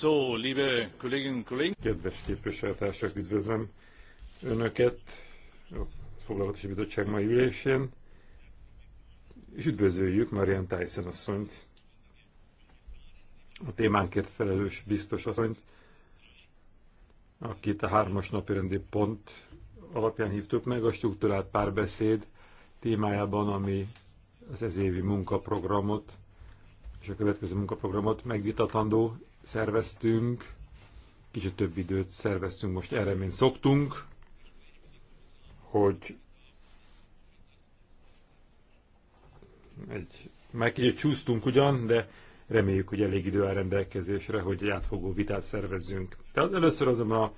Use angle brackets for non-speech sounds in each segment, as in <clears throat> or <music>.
So, liebe Kolleginnen und Kollegen. Kedves képviselőtársak, üdvözlöm Önöket a Foglalkozási Bizottság mai ülésén, és üdvözöljük Marian Tyson asszonyt, a témánkért felelős biztos asszonyt, akit a hármas rendi pont alapján hívtuk meg a struktúrált párbeszéd témájában, ami az ezévi munkaprogramot és a következő munkaprogramot megvitatandó szerveztünk, kicsit több időt szerveztünk most erre, mint szoktunk, hogy egy, meg kicsit csúsztunk ugyan, de reméljük, hogy elég idő áll rendelkezésre, hogy egy átfogó vitát szervezzünk. Tehát először azonban a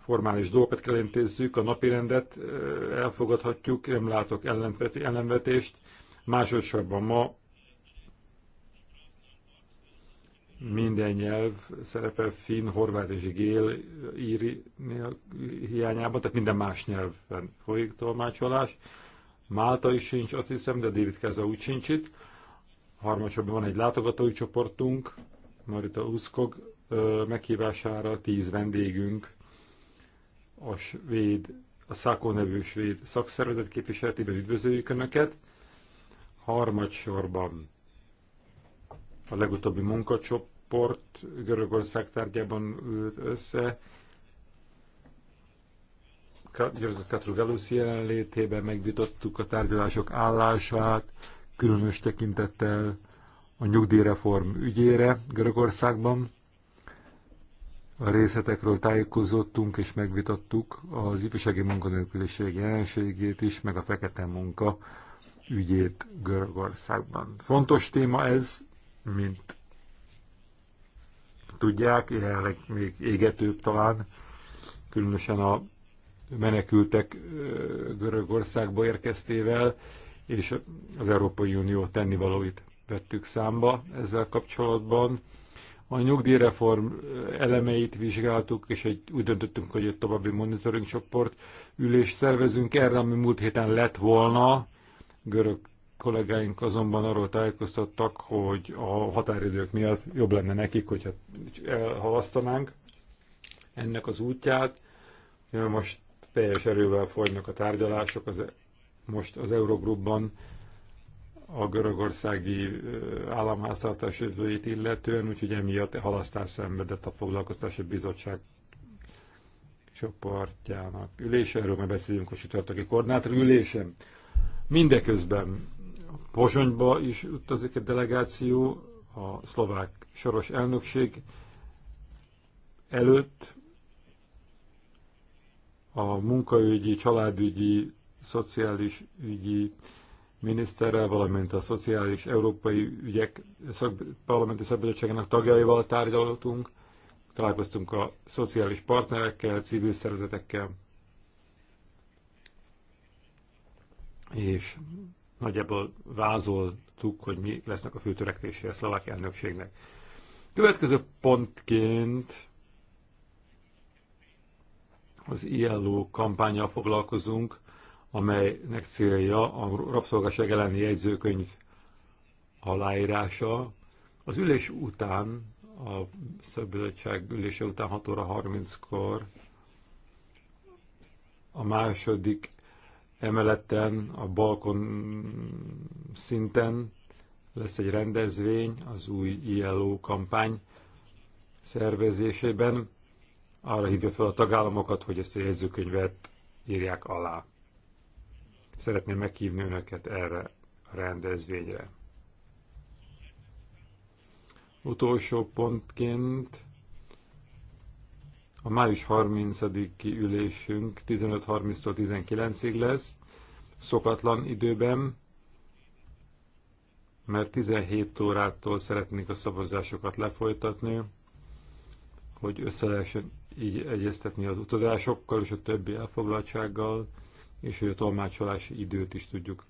formális dolgokat kell intézzük, a napi rendet elfogadhatjuk, nem látok ellenvetést. Másodszorban ma minden nyelv szerepel finn, horvát és gél íri hiányában, tehát minden más nyelven folyik tolmácsolás. Málta is sincs, azt hiszem, de David Keza úgy sincs itt. Harmadsorban van egy látogatói csoportunk, Marita Uszkog meghívására tíz vendégünk, a svéd, a Szákó nevű svéd szakszervezet képviseletében üdvözöljük Önöket. Harmadsorban a legutóbbi munkacsoport Görögország tárgyában ült össze, Katru Galusz jelenlétében megvitattuk a tárgyalások állását, különös tekintettel a nyugdíjreform ügyére Görögországban. A részletekről tájékozottunk és megvitattuk az ifjúsági munkanélküliség jelenségét is, meg a fekete munka ügyét Görögországban. Fontos téma ez, mint tudják, jelenleg még égetőbb talán, különösen a menekültek Görögországba érkeztével, és az Európai Unió tennivalóit vettük számba ezzel kapcsolatban. A nyugdíjreform elemeit vizsgáltuk, és egy, úgy döntöttünk, hogy egy további monitoring csoport ülés szervezünk erre, ami múlt héten lett volna görög kollégáink azonban arról tájékoztattak, hogy a határidők miatt jobb lenne nekik, hogyha elhalasztanánk ennek az útját. Most teljes erővel folynak a tárgyalások az, e- most az Eurogrupban a görögországi államháztartás jövőjét illetően, úgyhogy emiatt halasztás szenvedett a foglalkoztási bizottság csoportjának ülése, erről már beszélünk a csütörtöki koordinátor ülésem. Mindeközben Pozsonyba is utazik egy delegáció, a szlovák soros elnökség előtt a munkaügyi, családügyi, szociális ügyi miniszterrel, valamint a Szociális Európai Ügyek szak, Parlamenti Szabadságának tagjaival tárgyaltunk, találkoztunk a szociális partnerekkel, civil szervezetekkel, és Nagyjából vázoltuk, hogy mi lesznek a fő törekvései a szlovák elnökségnek. Következő pontként az ILO kampányjal foglalkozunk, amelynek célja a rabszolgaság elleni jegyzőkönyv aláírása. Az ülés után, a szakbizottság ülése után 6 óra 30-kor a második Emeleten a Balkon szinten lesz egy rendezvény az új ILO kampány szervezésében. Arra hívja fel a tagállamokat, hogy ezt a jegyzőkönyvet írják alá. Szeretném meghívni önöket erre a rendezvényre. Utolsó pontként a május 30-i ülésünk 15.30-tól 19-ig lesz, szokatlan időben, mert 17 órától szeretnénk a szavazásokat lefolytatni, hogy össze lehessen így egyeztetni az utazásokkal és a többi elfoglaltsággal, és hogy a tolmácsolási időt is tudjuk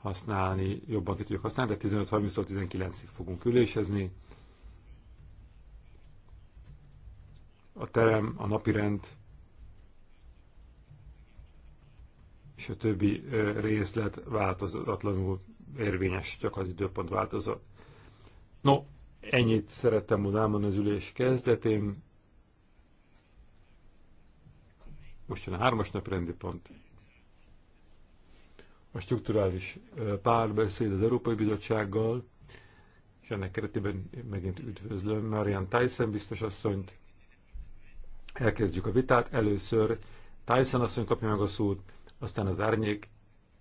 használni, jobban ki tudjuk használni, de 15.30-tól 19-ig fogunk ülésezni. a terem, a napirend és a többi részlet változatlanul érvényes, csak az időpont változott. No, ennyit szerettem volna elmondani az ülés kezdetén. Most jön a hármas naprendi rendi pont. A strukturális párbeszéd az Európai Bizottsággal, és ennek keretében megint üdvözlöm Marian Tyson biztos asszonyt, Elkezdjük a vitát. Először Tyson asszony kapja meg a szót, aztán az árnyék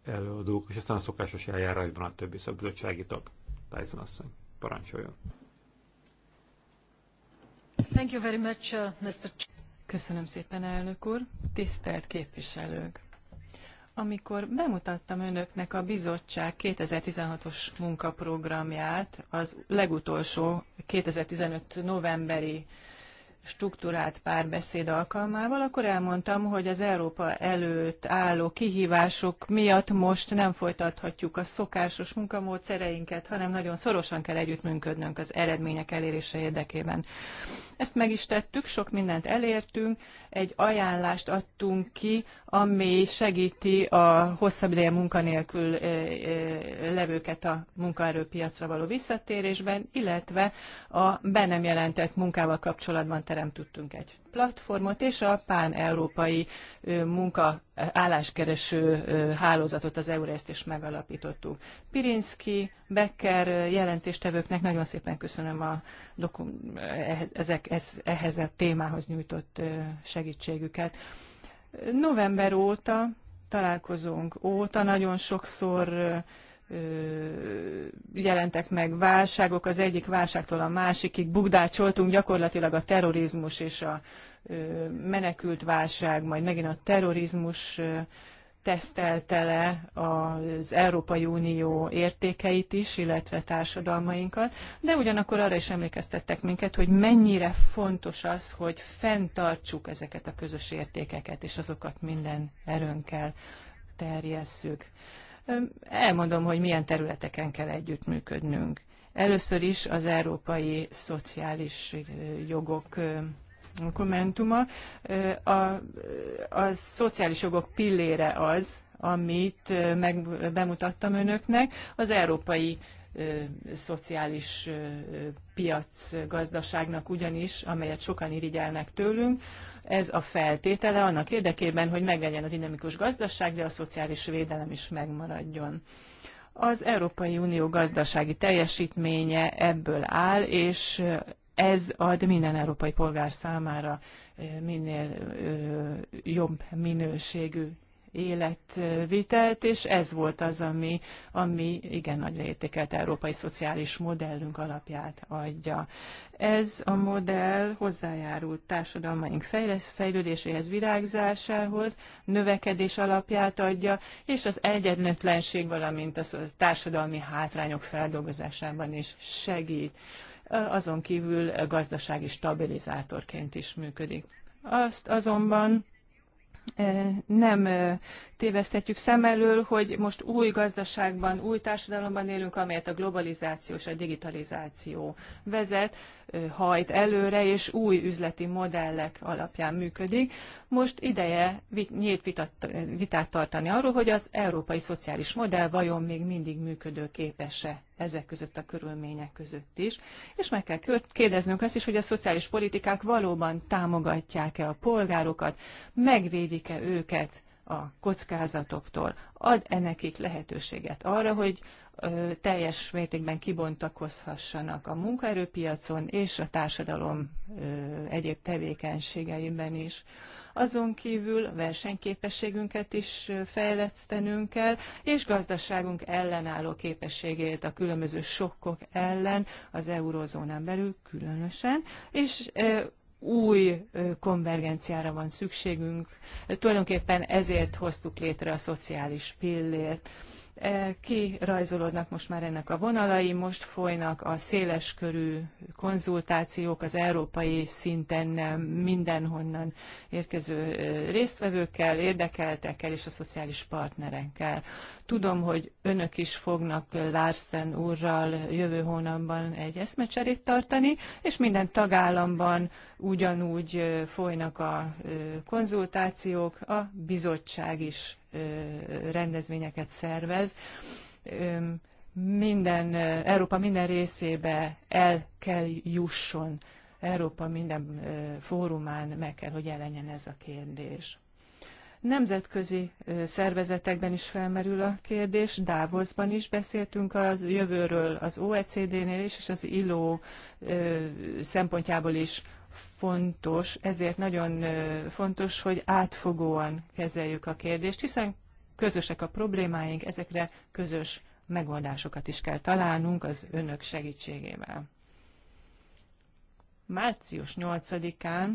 előadók, és aztán a szokásos eljárásban a többi szakbizottsági tag. Tyson asszony, parancsoljon. Thank you very much, uh, Mr. Köszönöm szépen, elnök úr. Tisztelt képviselők! Amikor bemutattam önöknek a bizottság 2016-os munkaprogramját, az legutolsó 2015 novemberi struktúrált párbeszéd alkalmával, akkor elmondtam, hogy az Európa előtt álló kihívások miatt most nem folytathatjuk a szokásos munkamódszereinket, hanem nagyon szorosan kell együttműködnünk az eredmények elérése érdekében. Ezt meg is tettük, sok mindent elértünk, egy ajánlást adtunk ki, ami segíti a hosszabb ideje munkanélkül levőket a munkaerőpiacra való visszatérésben, illetve a be nem jelentett munkával kapcsolatban teremtett teremtettünk egy platformot, és a pán-európai munka álláskereső hálózatot, az Eurest is megalapítottuk. Pirinski, Becker jelentéstevőknek nagyon szépen köszönöm a dokum- eh, ezek, ez, ehhez a témához nyújtott segítségüket. November óta, találkozunk óta nagyon sokszor jelentek meg válságok, az egyik válságtól a másikig bugdácsoltunk, gyakorlatilag a terrorizmus és a menekült válság, majd megint a terrorizmus tesztelte le az Európai Unió értékeit is, illetve társadalmainkat, de ugyanakkor arra is emlékeztettek minket, hogy mennyire fontos az, hogy fenntartsuk ezeket a közös értékeket, és azokat minden erőnkkel terjesszük. Elmondom, hogy milyen területeken kell együttműködnünk. Először is az Európai Szociális Jogok dokumentuma. A, a szociális jogok pillére az, amit meg, bemutattam önöknek, az európai szociális piacgazdaságnak ugyanis, amelyet sokan irigyelnek tőlünk. Ez a feltétele annak érdekében, hogy meglegyen a dinamikus gazdaság, de a szociális védelem is megmaradjon. Az Európai Unió gazdasági teljesítménye ebből áll, és ez ad minden európai polgár számára minél jobb minőségű életvitelt, és ez volt az, ami, ami igen nagyra értékelt európai szociális modellünk alapját adja. Ez a modell hozzájárult társadalmaink fejlődéséhez, virágzásához, növekedés alapját adja, és az egyenlőtlenség, valamint a társadalmi hátrányok feldolgozásában is segít. Azon kívül gazdasági stabilizátorként is működik. Azt azonban nem téveszthetjük szem elől, hogy most új gazdaságban, új társadalomban élünk, amelyet a globalizáció és a digitalizáció vezet, hajt előre, és új üzleti modellek alapján működik. Most ideje nyílt vitat, vitát tartani arról, hogy az európai szociális modell vajon még mindig működőképes-e ezek között a körülmények között is. És meg kell kérdeznünk azt is, hogy a szociális politikák valóban támogatják-e a polgárokat, megvédik-e őket a kockázatoktól, ad -e nekik lehetőséget arra, hogy ö, teljes mértékben kibontakozhassanak a munkaerőpiacon és a társadalom ö, egyéb tevékenységeiben is. Azon kívül versenyképességünket is fejlesztenünk kell, és gazdaságunk ellenálló képességét a különböző sokkok ellen az eurozónán belül különösen, és ö, új konvergenciára van szükségünk. Tulajdonképpen ezért hoztuk létre a szociális pillért. E, kirajzolódnak most már ennek a vonalai, most folynak a széleskörű konzultációk az európai szinten e, mindenhonnan érkező e, résztvevőkkel, érdekeltekkel és a szociális partnerekkel. Tudom, hogy önök is fognak Larsen úrral jövő hónapban egy eszmecserét tartani, és minden tagállamban ugyanúgy folynak a konzultációk, a bizottság is rendezvényeket szervez. Minden, Európa minden részébe el kell jusson, Európa minden fórumán meg kell, hogy jelenjen ez a kérdés. Nemzetközi szervezetekben is felmerül a kérdés, Davosban is beszéltünk a jövőről, az OECD-nél is, és az ILO szempontjából is fontos, ezért nagyon fontos, hogy átfogóan kezeljük a kérdést, hiszen közösek a problémáink, ezekre közös megoldásokat is kell találnunk az önök segítségével. Március 8-án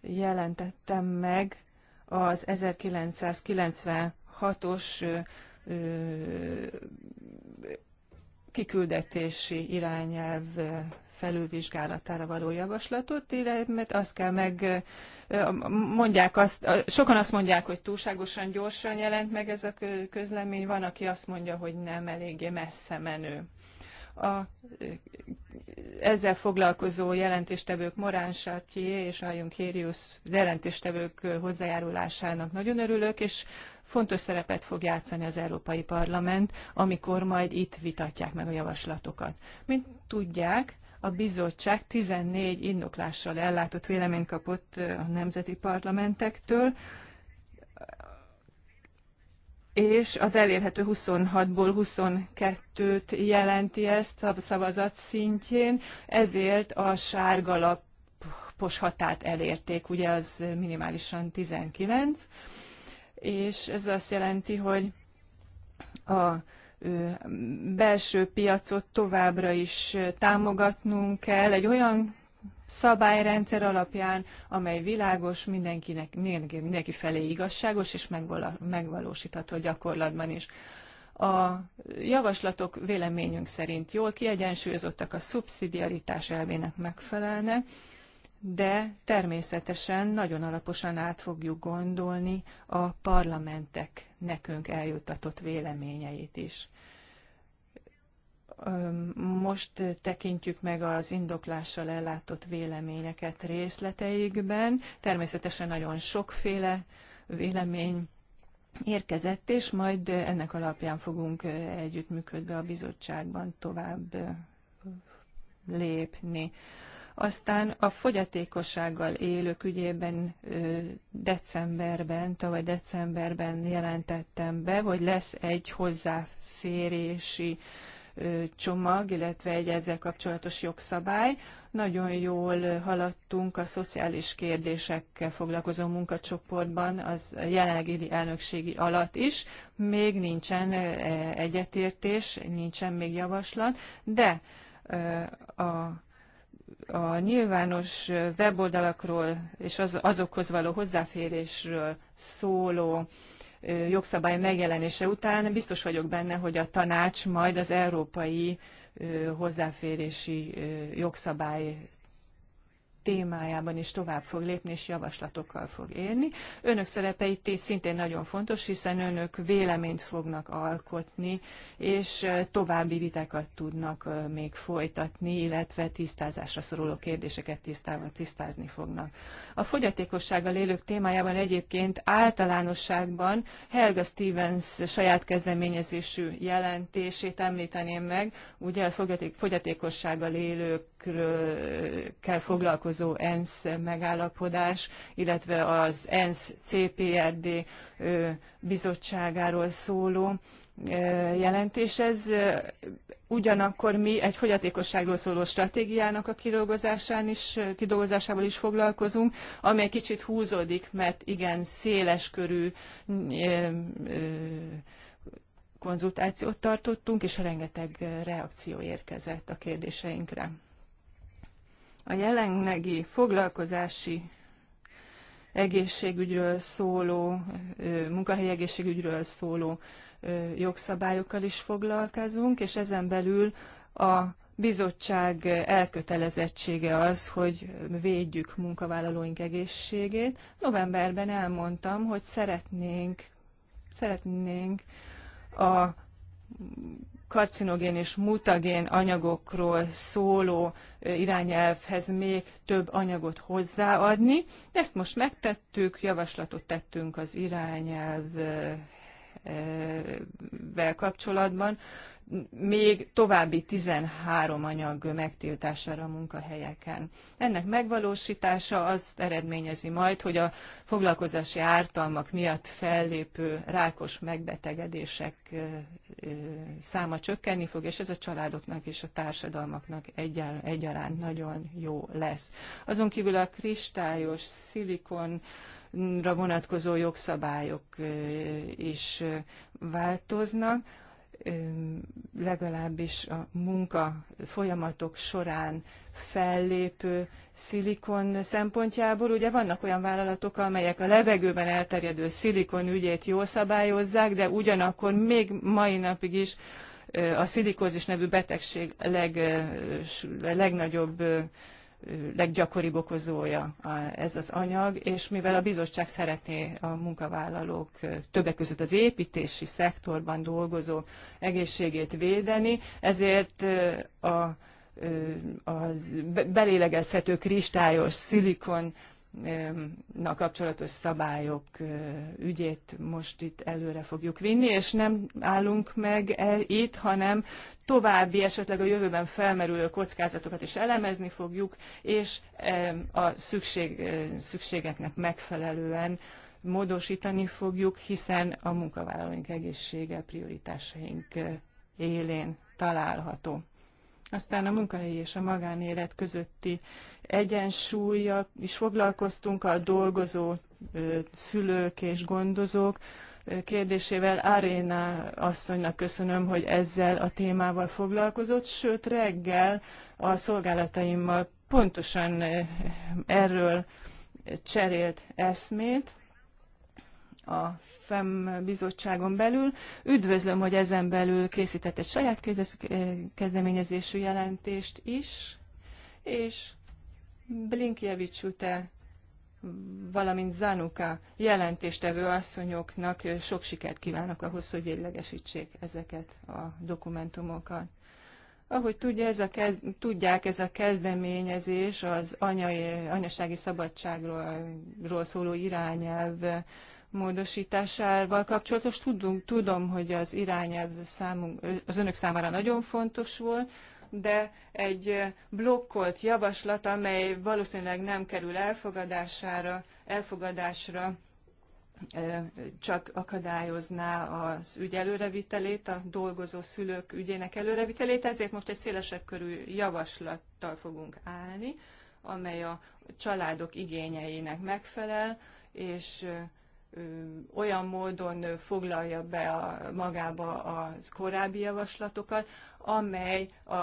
jelentettem meg az 1996-os kiküldetési irányelv felülvizsgálatára való javaslatot, illetve azt kell meg, mondják azt, sokan azt mondják, hogy túlságosan gyorsan jelent meg ez a közlemény, van, aki azt mondja, hogy nem eléggé messze menő a ezzel foglalkozó jelentéstevők Morán Sartyé és Aljunk Hérius jelentéstevők hozzájárulásának nagyon örülök, és fontos szerepet fog játszani az Európai Parlament, amikor majd itt vitatják meg a javaslatokat. Mint tudják, a bizottság 14 indoklással ellátott véleményt kapott a nemzeti parlamentektől, és az elérhető 26-ból 22-t jelenti ezt a szavazat szintjén, ezért a sárga lapos határt elérték, ugye az minimálisan 19, és ez azt jelenti, hogy a belső piacot továbbra is támogatnunk kell egy olyan szabályrendszer alapján, amely világos, mindenkinek, mindenki, felé igazságos és megvalósítható gyakorlatban is. A javaslatok véleményünk szerint jól kiegyensúlyozottak, a szubszidiaritás elvének megfelelnek, de természetesen nagyon alaposan át fogjuk gondolni a parlamentek nekünk eljuttatott véleményeit is. Most tekintjük meg az indoklással ellátott véleményeket részleteikben. Természetesen nagyon sokféle vélemény érkezett, és majd ennek alapján fogunk együttműködve a bizottságban tovább lépni. Aztán a fogyatékossággal élők ügyében decemberben, tavaly decemberben jelentettem be, hogy lesz egy hozzáférési csomag, illetve egy ezzel kapcsolatos jogszabály. Nagyon jól haladtunk a szociális kérdésekkel foglalkozó munkacsoportban, az jelenlegi elnökségi alatt is. Még nincsen egyetértés, nincsen még javaslat, de a a nyilvános weboldalakról és az, azokhoz való hozzáférésről szóló jogszabály megjelenése után biztos vagyok benne, hogy a tanács majd az európai hozzáférési jogszabály témájában is tovább fog lépni és javaslatokkal fog élni. Önök szerepe itt szintén nagyon fontos, hiszen önök véleményt fognak alkotni, és további vitákat tudnak még folytatni, illetve tisztázásra szoruló kérdéseket tisztában tisztázni fognak. A fogyatékossággal élők témájában egyébként általánosságban Helga Stevens saját kezdeményezésű jelentését említeném meg, ugye a fogyatékossággal élőkről kell foglalkozni, vonatkozó ENSZ megállapodás, illetve az ENSZ CPRD bizottságáról szóló jelentés. Ez ugyanakkor mi egy fogyatékosságról szóló stratégiának a kidolgozásán is, kidolgozásával is foglalkozunk, amely kicsit húzódik, mert igen széles körű konzultációt tartottunk, és rengeteg reakció érkezett a kérdéseinkre. A jelenlegi foglalkozási egészségügyről szóló, munkahelyi egészségügyről szóló jogszabályokkal is foglalkozunk, és ezen belül a bizottság elkötelezettsége az, hogy védjük munkavállalóink egészségét. Novemberben elmondtam, hogy szeretnénk, szeretnénk a karcinogén és mutagén anyagokról szóló irányelvhez még több anyagot hozzáadni. Ezt most megtettük, javaslatot tettünk az irányelvvel kapcsolatban, még további 13 anyag megtiltására a munkahelyeken. Ennek megvalósítása azt eredményezi majd, hogy a foglalkozási ártalmak miatt fellépő rákos megbetegedések száma csökkenni fog, és ez a családoknak és a társadalmaknak egyaránt nagyon jó lesz. Azon kívül a kristályos szilikon vonatkozó jogszabályok is változnak legalábbis a munka folyamatok során fellépő szilikon szempontjából. Ugye vannak olyan vállalatok, amelyek a levegőben elterjedő szilikon ügyét jól szabályozzák, de ugyanakkor még mai napig is a szilikózis nevű betegség leg, legnagyobb leggyakoribb okozója ez az anyag, és mivel a bizottság szeretné a munkavállalók, többek között az építési szektorban dolgozók egészségét védeni, ezért a, a belélegezhető kristályos szilikon na kapcsolatos szabályok ügyét most itt előre fogjuk vinni, és nem állunk meg el itt, hanem további, esetleg a jövőben felmerülő kockázatokat is elemezni fogjuk, és a szükség, szükségeknek megfelelően módosítani fogjuk, hiszen a munkavállalóink egészsége prioritásaink élén található. Aztán a munkahelyi és a magánélet közötti egyensúlya is foglalkoztunk, a dolgozó szülők és gondozók kérdésével Aréna asszonynak köszönöm, hogy ezzel a témával foglalkozott, sőt reggel a szolgálataimmal pontosan erről cserélt eszmét a FEM bizottságon belül. Üdvözlöm, hogy ezen belül készített egy saját eh, kezdeményezésű jelentést is, és Blinkjevics Ute, valamint Zanuka jelentéstevő asszonyoknak sok sikert kívánok ahhoz, hogy véglegesítsék ezeket a dokumentumokat. Ahogy tudja, ez a kezd, tudják, ez a kezdeményezés az anyai, anyasági szabadságról szóló irányelv módosításával kapcsolatos. Tudunk, tudom, hogy az irányelv számunk, az önök számára nagyon fontos volt, de egy blokkolt javaslat, amely valószínűleg nem kerül elfogadására, elfogadásra, csak akadályozná az ügy előrevitelét, a dolgozó szülők ügyének előrevitelét, ezért most egy szélesebb körű javaslattal fogunk állni, amely a családok igényeinek megfelel, és olyan módon foglalja be a, magába az korábbi javaslatokat, amely a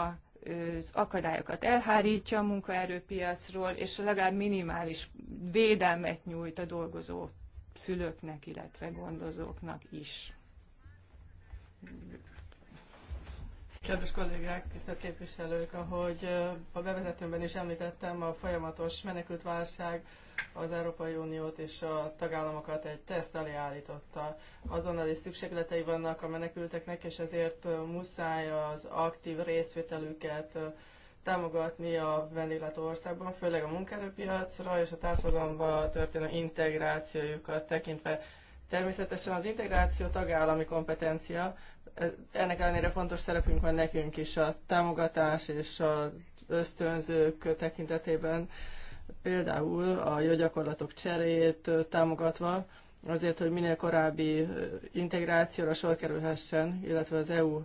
az akadályokat elhárítja a munkaerőpiacról, és legalább minimális védelmet nyújt a dolgozó szülőknek, illetve gondozóknak is. Kedves kollégák, tisztelt képviselők, ahogy a bevezetőmben is említettem, a folyamatos menekültválság az Európai Uniót és a tagállamokat egy teszt elé állította. Azonnali szükségletei vannak a menekülteknek, és ezért muszáj az aktív részvételüket támogatni a vendéglátó országban, főleg a munkaerőpiacra és a társadalomba történő integrációjukat tekintve. Természetesen az integráció tagállami kompetencia, ennek ellenére fontos szerepünk van nekünk is a támogatás és az ösztönzők tekintetében például a jó gyakorlatok cseréjét támogatva, azért, hogy minél korábbi integrációra sor kerülhessen, illetve az EU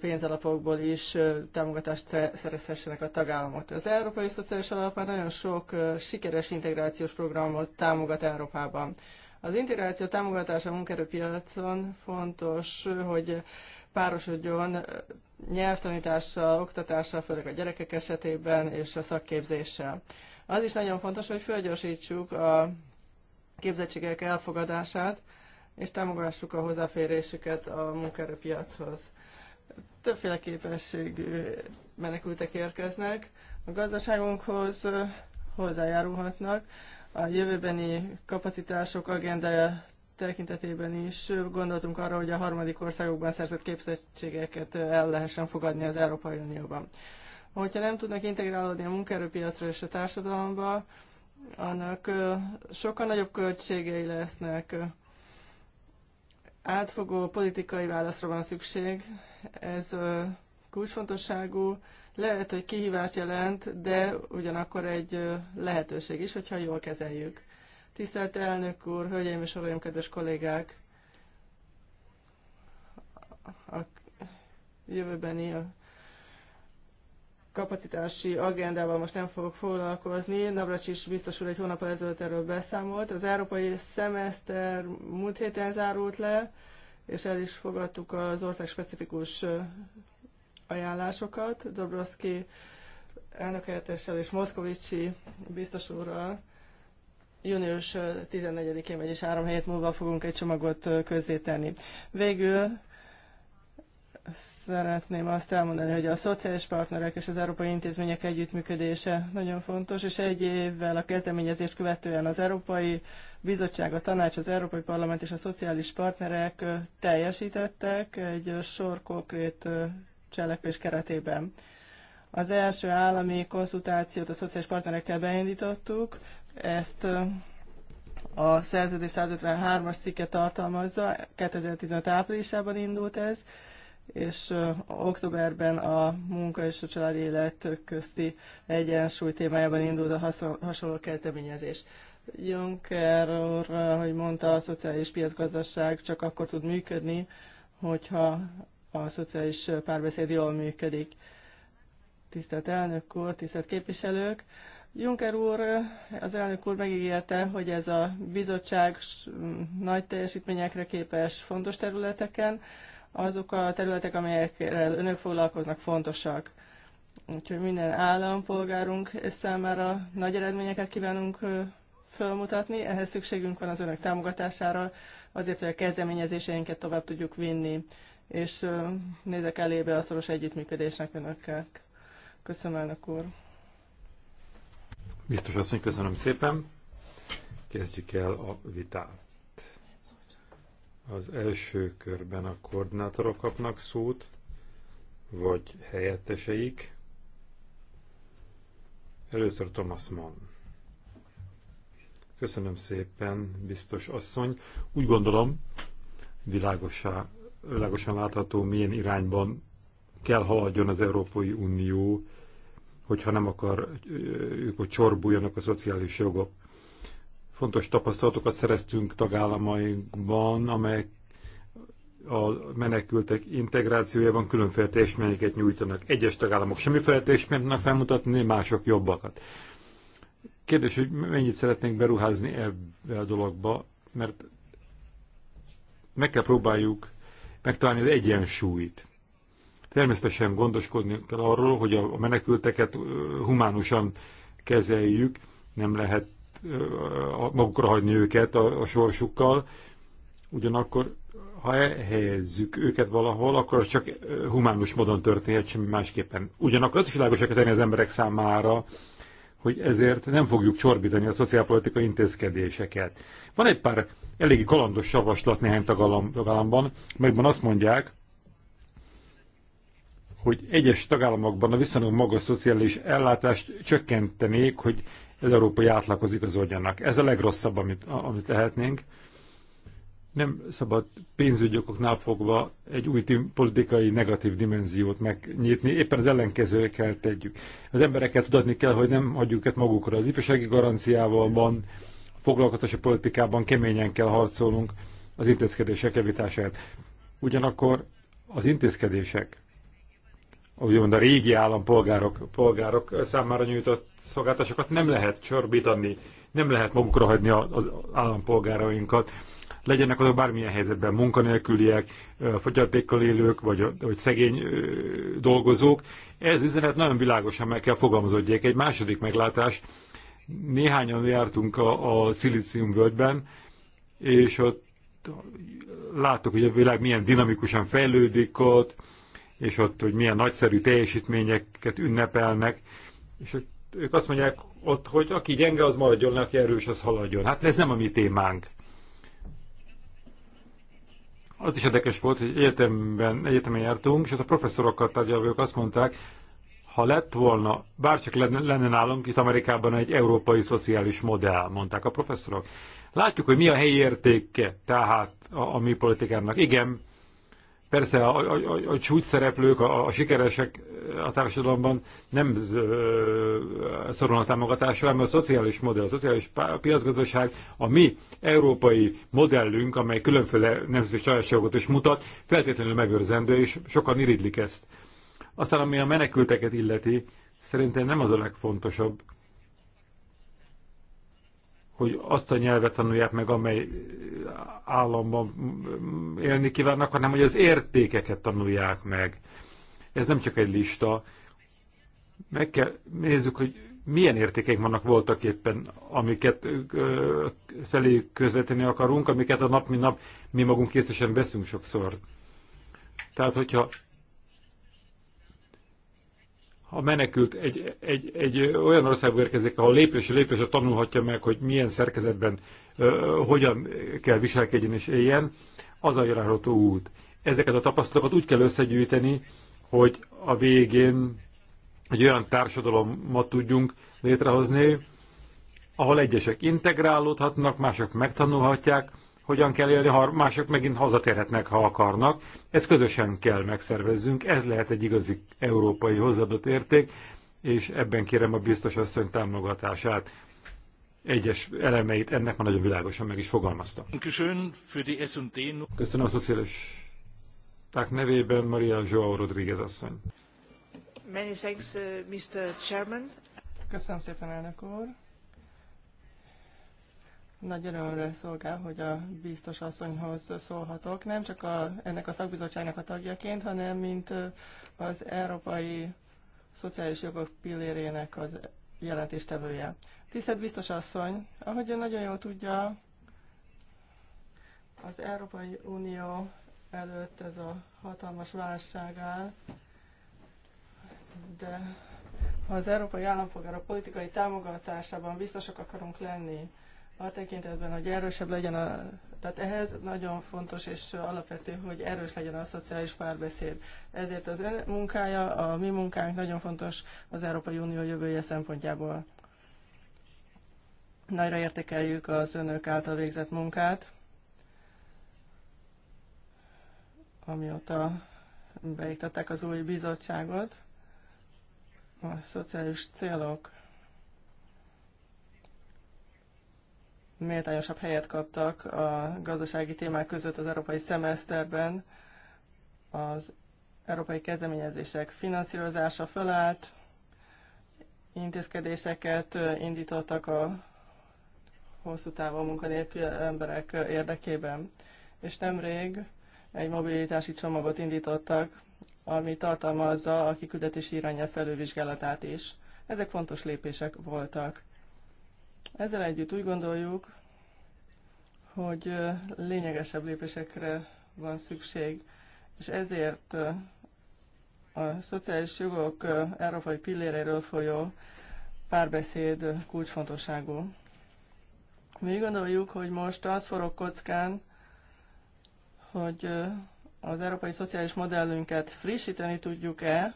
pénzalapokból is támogatást szerezhessenek a tagállamok. Az Európai Szociális Alap már nagyon sok sikeres integrációs programot támogat Európában. Az integráció támogatása a munkerőpiacon fontos, hogy párosodjon nyelvtanítással, oktatással, főleg a gyerekek esetében és a szakképzéssel. Az is nagyon fontos, hogy fölgyorsítsuk a képzettségek elfogadását, és támogassuk a hozzáférésüket a munkaerőpiachoz. Többféle képességű menekültek érkeznek, a gazdaságunkhoz hozzájárulhatnak, a jövőbeni kapacitások agendája tekintetében is gondoltunk arra, hogy a harmadik országokban szerzett képzettségeket el lehessen fogadni az Európai Unióban. Hogyha nem tudnak integrálódni a munkaerőpiacra és a társadalomba, annak sokkal nagyobb költségei lesznek. Átfogó politikai válaszra van szükség. Ez kulcsfontosságú, lehet, hogy kihívást jelent, de ugyanakkor egy lehetőség is, hogyha jól kezeljük. Tisztelt elnök úr, hölgyeim és uraim, kedves kollégák! A jövőbeni a kapacitási agendával most nem fogok foglalkozni. Navracsis biztos úr egy hónap ezelőtt erről beszámolt. Az európai szemeszter múlt héten zárult le, és el is fogadtuk az ország specifikus ajánlásokat. Dobroszki elnökhelyettessel és Moszkovicsi biztos úrral június 14-én, vagyis három hét múlva fogunk egy csomagot közzétenni. Végül szeretném azt elmondani, hogy a szociális partnerek és az európai intézmények együttműködése nagyon fontos, és egy évvel a kezdeményezést követően az Európai Bizottság, a Tanács, az Európai Parlament és a szociális partnerek teljesítettek egy sor konkrét cselekvés keretében. Az első állami konzultációt a szociális partnerekkel beindítottuk, ezt a szerződés 153-as cikke tartalmazza, 2015 áprilisában indult ez, és októberben a munka és a családi élet közti egyensúly témájában indult a hasonló kezdeményezés. Juncker úr, hogy mondta, a szociális piacgazdaság csak akkor tud működni, hogyha a szociális párbeszéd jól működik. Tisztelt elnök úr, tisztelt képviselők! Juncker úr, az elnök úr megígérte, hogy ez a bizottság nagy teljesítményekre képes fontos területeken, azok a területek, amelyekkel önök foglalkoznak, fontosak. Úgyhogy minden állampolgárunk számára nagy eredményeket kívánunk felmutatni, ehhez szükségünk van az önök támogatására, azért, hogy a kezdeményezéseinket tovább tudjuk vinni, és nézek elébe a szoros együttműködésnek önökkel. Köszönöm, elnök úr. Biztos asszony, köszönöm szépen. Kezdjük el a vitát. Az első körben a koordinátorok kapnak szót, vagy helyetteseik. Először Thomas Mann. Köszönöm szépen, biztos asszony. Úgy gondolom, világosá, világosan látható, milyen irányban kell haladjon az Európai Unió, hogyha nem akar, ők, hogy csorbuljanak a szociális jogok. Fontos tapasztalatokat szereztünk tagállamainkban, amelyek a menekültek integrációjában különféle teljesményeket nyújtanak. Egyes tagállamok semmiféle teljesményt nem felmutatni, mások jobbakat. Kérdés, hogy mennyit szeretnénk beruházni ebbe a dologba, mert meg kell próbáljuk megtalálni az egyensúlyt. Természetesen gondoskodni kell arról, hogy a menekülteket humánusan kezeljük, nem lehet magukra hagyni őket a, a sorsukkal, ugyanakkor ha elhelyezzük őket valahol, akkor csak humánus módon történhet, semmi másképpen. Ugyanakkor az is világosra tenni az emberek számára, hogy ezért nem fogjuk csorbítani a szociálpolitikai intézkedéseket. Van egy pár eléggé kalandos javaslat néhány tagállamban, melyben azt mondják, hogy egyes tagállamokban a viszonylag magas szociális ellátást csökkentenék, hogy az európai átlaghoz igazodjanak. Ez a legrosszabb, amit, amit tehetnénk. Nem szabad pénzügyokoknál fogva egy új politikai negatív dimenziót megnyitni, éppen az ellenkezőre kell tegyük. Az embereket tudatni kell, hogy nem hagyjuk őket magukra. Az ifjúsági garanciával van, foglalkoztatási politikában keményen kell harcolnunk az intézkedések javításáért. Ugyanakkor az intézkedések úgymond a régi állampolgárok polgárok számára nyújtott szolgáltatásokat nem lehet csorbítani, nem lehet magukra hagyni az állampolgárainkat. Legyenek azok bármilyen helyzetben munkanélküliek, fogyatékkal élők, vagy, vagy szegény dolgozók. Ez üzenet nagyon világosan meg kell fogalmazódjék. Egy második meglátás, néhányan jártunk a, a Szilícium völgyben, és ott láttuk, hogy a világ milyen dinamikusan fejlődik ott, és ott, hogy milyen nagyszerű teljesítményeket ünnepelnek, és hogy ők azt mondják ott, hogy aki gyenge, az maradjon, aki erős, az haladjon. Hát ez nem a mi témánk. Az is érdekes volt, hogy egyetemben, egyetemen jártunk, és ott a professzorokkal tárgyalvők azt mondták, ha lett volna, bárcsak lenne, lenne nálunk itt Amerikában egy európai szociális modell, mondták a professzorok. Látjuk, hogy mi a helyi értéke tehát a, a mi politikának. Igen, Persze a, a, a, a csúcs szereplők, a, a sikeresek a társadalomban nem szorulnak támogatásra, mert a szociális modell, a szociális piacgazdaság, a mi európai modellünk, amely különféle nemzeti sajátságokat is mutat, feltétlenül megőrzendő, és sokan iridlik ezt. Aztán, ami a menekülteket illeti, szerintem nem az a legfontosabb, hogy azt a nyelvet tanulják meg, amely államban élni kívánnak, hanem hogy az értékeket tanulják meg. Ez nem csak egy lista. Meg kell nézzük, hogy milyen értékek vannak voltak éppen, amiket felé közvetíteni akarunk, amiket a nap, mint nap mi magunk készesen veszünk sokszor. Tehát, hogyha ha menekült egy, egy, egy olyan országba érkezik, ahol lépésről lépésre tanulhatja meg, hogy milyen szerkezetben hogyan kell viselkedjen és éljen, az a járható út. Ezeket a tapasztalatokat úgy kell összegyűjteni, hogy a végén egy olyan társadalomat tudjunk létrehozni, ahol egyesek integrálódhatnak, mások megtanulhatják, hogyan kell élni, ha mások megint hazatérhetnek, ha akarnak. Ezt közösen kell megszervezzünk, ez lehet egy igazi európai hozzáadott érték, és ebben kérem a biztos asszony támogatását. Egyes elemeit ennek már nagyon világosan meg is fogalmazta. Köszönöm a szociálisták nevében Maria Joao Rodríguez asszony. Many thanks, uh, Mr. Chairman. Köszönöm szépen, elnök úr. Nagy örömre szolgál, hogy a biztos asszonyhoz szólhatok, nem csak a, ennek a szakbizottságnak a tagjaként, hanem mint az Európai Szociális Jogok pillérének az jelentéstevője. Tisztelt biztos asszony, ahogy ön nagyon jól tudja, az Európai Unió előtt ez a hatalmas válság áll, de ha az európai állampolgárok politikai támogatásában biztosak akarunk lenni, a tekintetben, hogy erősebb legyen a tehát ehhez nagyon fontos és alapvető, hogy erős legyen a szociális párbeszéd. Ezért az ön e munkája, a mi munkánk nagyon fontos az Európai Unió jövője szempontjából. Nagyra értékeljük az önök által végzett munkát, amióta beiktatták az új bizottságot. A szociális célok méltányosabb helyet kaptak a gazdasági témák között az európai szemeszterben. Az európai kezdeményezések finanszírozása felállt, intézkedéseket indítottak a hosszú távon munkanélkül emberek érdekében. És nemrég egy mobilitási csomagot indítottak, ami tartalmazza a kiküldetési irányel felülvizsgálatát is. Ezek fontos lépések voltak. Ezzel együtt úgy gondoljuk, hogy lényegesebb lépésekre van szükség, és ezért a szociális jogok európai pilléreiről folyó párbeszéd kulcsfontosságú. Mi úgy gondoljuk, hogy most az forog kockán, hogy az európai szociális modellünket frissíteni tudjuk-e,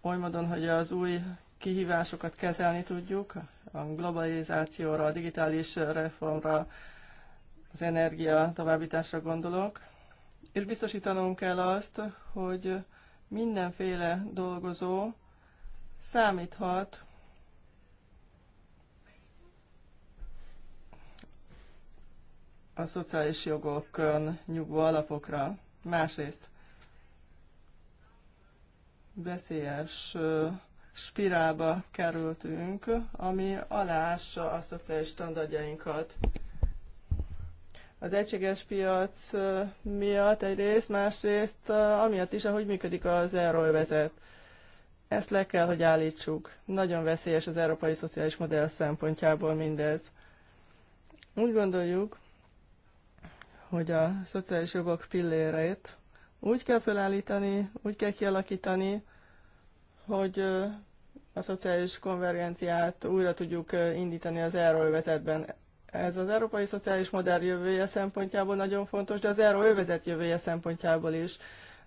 oly módon, hogy az új kihívásokat kezelni tudjuk, a globalizációra, a digitális reformra, az energia továbbításra gondolok, és biztosítanunk kell azt, hogy mindenféle dolgozó számíthat a szociális jogokon nyugvó alapokra. Másrészt veszélyes spirálba kerültünk, ami alássa a szociális standardjainkat. Az egységes piac miatt egyrészt, másrészt amiatt is, ahogy működik az euróvezet. Ezt le kell, hogy állítsuk. Nagyon veszélyes az európai szociális modell szempontjából mindez. Úgy gondoljuk, hogy a szociális jogok pilléreit úgy kell felállítani, úgy kell kialakítani, hogy a szociális konvergenciát újra tudjuk indítani az euróvezetben. Ez az európai szociális modell jövője szempontjából nagyon fontos, de az euróövezet jövője szempontjából is.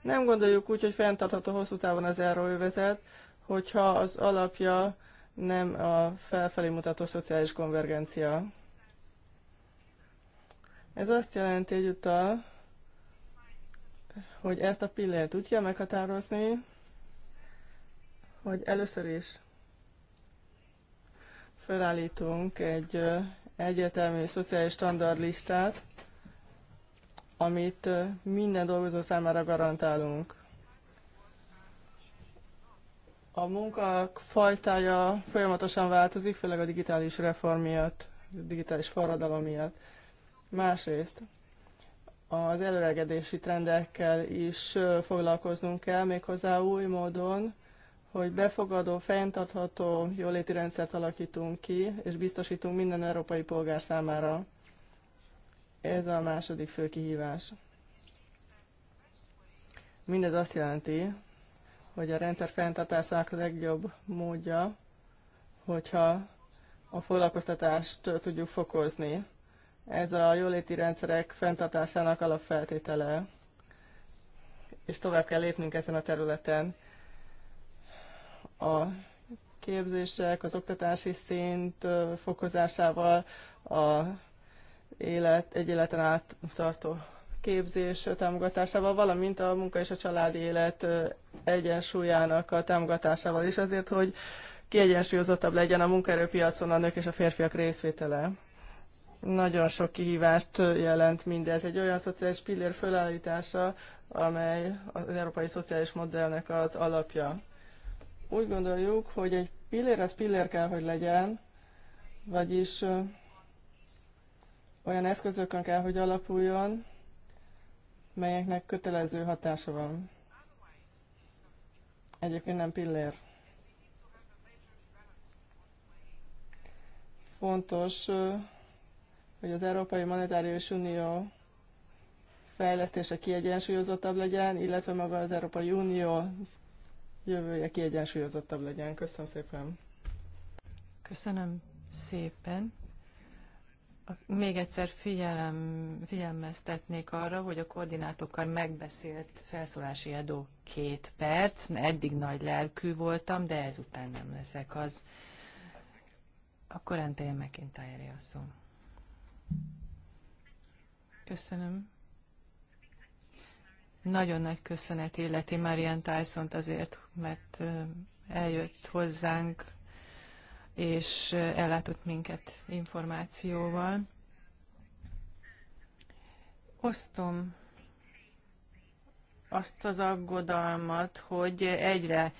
Nem gondoljuk úgy, hogy fenntartható hosszú távon az euróövezet, hogyha az alapja nem a felfelé mutató szociális konvergencia. Ez azt jelenti egyúttal, hogy ezt a pillért úgy kell meghatározni, hogy először is felállítunk egy egyértelmű szociális standardlistát, amit minden dolgozó számára garantálunk. A munka fajtája folyamatosan változik, főleg a digitális reform miatt, digitális forradalom miatt. Másrészt az előregedési trendekkel is foglalkoznunk kell, méghozzá új módon, hogy befogadó, fenntartható jóléti rendszert alakítunk ki, és biztosítunk minden európai polgár számára. Ez a második fő kihívás. Mindez azt jelenti, hogy a rendszer fenntartásának a legjobb módja, hogyha a foglalkoztatást tudjuk fokozni. Ez a jóléti rendszerek fenntartásának alapfeltétele, és tovább kell lépnünk ezen a területen a képzések, az oktatási szint fokozásával, a élet, egy életen át tartó képzés támogatásával, valamint a munka és a családi élet egyensúlyának a támogatásával is azért, hogy kiegyensúlyozottabb legyen a munkaerőpiacon a nők és a férfiak részvétele. Nagyon sok kihívást jelent mindez. Egy olyan szociális pillér fölállítása, amely az európai szociális modellnek az alapja úgy gondoljuk, hogy egy pillér az pillér kell, hogy legyen, vagyis olyan eszközökön kell, hogy alapuljon, melyeknek kötelező hatása van. Egyébként nem pillér. Fontos, hogy az Európai Monetárius Unió fejlesztése kiegyensúlyozottabb legyen, illetve maga az Európai Unió jövője kiegyensúlyozottabb legyen. Köszönöm szépen. Köszönöm szépen. Még egyszer figyelem, figyelmeztetnék arra, hogy a koordinátokkal megbeszélt felszólási adó két perc. Eddig nagy lelkű voltam, de ezután nem leszek az. Akkor Antél megint a szó. Köszönöm. Nagyon nagy köszönet illeti Marian tyson azért, mert eljött hozzánk, és ellátott minket információval. Osztom azt az aggodalmat, hogy egyre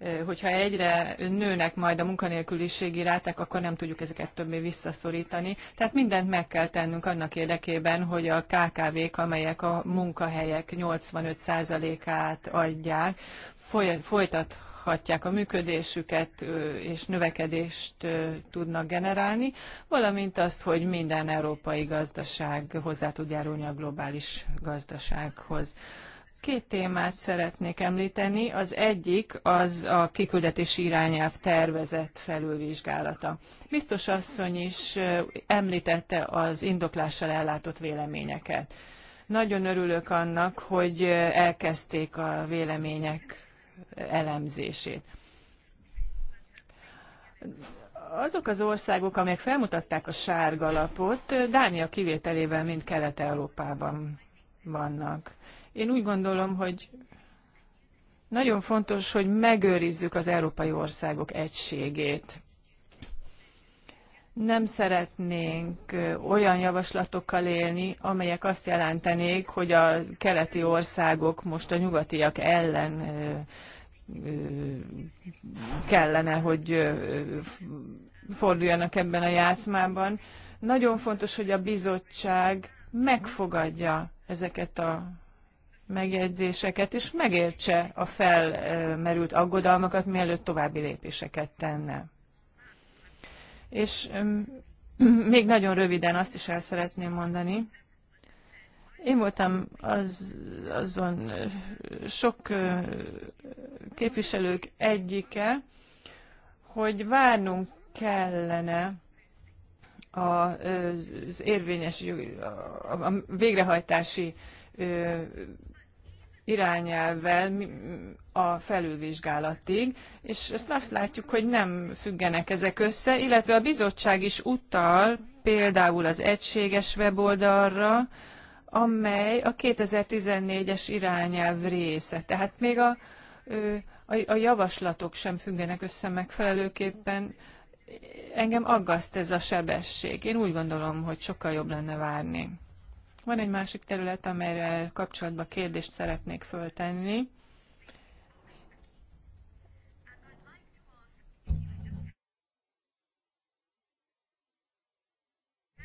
Eh, hogyha egyre nőnek majd a munkanélküliségi ráták, akkor nem tudjuk ezeket többé visszaszorítani. Tehát mindent meg kell tennünk annak érdekében, hogy a KKV-k, amelyek a munkahelyek 85%-át adják, folytat a működésüket és növekedést tudnak generálni, valamint azt, hogy minden európai gazdaság hozzá tud járulni a globális gazdasághoz. Két témát szeretnék említeni. Az egyik az a kiküldetési irányelv tervezett felülvizsgálata. Biztos asszony is említette az indoklással ellátott véleményeket. Nagyon örülök annak, hogy elkezdték a vélemények elemzését. Azok az országok, amelyek felmutatták a sárgalapot, Dánia kivételével mind Kelet-Európában vannak. Én úgy gondolom, hogy nagyon fontos, hogy megőrizzük az európai országok egységét. Nem szeretnénk olyan javaslatokkal élni, amelyek azt jelentenék, hogy a keleti országok most a nyugatiak ellen kellene, hogy forduljanak ebben a játszmában. Nagyon fontos, hogy a bizottság megfogadja ezeket a megjegyzéseket, és megértse a felmerült aggodalmakat, mielőtt további lépéseket tenne. És <clears throat> még nagyon röviden azt is el szeretném mondani, én voltam az, azon sok képviselők egyike, hogy várnunk kellene az érvényes, a végrehajtási irányelvvel a felülvizsgálatig, és ezt azt látjuk, hogy nem függenek ezek össze, illetve a bizottság is utal például az egységes weboldalra, amely a 2014-es irányelv része. Tehát még a, a, a javaslatok sem függenek össze megfelelőképpen. Engem aggaszt ez a sebesség. Én úgy gondolom, hogy sokkal jobb lenne várni. Van egy másik terület, amelyre kapcsolatban kérdést szeretnék föltenni.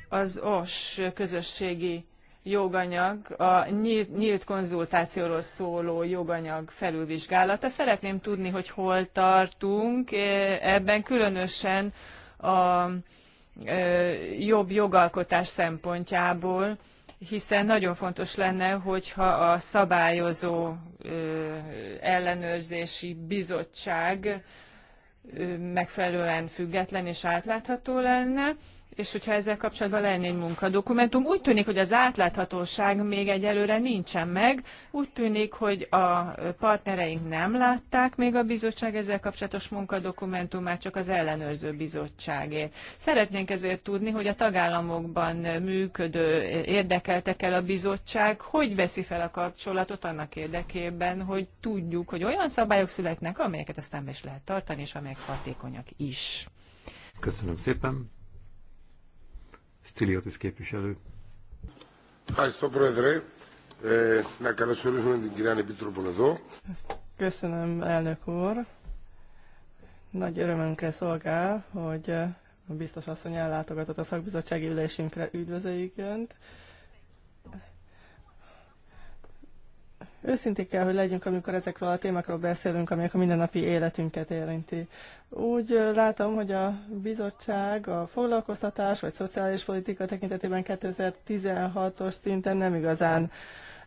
Az OS közösségi joganyag, a nyílt, nyílt konzultációról szóló joganyag felülvizsgálata. Szeretném tudni, hogy hol tartunk e, ebben, különösen a e, jobb jogalkotás szempontjából hiszen nagyon fontos lenne, hogyha a szabályozó ellenőrzési bizottság megfelelően független és átlátható lenne, és hogyha ezzel kapcsolatban lenne egy munkadokumentum. Úgy tűnik, hogy az átláthatóság még egyelőre nincsen meg, úgy tűnik, hogy a partnereink nem látták még a bizottság ezzel kapcsolatos munkadokumentumát, csak az ellenőrző bizottságé. Szeretnénk ezért tudni, hogy a tagállamokban működő érdekeltek el a bizottság, hogy veszi fel a kapcsolatot annak érdekében, hogy tudjuk, hogy olyan szabályok születnek, amelyeket aztán is lehet tartani, és amelyek hatékonyak is. Köszönöm szépen. Sztiliotis képviselő. Köszönöm, elnök úr. Nagy örömünkre szolgál, hogy a biztos asszony ellátogatott a szakbizottsági ülésünkre üdvözöljük Önt, őszintén kell, hogy legyünk, amikor ezekről a témákról beszélünk, amelyek a mindennapi életünket érinti. Úgy látom, hogy a bizottság a foglalkoztatás vagy szociális politika tekintetében 2016-os szinten nem igazán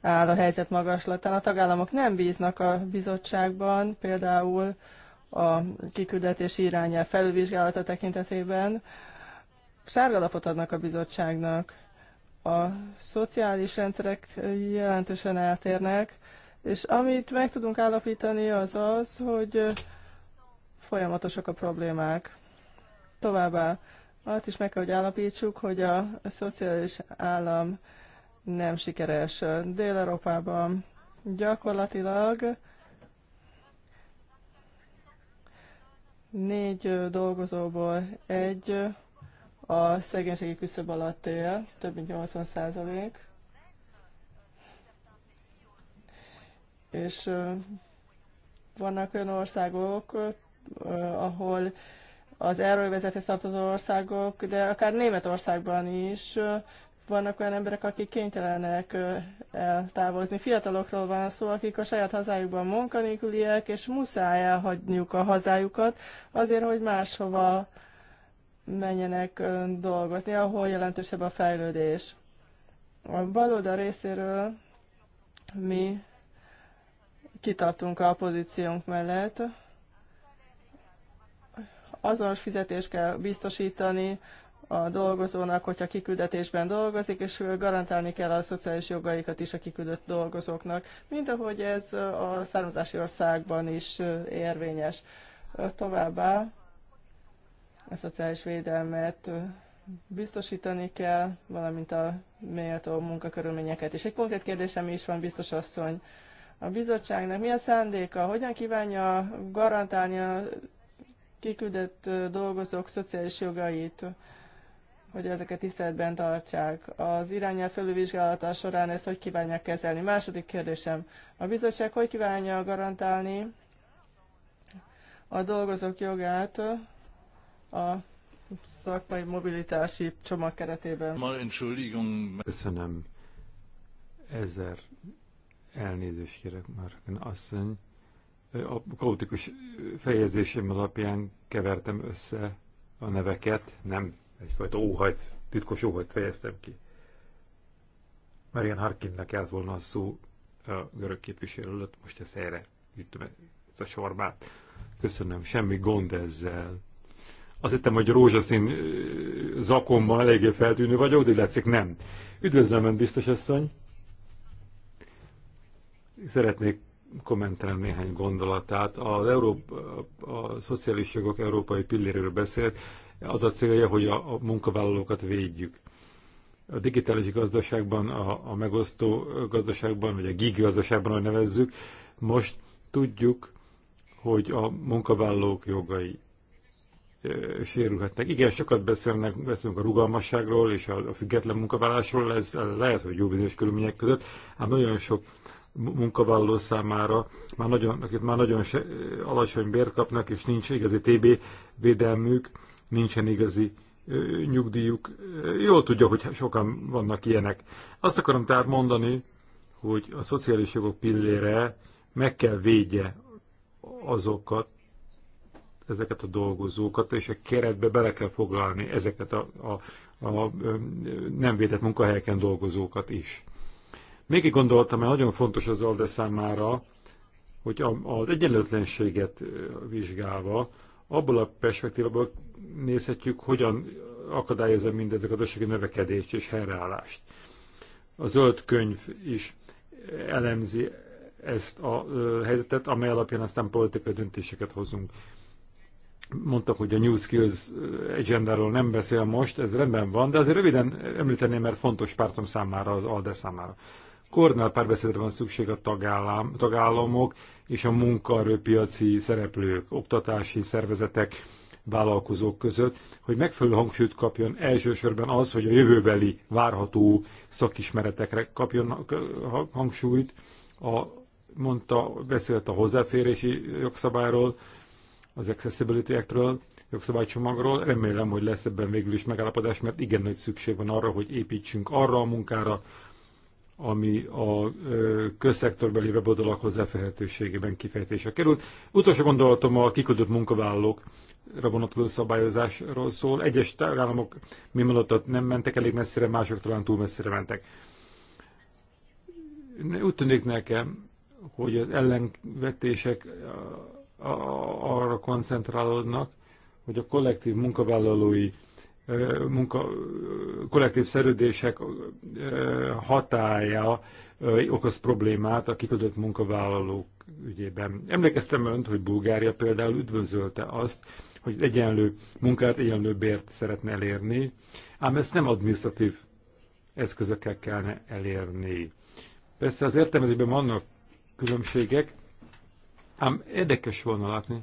áll a helyzet magaslatán. A tagállamok nem bíznak a bizottságban, például a kiküldetési irányel felülvizsgálata tekintetében. Sárgalapot adnak a bizottságnak a szociális rendszerek jelentősen eltérnek, és amit meg tudunk állapítani az az, hogy folyamatosak a problémák. Továbbá azt is meg kell, hogy állapítsuk, hogy a szociális állam nem sikeres. Dél-Európában gyakorlatilag négy dolgozóból egy a szegénységi küszöb alatt él, több mint 80 százalék, és vannak olyan országok, ahol az erővezethez tartozó országok, de akár Németországban is vannak olyan emberek, akik kénytelenek eltávozni. Fiatalokról van szó, akik a saját hazájukban munkanélküliek, és muszáj elhagyniuk a hazájukat azért, hogy máshova menjenek dolgozni, ahol jelentősebb a fejlődés. A baloldal részéről mi kitartunk a pozíciónk mellett. Azonos fizetést kell biztosítani a dolgozónak, hogyha kiküldetésben dolgozik, és garantálni kell a szociális jogaikat is a kiküldött dolgozóknak, mint ahogy ez a származási országban is érvényes. Továbbá a szociális védelmet biztosítani kell, valamint a méltó munkakörülményeket. És egy konkrét kérdésem is van, biztos asszony. A bizottságnak mi a szándéka, hogyan kívánja garantálni a kiküldött dolgozók szociális jogait, hogy ezeket tiszteletben tartsák. Az irányel felülvizsgálata során ezt hogy kívánják kezelni? Második kérdésem. A bizottság hogy kívánja garantálni a dolgozók jogát, a szakmai mobilitási csomag keretében. Köszönöm. Ezer elnézést kérek már, asszony. A kaotikus fejezésem alapján kevertem össze a neveket, nem egyfajta óhajt, titkos óhajt fejeztem ki. Marian Harkinnek ez volna a szó a görög képviselő előtt, most ezt erre ütöm ezt a sorbát. Köszönöm, semmi gond ezzel. Azt hittem, hogy rózsaszín zakomban eléggé feltűnő vagyok, de látszik nem. Üdvözlöm, ön biztos asszony! Szeretnék kommentálni néhány gondolatát. Az Európa, a szociális jogok európai pilléréről beszélt, az a célja, hogy a, a munkavállalókat védjük. A digitális gazdaságban, a, a megosztó gazdaságban, vagy a gig gazdaságban, ahogy nevezzük, most tudjuk, hogy a munkavállalók jogai sérülhetnek. Igen, sokat beszélnek, beszélünk a rugalmasságról és a, a független munkavállalásról, ez lehet, hogy jó bizonyos körülmények között, ám nagyon sok munkavállaló számára, már nagyon, akik már nagyon se, alacsony bért kapnak, és nincs igazi TB védelmük, nincsen igazi ö, nyugdíjuk. Jól tudja, hogy sokan vannak ilyenek. Azt akarom tehát mondani, hogy a szociális jogok pillére meg kell védje azokat, ezeket a dolgozókat, és a keretbe bele kell foglalni ezeket a, a, a nem védett munkahelyeken dolgozókat is. Még egy gondoltam, mert nagyon fontos az ALDE számára, hogy az egyenlőtlenséget vizsgálva, abból a perspektívából nézhetjük, hogyan akadályozza mindezek a gazdasági növekedést és helyreállást. A zöld könyv is elemzi ezt a helyzetet, amely alapján aztán politikai döntéseket hozunk mondtak, hogy a New Skills agendáról nem beszél most, ez rendben van, de azért röviden említeném, mert fontos pártom számára, az ALDE számára. Koordinál párbeszédre van szükség a tagállam, tagállamok és a munkaerőpiaci szereplők, oktatási szervezetek, vállalkozók között, hogy megfelelő hangsúlyt kapjon elsősorban az, hogy a jövőbeli várható szakismeretekre kapjon hangsúlyt, a, mondta, beszélt a hozzáférési jogszabályról, az Accessibility Act-ről, jogszabálycsomagról. Remélem, hogy lesz ebben végül is megállapodás, mert igen nagy szükség van arra, hogy építsünk arra a munkára, ami a közszektorbeli weboldalak hozzáférhetőségében kifejtése került. Utolsó gondolatom a kiküldött munkavállalókra vonatkozó szabályozásról szól. Egyes tagállamok mi mondottat nem mentek elég messzire, mások talán túl messzire mentek. Úgy tűnik nekem, hogy az ellenvetések arra koncentrálódnak, hogy a kollektív munkavállalói munka, kollektív szerződések hatája okoz problémát a kiküldött munkavállalók ügyében. Emlékeztem önt, hogy Bulgária például üdvözölte azt, hogy egyenlő munkát, egyenlő bért szeretne elérni, ám ezt nem administratív eszközökkel kellene elérni. Persze az értelmezőben vannak különbségek, Ám érdekes volna látni,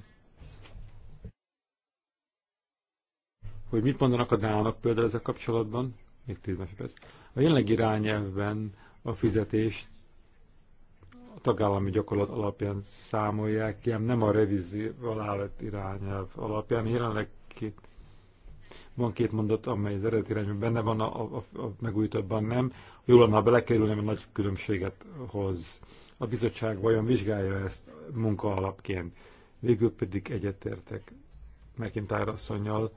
hogy mit mondanak a dánok például ezzel kapcsolatban, még tíz másodperc. A jelenleg irányelvben a fizetést a tagállami gyakorlat alapján számolják ilyen nem a revízió alállat irányelv alapján. Jelenleg két, van két mondat, amely az eredeti irányban benne van, a, a, a megújítottban nem. Jól van, ha belekerülne, mert nagy különbséget hoz a bizottság vajon vizsgálja ezt munka alapként. Végül pedig egyetértek McIntyre asszonynal,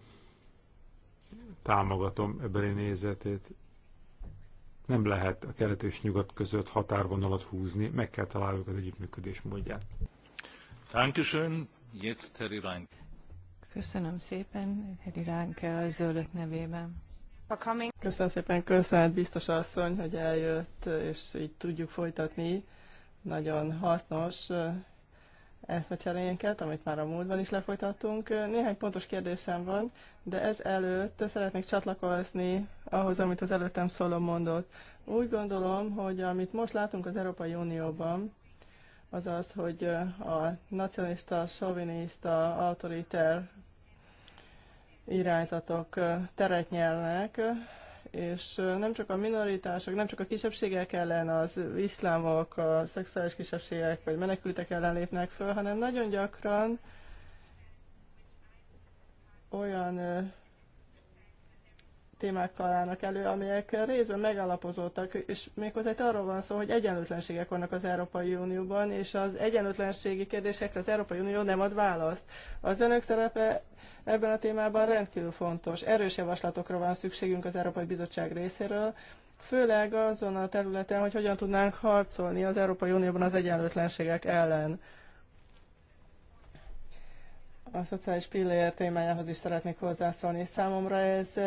támogatom ebbeli nézetét. Nem lehet a kelet és nyugat között határvonalat húzni, meg kell találjuk az együttműködés módját. Dankeschön, jetzt Köszönöm szépen, Heri Ránke a zöldök nevében. Köszönöm szépen, köszönöm biztos asszony, hogy eljött, és így tudjuk folytatni nagyon hasznos eszmecserénket, amit már a múltban is lefolytattunk. Néhány pontos kérdésem van, de ez előtt szeretnék csatlakozni ahhoz, amit az előttem szólom mondott. Úgy gondolom, hogy amit most látunk az Európai Unióban, az az, hogy a nacionalista, sovinista, autoriter irányzatok teret nyelnek, és nem csak a minoritások, nem csak a kisebbségek ellen, az iszlámok, a szexuális kisebbségek vagy menekültek ellen lépnek föl, hanem nagyon gyakran olyan témákkal állnak elő, amelyek részben megalapozottak, és méghozzá itt arról van szó, hogy egyenlőtlenségek vannak az Európai Unióban, és az egyenlőtlenségi kérdésekre az Európai Unió nem ad választ. Az önök szerepe ebben a témában rendkívül fontos. Erős javaslatokra van szükségünk az Európai Bizottság részéről, főleg azon a területen, hogy hogyan tudnánk harcolni az Európai Unióban az egyenlőtlenségek ellen. A szociális pillér témájához is szeretnék hozzászólni. Számomra ez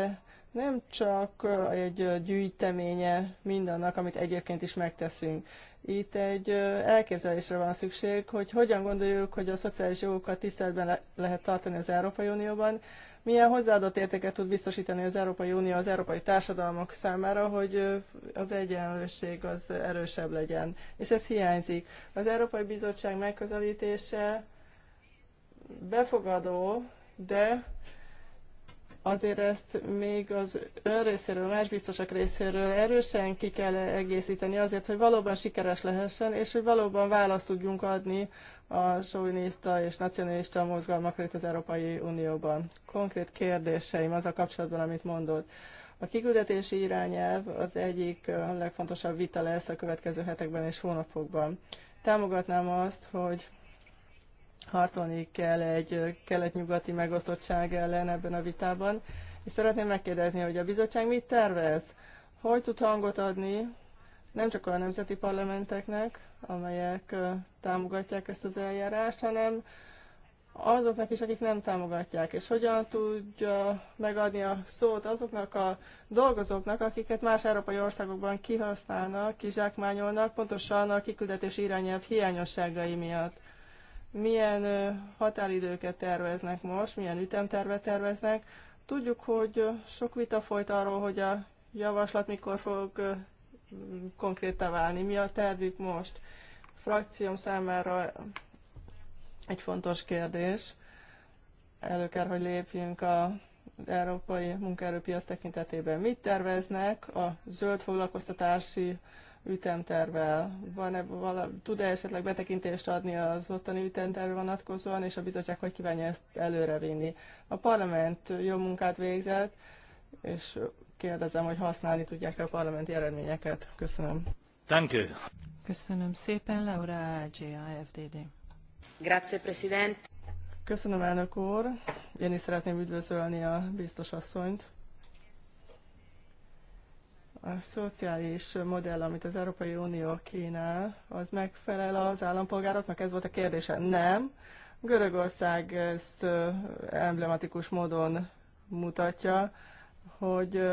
nem csak egy gyűjteménye mindannak, amit egyébként is megteszünk. Itt egy elképzelésre van szükség, hogy hogyan gondoljuk, hogy a szociális jogokat tiszteletben le- lehet tartani az Európai Unióban, milyen hozzáadott értéket tud biztosítani az Európai Unió az európai társadalmak számára, hogy az egyenlőség az erősebb legyen. És ez hiányzik. Az Európai Bizottság megközelítése befogadó, de Azért ezt még az ön részéről, más biztosak részéről erősen ki kell egészíteni azért, hogy valóban sikeres lehessen, és hogy valóban választ tudjunk adni a soviniszta és nacionalista mozgalmakra itt az Európai Unióban. Konkrét kérdéseim az a kapcsolatban, amit mondott. A kiküldetési irányelv az egyik legfontosabb vita lesz a következő hetekben és hónapokban. Támogatnám azt, hogy harcolni kell egy kelet-nyugati megosztottság ellen ebben a vitában. És szeretném megkérdezni, hogy a bizottság mit tervez? Hogy tud hangot adni nem csak a nemzeti parlamenteknek, amelyek támogatják ezt az eljárást, hanem azoknak is, akik nem támogatják, és hogyan tudja megadni a szót azoknak a dolgozóknak, akiket más európai országokban kihasználnak, kizsákmányolnak, pontosan a kiküldetés irányelv hiányosságai miatt milyen határidőket terveznek most, milyen ütemtervet terveznek. Tudjuk, hogy sok vita folyt arról, hogy a javaslat mikor fog konkrétá válni, mi a tervük most. frakcióm számára egy fontos kérdés. Elő kell, hogy lépjünk a európai munkaerőpiac tekintetében. Mit terveznek a zöld foglalkoztatási ütemtervel? Van-e vala, tud-e esetleg betekintést adni az ottani ütemtervre vonatkozóan, és a bizottság hogy kívánja ezt előrevinni? A parlament jó munkát végzett, és kérdezem, hogy használni tudják-e a parlamenti eredményeket. Köszönöm. Thank you. Köszönöm szépen, Laura Ágyia, FDD. Grazie, President. Köszönöm, elnök úr. Én is szeretném üdvözölni a biztos asszonyt a szociális modell, amit az Európai Unió kínál, az megfelel az állampolgároknak? Ez volt a kérdése. Nem. Görögország ezt emblematikus módon mutatja, hogy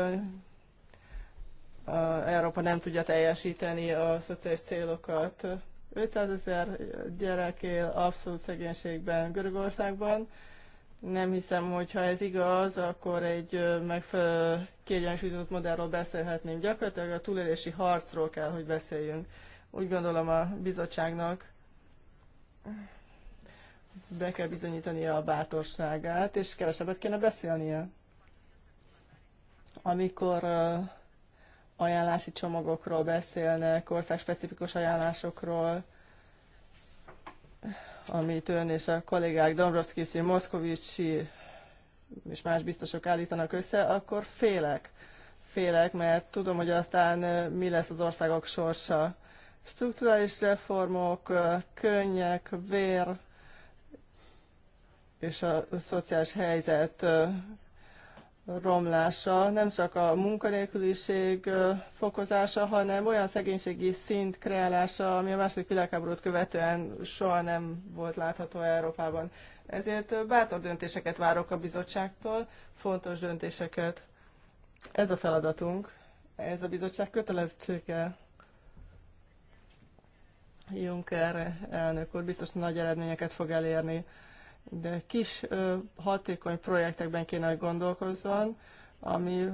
Európa nem tudja teljesíteni a szociális célokat. 500 ezer gyerek él abszolút szegénységben Görögországban, nem hiszem, hogy ha ez igaz, akkor egy megfelelő kiegyensúlyozott modellről beszélhetnénk. Gyakorlatilag a túlélési harcról kell, hogy beszéljünk. Úgy gondolom a bizottságnak be kell bizonyítania a bátorságát, és kevesebbet kéne beszélnie. Amikor ajánlási csomagokról beszélnek, országspecifikus ajánlásokról, amit ön és a kollégák és Moszkovicsi és más biztosok állítanak össze, akkor félek. Félek, mert tudom, hogy aztán mi lesz az országok sorsa. Strukturális reformok, könnyek, vér és a szociális helyzet romlása, nem csak a munkanélküliség fokozása, hanem olyan szegénységi szint kreálása, ami a második világháborút követően soha nem volt látható Európában. Ezért bátor döntéseket várok a bizottságtól, fontos döntéseket. Ez a feladatunk, ez a bizottság kötelezettsége. Juncker elnök úr biztos nagy eredményeket fog elérni de kis hatékony projektekben kéne, hogy gondolkozzon, ami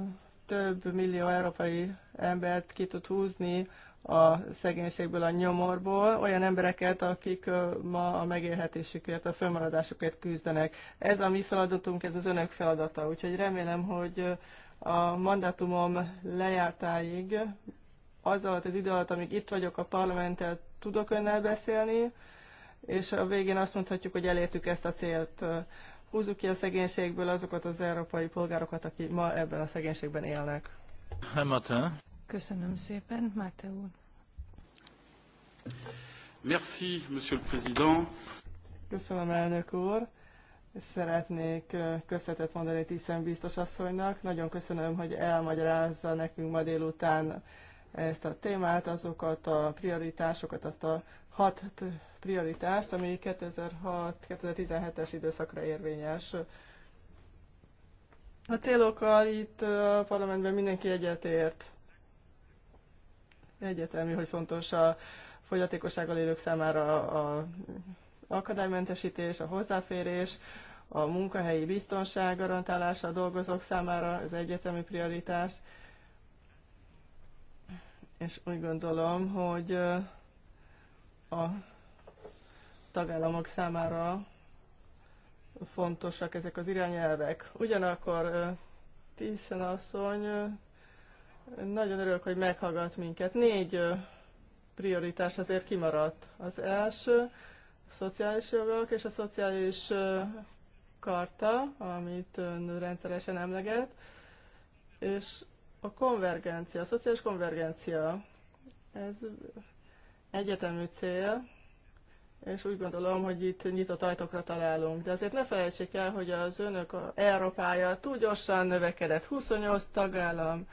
több millió európai embert ki tud húzni a szegénységből, a nyomorból, olyan embereket, akik ma a megélhetésükért, a fölmaradásukért küzdenek. Ez a mi feladatunk, ez az önök feladata. Úgyhogy remélem, hogy a mandátumom lejártáig, az alatt az idő alatt, amíg itt vagyok a parlamenttel, tudok önnel beszélni, és a végén azt mondhatjuk, hogy elértük ezt a célt. Húzzuk ki a szegénységből azokat az európai polgárokat, akik ma ebben a szegénységben élnek. Mate. Köszönöm szépen, Máté úr. Merci, Monsieur le Président. Köszönöm, elnök úr. Szeretnék köszönetet mondani Tiszen biztos asszonynak. Nagyon köszönöm, hogy elmagyarázza nekünk ma délután ezt a témát, azokat a prioritásokat, azt a hat prioritást, ami 2006-2017-es időszakra érvényes. A célokkal itt a parlamentben mindenki egyetért. Egyetemű, hogy fontos a fogyatékossággal élők számára a akadálymentesítés, a hozzáférés, a munkahelyi biztonság garantálása a dolgozók számára, az egyetemi prioritás. És úgy gondolom, hogy a tagállamok számára fontosak ezek az irányelvek. Ugyanakkor Tiszen asszony, nagyon örülök, hogy meghallgat minket. Négy prioritás azért kimaradt. Az első, a szociális jogok és a szociális karta, amit ön rendszeresen emleget, és a konvergencia, a szociális konvergencia, ez egyetemű cél, és úgy gondolom, hogy itt nyitott ajtókra találunk. De azért ne felejtsék el, hogy az önök a Európája túl gyorsan növekedett, 28 tagállam,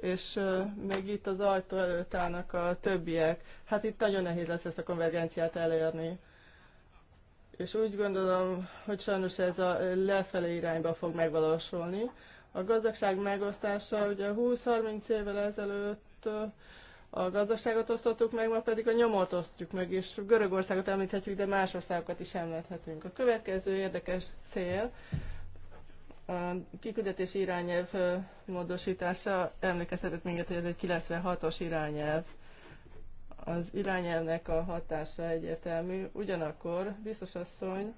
és még itt az ajtó előtt állnak a többiek. Hát itt nagyon nehéz lesz ezt a konvergenciát elérni. És úgy gondolom, hogy sajnos ez a lefelé irányba fog megvalósulni. A gazdagság megosztása ugye 20-30 évvel ezelőtt a gazdaságot osztottuk meg, ma pedig a nyomot osztjuk meg, és Görögországot említhetjük, de más országokat is említhetünk. A következő érdekes cél a kiküldetési irányelv módosítása emlékeztetett minket, hogy ez egy 96-os irányelv. Az irányelvnek a hatása egyértelmű. Ugyanakkor biztos asszony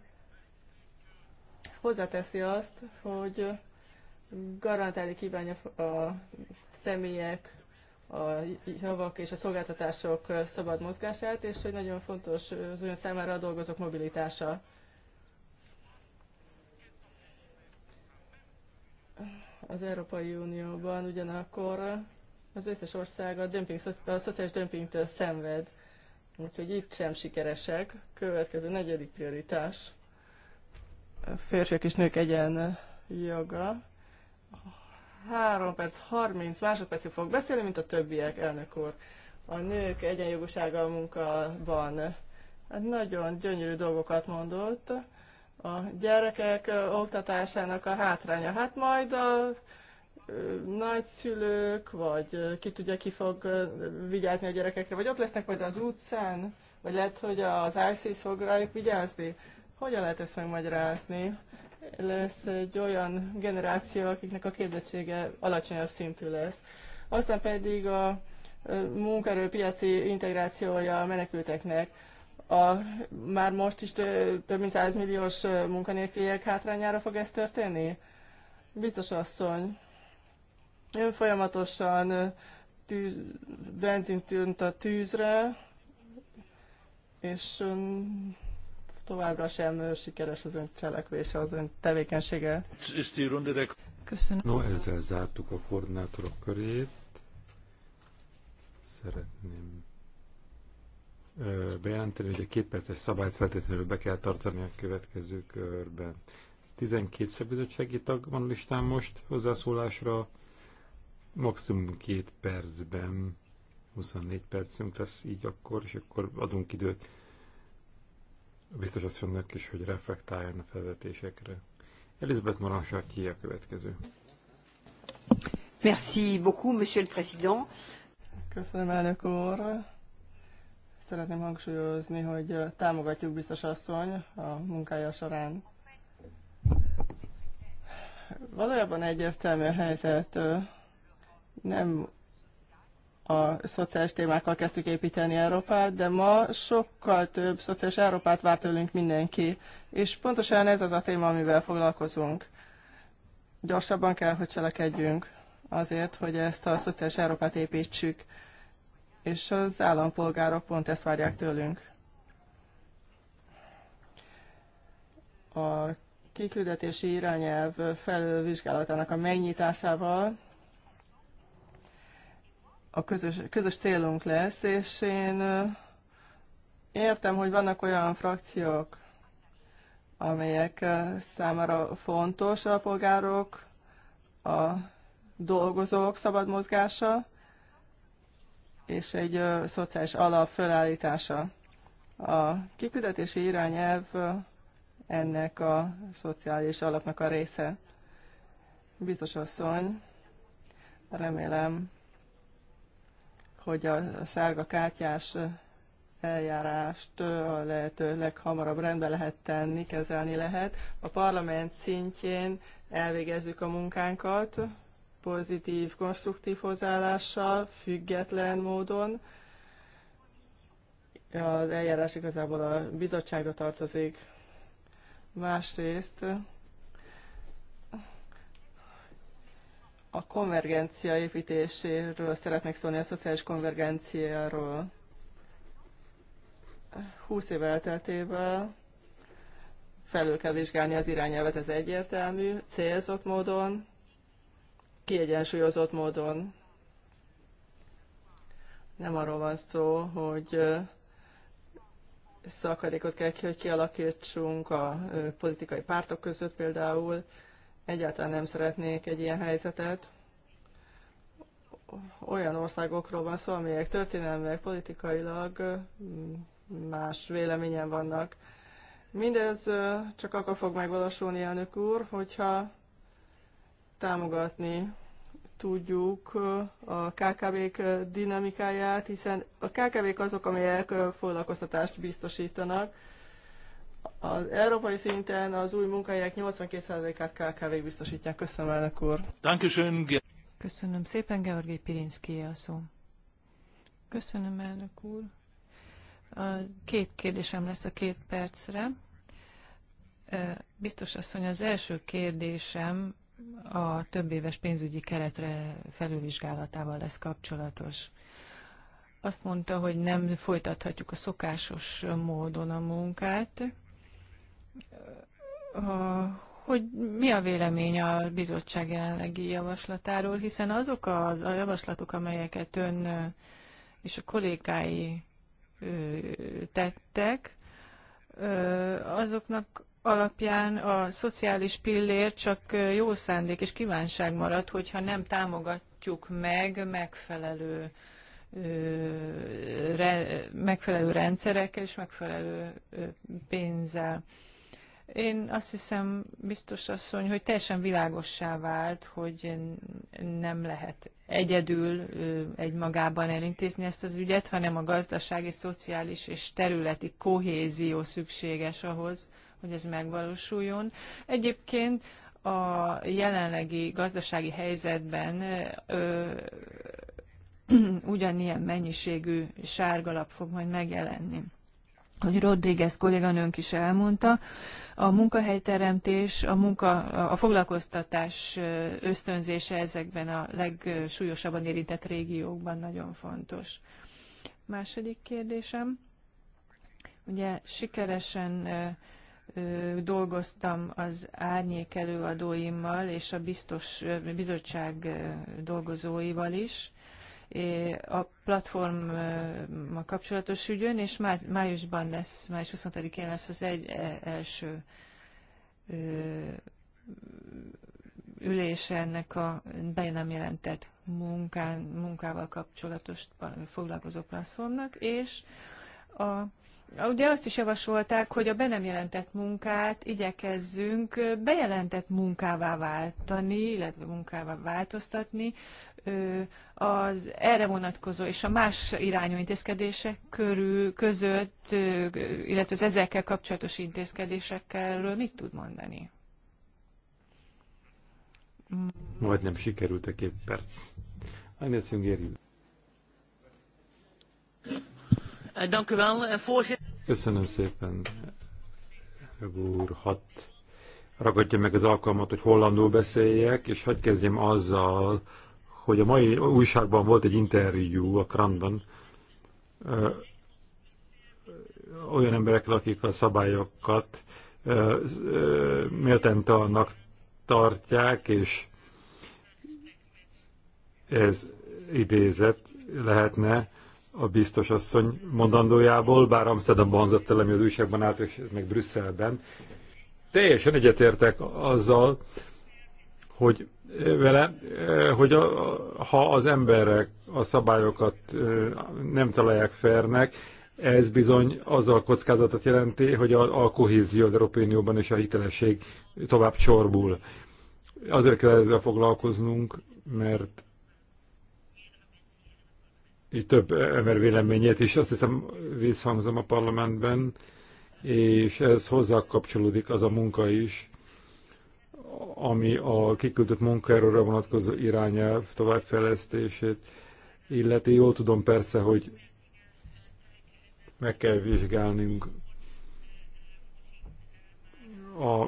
hozzáteszi azt, hogy garantálni kívánja a személyek a javak és a szolgáltatások szabad mozgását, és hogy nagyon fontos az olyan számára a dolgozók mobilitása. Az Európai Unióban ugyanakkor az összes ország a, dömping, a szociális dömpingtől szenved, úgyhogy itt sem sikeresek. Következő negyedik prioritás. A férfiak és nők egyen joga 3 perc 30 másodpercig fog beszélni, mint a többiek, elnök úr. A nők egyenjogúsága a munkában Hát nagyon gyönyörű dolgokat mondott. A gyerekek oktatásának a hátránya. Hát majd a nagyszülők, vagy ki tudja, ki fog vigyázni a gyerekekre, vagy ott lesznek majd az utcán, vagy lehet, hogy az ISIS fog rájuk vigyázni. Hogyan lehet ezt megmagyarázni? lesz egy olyan generáció, akiknek a képzettsége alacsonyabb szintű lesz. Aztán pedig a munkaerőpiaci integrációja a menekülteknek a, már most is több mint 100 milliós munkanélküliek hátrányára fog ez történni? Biztos asszony, ön folyamatosan tűz, benzint tűnt a tűzre, és továbbra sem sikeres az ön cselekvése, az ön tevékenysége. Köszönöm. No, ezzel zártuk a koordinátorok körét. Szeretném bejelenteni, hogy a két perces szabályt feltétlenül be kell tartani a következő körben. 12 szabadottsági tag van listán most hozzászólásra, maximum két percben, 24 percünk lesz így akkor, és akkor adunk időt biztos asszonynak is, hogy reflektáljon a felvetésekre. Elizabeth Moransak ki a következő. Merci beaucoup, monsieur le président. Köszönöm, elnök úr. Szeretném hangsúlyozni, hogy támogatjuk biztos asszony a munkája során. Valójában egyértelmű a helyzet. Nem a szociális témákkal kezdtük építeni Európát, de ma sokkal több szociális Európát vár tőlünk mindenki. És pontosan ez az a téma, amivel foglalkozunk. Gyorsabban kell, hogy cselekedjünk azért, hogy ezt a szociális Európát építsük. És az állampolgárok pont ezt várják tőlünk. A kiküldetési irányelv felülvizsgálatának a megnyitásával a közös, közös célunk lesz, és én értem, hogy vannak olyan frakciók, amelyek számára fontos a polgárok, a dolgozók szabad mozgása, és egy szociális alap felállítása. A kiküldetési irányelv ennek a szociális alapnak a része. Biztos asszony, remélem hogy a sárga kártyás eljárást a lehető leghamarabb rendbe lehet tenni, kezelni lehet. A parlament szintjén elvégezzük a munkánkat pozitív, konstruktív hozzáállással, független módon. Az eljárás igazából a bizottságra tartozik. Másrészt a konvergencia építéséről szeretnék szólni, a szociális konvergenciáról. 20 év elteltével felül kell vizsgálni az irányelvet, ez egyértelmű, célzott módon, kiegyensúlyozott módon. Nem arról van szó, hogy szakadékot kell ki, hogy kialakítsunk a politikai pártok között például, Egyáltalán nem szeretnék egy ilyen helyzetet. Olyan országokról van szó, amelyek történelmileg, politikailag mm, más véleményen vannak. Mindez csak akkor fog megvalósulni, elnök úr, hogyha támogatni tudjuk a KKV-k dinamikáját, hiszen a KKV-k azok, amelyek foglalkoztatást biztosítanak, az európai szinten az új munkahelyek 82%-át kkv biztosítják. Köszönöm, elnök úr. Köszönöm szépen, Georgi Pirinszki a szó. Köszönöm, elnök úr. Két kérdésem lesz a két percre. Biztos asszony, az első kérdésem a több éves pénzügyi keretre felülvizsgálatával lesz kapcsolatos. Azt mondta, hogy nem folytathatjuk a szokásos módon a munkát, hogy mi a vélemény a bizottság jelenlegi javaslatáról, hiszen azok a, a javaslatok, amelyeket ön és a kollégái tettek, azoknak alapján a szociális pillér csak jó szándék és kívánság marad, hogyha nem támogatjuk meg megfelelő megfelelő rendszerekkel és megfelelő pénzzel. Én azt hiszem, biztos asszony, hogy teljesen világossá vált, hogy nem lehet egyedül egy magában elintézni ezt az ügyet, hanem a gazdasági, szociális és területi kohézió szükséges ahhoz, hogy ez megvalósuljon. Egyébként a jelenlegi gazdasági helyzetben ö, <clears throat> ugyanilyen mennyiségű sárgalap fog majd megjelenni hogy Rodriguez kolléganőnk is elmondta, a munkahelyteremtés, a, munka, a foglalkoztatás ösztönzése ezekben a legsúlyosabban érintett régiókban nagyon fontos. Második kérdésem. Ugye sikeresen dolgoztam az árnyék előadóimmal és a biztos bizottság dolgozóival is, a platformmal kapcsolatos ügyön, és májusban lesz, május 20-én lesz az egy e, első ülése ennek a be nem jelentett munkán, munkával kapcsolatos foglalkozó platformnak, és a Ugye azt is javasolták, hogy a be nem jelentett munkát igyekezzünk bejelentett munkává váltani, illetve munkává változtatni, az erre vonatkozó és a más irányú intézkedések körül, között, illetve az ezekkel kapcsolatos intézkedésekkel mit tud mondani? nem sikerült a két perc. Agnes Jungéri. Eh, Köszönöm szépen, úr, hat ragadja meg az alkalmat, hogy hollandul beszéljek, és hagyd kezdjem azzal, hogy a mai újságban volt egy interjú a Kranban olyan emberekkel, akik a szabályokat méltánytalannak tartják, és ez idézet lehetne a biztos asszony mondandójából, bár Amsterdamban hangzott el, ami az újságban állt, és meg Brüsszelben. Teljesen egyetértek azzal, hogy eh, vele, eh, hogy a, ha az emberek a szabályokat eh, nem találják fernek, ez bizony azzal kockázatot jelenti, hogy a, a kohézió az Európai Unióban és a hitelesség tovább csorbul. Azért kell ezzel foglalkoznunk, mert így több ember véleményét is azt hiszem visszhangzom a parlamentben, és ez hozzá kapcsolódik az a munka is, ami a kiküldött munkaerőre vonatkozó irányelv továbbfejlesztését illeti. Jól tudom persze, hogy meg kell vizsgálnunk a,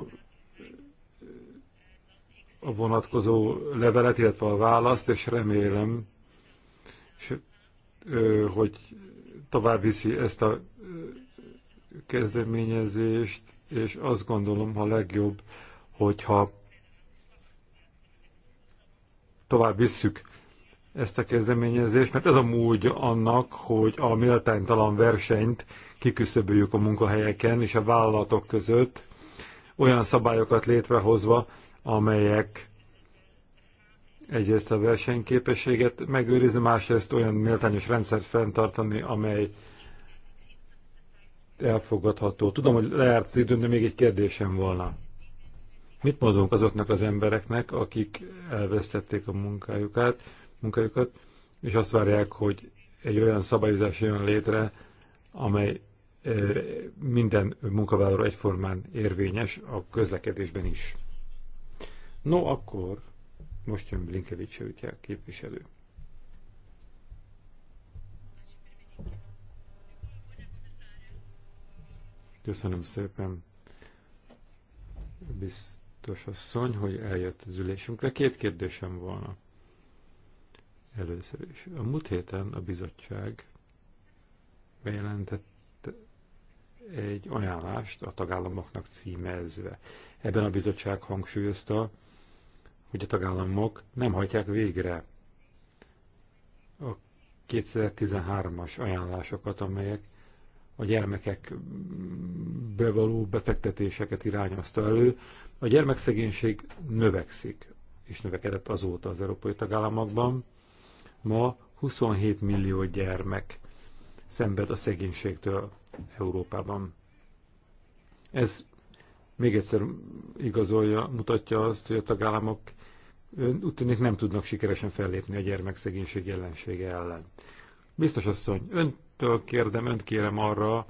a vonatkozó levelet, illetve a választ, és remélem, és, ö, hogy tovább viszi ezt a kezdeményezést, és azt gondolom, ha legjobb, hogyha tovább visszük ezt a kezdeményezést, mert ez a módja annak, hogy a méltánytalan versenyt kiküszöböljük a munkahelyeken és a vállalatok között, olyan szabályokat létrehozva, amelyek egyrészt a versenyképességet megőrizni, másrészt olyan méltányos rendszert fenntartani, amely elfogadható. Tudom, hogy leárt az időn, de még egy kérdésem volna. Mit mondunk azoknak az embereknek, akik elvesztették a munkájukat, munkájukat és azt várják, hogy egy olyan szabályozás jön létre, amely minden munkavállaló egyformán érvényes a közlekedésben is. No, akkor most jön Blinkevics Jutják képviselő. Köszönöm szépen. biz biztos asszony, hogy eljött az ülésünkre. Két kérdésem volna. Először is. A múlt héten a bizottság bejelentett egy ajánlást a tagállamoknak címezve. Ebben a bizottság hangsúlyozta, hogy a tagállamok nem hajtják végre a 2013-as ajánlásokat, amelyek a gyermekek bevaló befektetéseket irányozta elő, a gyermekszegénység növekszik, és növekedett azóta az európai tagállamokban. Ma 27 millió gyermek szenved a szegénységtől Európában. Ez még egyszer igazolja, mutatja azt, hogy a tagállamok úgy tűnik nem tudnak sikeresen fellépni a gyermekszegénység jelensége ellen. Biztos asszony, öntől kérdem, önt kérem arra,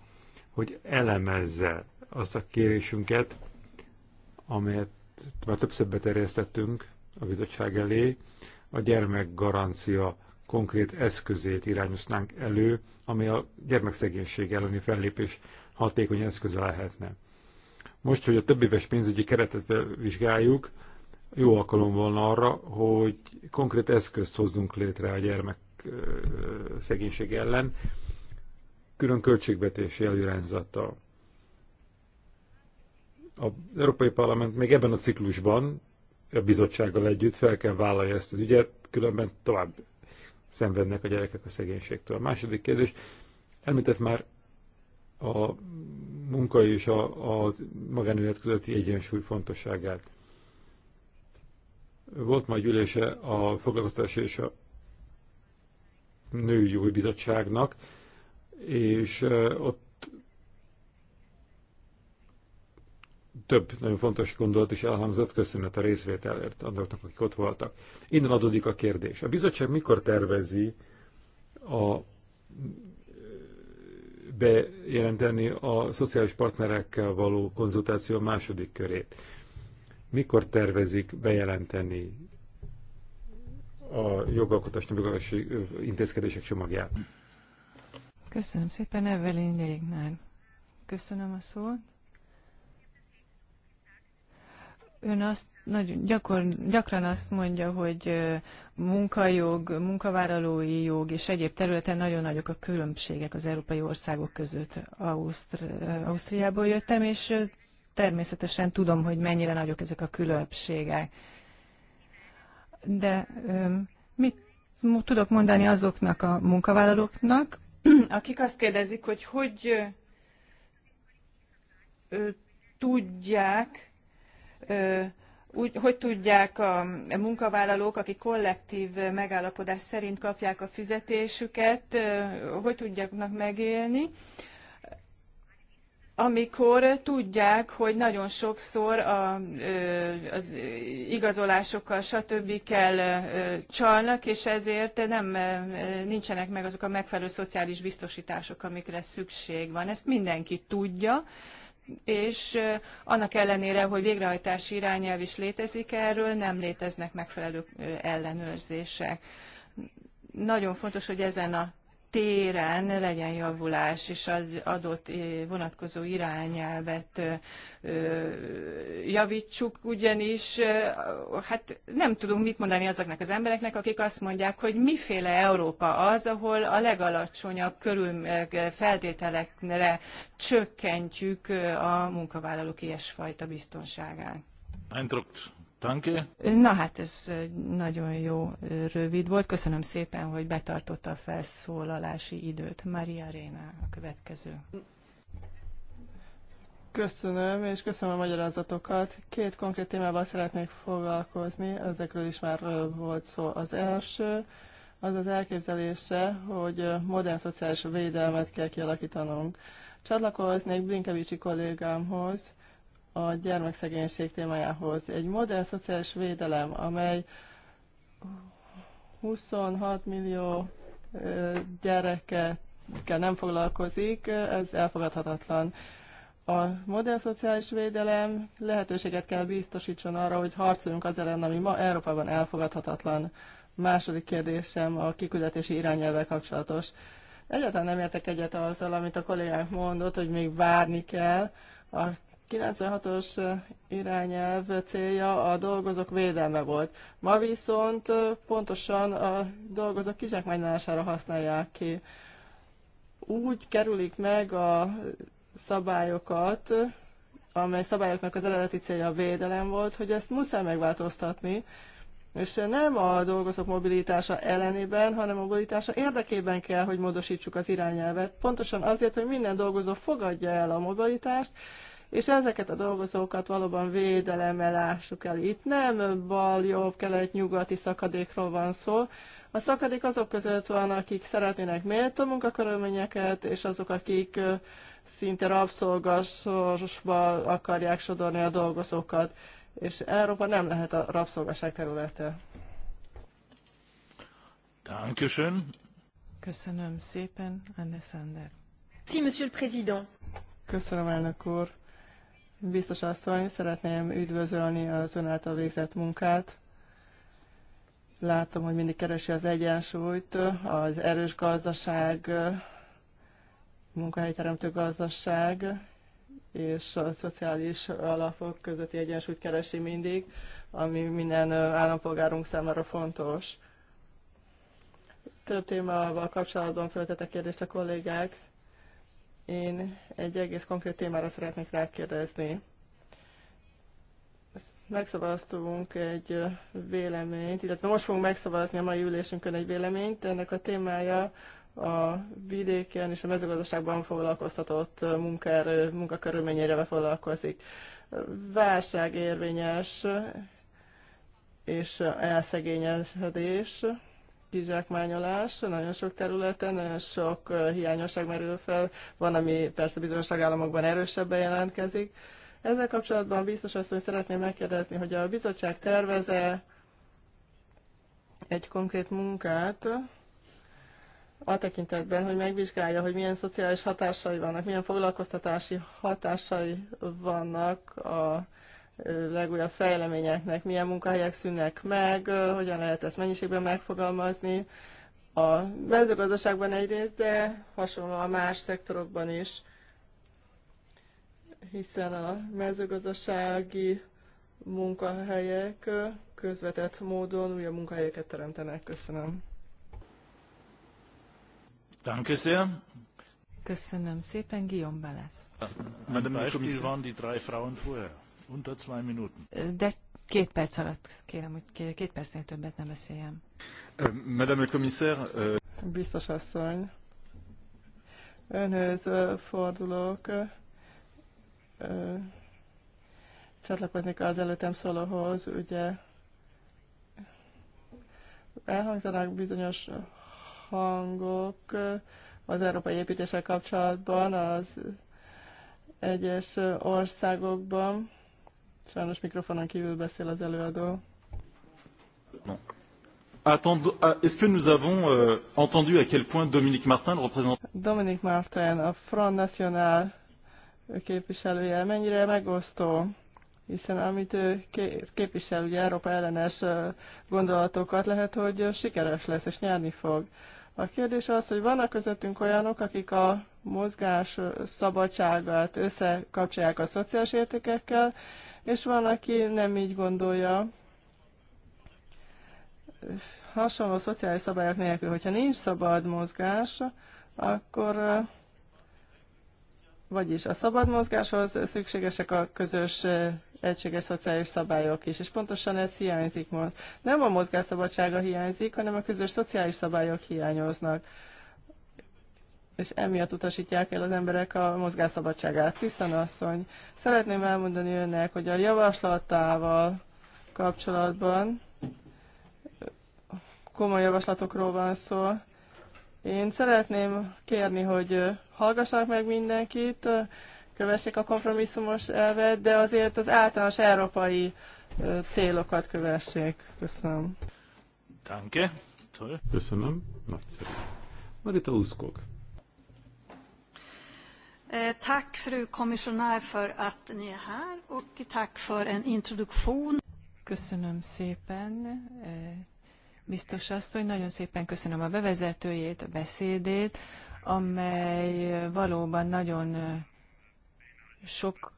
hogy elemezze azt a kérésünket, amelyet már többször beterjesztettünk a bizottság elé, a gyermekgarancia konkrét eszközét irányoznánk elő, ami a gyermekszegénység elleni fellépés hatékony eszköze lehetne. Most, hogy a több éves pénzügyi keretet vizsgáljuk, jó alkalom volna arra, hogy konkrét eszközt hozzunk létre a gyermek szegénység ellen, külön költségvetési előirányzattal az Európai Parlament még ebben a ciklusban a bizottsággal együtt fel kell vállalja ezt az ügyet, különben tovább szenvednek a gyerekek a szegénységtől. A második kérdés, említett már a munka és a, a magánélet közötti egyensúly fontosságát. Volt majd gyűlése a foglalkoztatás és a nőjogi bizottságnak, és ott több nagyon fontos gondolat is elhangzott, köszönet a részvételért azoknak, akik ott voltak. Innen adódik a kérdés. A bizottság mikor tervezi a bejelenteni a szociális partnerekkel való konzultáció második körét? Mikor tervezik bejelenteni a jogalkotás, jogalkotási intézkedések csomagját? Köszönöm szépen, Evelyn Jégnár. Köszönöm a szót. Ön azt nagyon gyakor, gyakran azt mondja, hogy munkajog, munkavállalói jog és egyéb területen nagyon nagyok a különbségek az európai országok között. Ausztri, Ausztriából jöttem, és természetesen tudom, hogy mennyire nagyok ezek a különbségek. De mit tudok mondani azoknak a munkavállalóknak, <clears throat> akik azt kérdezik, hogy hogy tudják, úgy, hogy tudják a munkavállalók, akik kollektív megállapodás szerint kapják a fizetésüket, hogy tudjaknak megélni, amikor tudják, hogy nagyon sokszor a, az igazolásokkal, stb. kell csalnak, és ezért nem nincsenek meg azok a megfelelő szociális biztosítások, amikre szükség van. Ezt mindenki tudja, és annak ellenére, hogy végrehajtási irányelv is létezik erről, nem léteznek megfelelő ellenőrzések. Nagyon fontos, hogy ezen a téren legyen javulás, és az adott eh, vonatkozó irányelvet eh, javítsuk, ugyanis eh, hát nem tudunk mit mondani azoknak az embereknek, akik azt mondják, hogy miféle Európa az, ahol a legalacsonyabb körül feltételekre csökkentjük a munkavállalók ilyesfajta biztonságát. Eindruckt. Danke. Na hát ez nagyon jó, rövid volt. Köszönöm szépen, hogy betartotta a felszólalási időt. Maria Réna a következő. Köszönöm, és köszönöm a magyarázatokat. Két konkrét témával szeretnék foglalkozni, ezekről is már volt szó. Az első, az az elképzelése, hogy modern szociális védelmet kell kialakítanunk. Csatlakoznék Blinkevicsi kollégámhoz, a gyermekszegénység témájához. Egy modern szociális védelem, amely 26 millió gyerekekkel nem foglalkozik, ez elfogadhatatlan. A modern szociális védelem lehetőséget kell biztosítson arra, hogy harcoljunk az ellen, ami ma Európában elfogadhatatlan. Második kérdésem a kiküldetési irányelvvel kapcsolatos. Egyáltalán nem értek egyet azzal, amit a kollégánk mondott, hogy még várni kell. A 96-os irányelv célja a dolgozók védelme volt. Ma viszont pontosan a dolgozók kizsákmányolására használják ki. Úgy kerülik meg a szabályokat, amely szabályoknak az eredeti célja a védelem volt, hogy ezt muszáj megváltoztatni, és nem a dolgozók mobilitása ellenében, hanem a mobilitása érdekében kell, hogy módosítsuk az irányelvet. Pontosan azért, hogy minden dolgozó fogadja el a mobilitást, és ezeket a dolgozókat valóban védelemmel lássuk el. Itt nem bal, jobb, kelet, nyugati szakadékról van szó. A szakadék azok között van, akik szeretnének méltó munkakörülményeket, és azok, akik szinte rabszolgasba akarják sodorni a dolgozókat. És Európa nem lehet a rabszolgaság területe. Dankeschön. Köszönöm szépen, Anne Sander. Si, Monsieur le Président. Köszönöm, elnök úr. Biztos asszony, szeretném üdvözölni az ön által végzett munkát. Látom, hogy mindig keresi az egyensúlyt, az erős gazdaság, munkahelyteremtő gazdaság és a szociális alapok közötti egyensúlyt keresi mindig, ami minden állampolgárunk számára fontos. Több témával kapcsolatban föltettek kérdést a kollégák én egy egész konkrét témára szeretnék rákérdezni. Megszavaztunk egy véleményt, illetve most fogunk megszavazni a mai ülésünkön egy véleményt. Ennek a témája a vidéken és a mezőgazdaságban foglalkoztatott munkaerő, munkakörülményére foglalkozik. Válság érvényes és elszegényesedés kizsákmányolás nagyon sok területen, nagyon sok hiányosság merül fel, van, ami persze bizonyos tagállamokban erősebben jelentkezik. Ezzel kapcsolatban biztos hogy szeretném megkérdezni, hogy a bizottság terveze egy konkrét munkát a tekintetben, hogy megvizsgálja, hogy milyen szociális hatásai vannak, milyen foglalkoztatási hatásai vannak a legújabb fejleményeknek, milyen munkahelyek szűnnek meg, hogyan lehet ezt mennyiségben megfogalmazni. A mezőgazdaságban egyrészt, de hasonlóan más szektorokban is, hiszen a mezőgazdasági munkahelyek közvetett módon újabb munkahelyeket teremtenek. Köszönöm. Danke sehr. Köszönöm szépen, Guillaume Balázs. Madame la Kommissarin, die drei Frauen vorher. Unter zwei Minuten. De két perc alatt kérem, hogy két percnél többet beszéljem. Madame le commissaire... Biztos asszony, önhöz fordulok. Csatlakoznék az előttem szólóhoz, ugye elhangzanak bizonyos hangok az európai építéssel kapcsolatban, az egyes országokban. Sajnos mikrofonon kívül beszél az előadó. Non. Attendo, ah, est-ce que nous avons euh, entendu à quel point Dominique Martin, le représentant... Dominique Martin, a Front National képviselője, mennyire megosztó, hiszen amit ő képvisel, ugye Európa ellenes gondolatokat lehet, hogy sikeres lesz és nyerni fog. A kérdés az, hogy vannak közöttünk olyanok, akik a mozgás szabadságát összekapcsolják a szociális értékekkel, és van, aki nem így gondolja. Hasonló szociális szabályok nélkül, hogyha nincs szabad mozgás, akkor eh, vagyis a szabad mozgáshoz szükségesek a közös eh, egységes szociális szabályok is, és pontosan ez hiányzik most. Nem a mozgásszabadsága hiányzik, hanem a közös szociális szabályok hiányoznak és emiatt utasítják el az emberek a mozgásszabadságát. Tiszen asszony, szeretném elmondani önnek, hogy a javaslatával kapcsolatban komoly javaslatokról van szó. Én szeretném kérni, hogy hallgassanak meg mindenkit, kövessék a kompromisszumos elvet, de azért az általános európai célokat kövessék. Köszönöm. Danke. Toll. Köszönöm. Nagyszerű. Marita Uszkog. Eh, tack fru kommissionär för att ni är här och tack för en introduktion. Köszönöm szépen. biztos eh, biztos asszony, nagyon szépen köszönöm a bevezetőjét, a beszédét, amely valóban nagyon eh, sok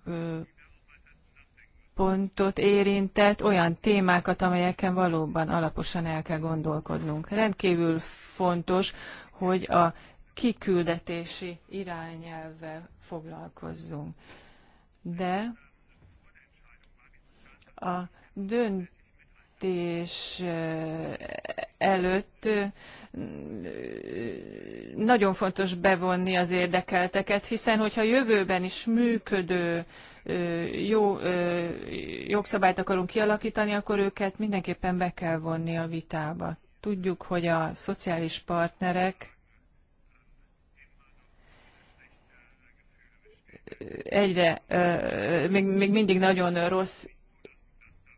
pontot érintett, olyan témákat, amelyeken valóban alaposan el kell gondolkodnunk. Rendkívül fontos, hogy a kiküldetési irányelvvel foglalkozzunk. De a döntés előtt nagyon fontos bevonni az érdekelteket, hiszen hogyha jövőben is működő jó jogszabályt akarunk kialakítani, akkor őket mindenképpen be kell vonni a vitába. Tudjuk, hogy a szociális partnerek egyre, még, még mindig nagyon rossz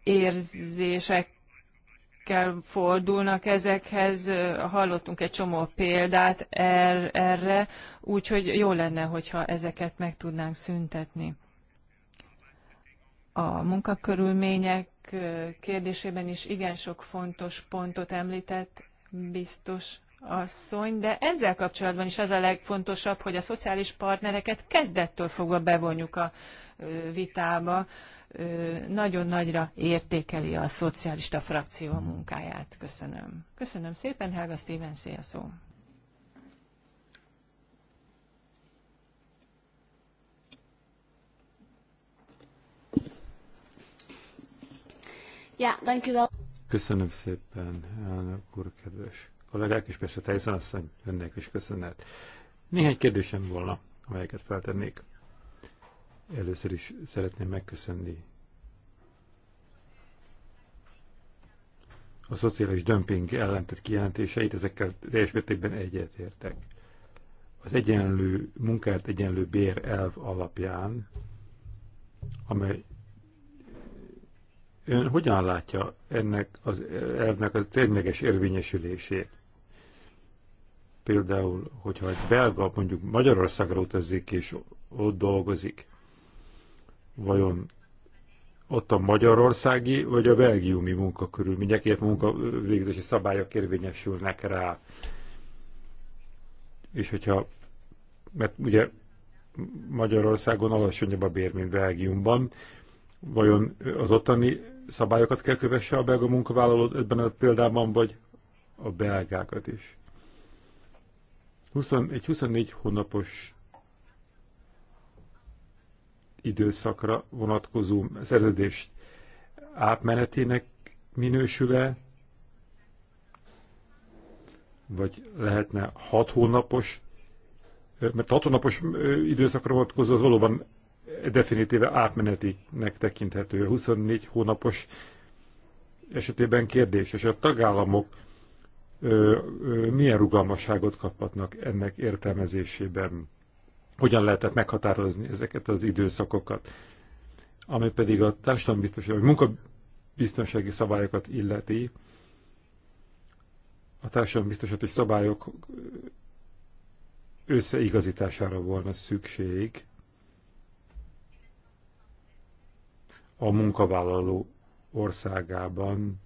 érzésekkel fordulnak ezekhez. Hallottunk egy csomó példát er, erre, úgyhogy jó lenne, hogyha ezeket meg tudnánk szüntetni. A munkakörülmények kérdésében is igen sok fontos pontot említett biztos asszony, de ezzel kapcsolatban is az a legfontosabb, hogy a szociális partnereket kezdettől fogva bevonjuk a vitába. Nagyon nagyra értékeli a szocialista frakció a munkáját. Köszönöm. Köszönöm szépen, Helga Steven, szia szó. Köszönöm szépen, elnök úr, kedves kollégák, és persze Tyson asszony, önnek is köszönet. Néhány kérdésem volna, amelyeket feltennék. Először is szeretném megköszönni a szociális dömping ellentett kijelentéseit, ezekkel teljes mértékben egyetértek. Az egyenlő munkát egyenlő bér elv alapján, amely ön hogyan látja ennek az elvnek a tényleges érvényesülését? Például, hogyha egy belga mondjuk Magyarországra utazik és ott dolgozik, vajon ott a magyarországi vagy a belgiumi munkakörülmények, illetve munkavégzési szabályok érvényesülnek rá. És hogyha, mert ugye Magyarországon alacsonyabb a bér, mint Belgiumban, vajon az ottani szabályokat kell kövesse a belga munkavállalót ebben a példában, vagy a belgákat is? 20, egy 24 hónapos időszakra vonatkozó szerződés átmenetének minősül-e, vagy lehetne 6 hónapos, mert 6 hónapos időszakra vonatkozó az valóban definitíve átmenetinek tekinthető. 24 hónapos esetében kérdés, és a tagállamok milyen rugalmasságot kaphatnak ennek értelmezésében? Hogyan lehetett meghatározni ezeket az időszakokat? Ami pedig a társadalombiztonsági, vagy munkabiztonsági szabályokat illeti, a társadalombiztonsági szabályok összeigazítására volna szükség a munkavállaló országában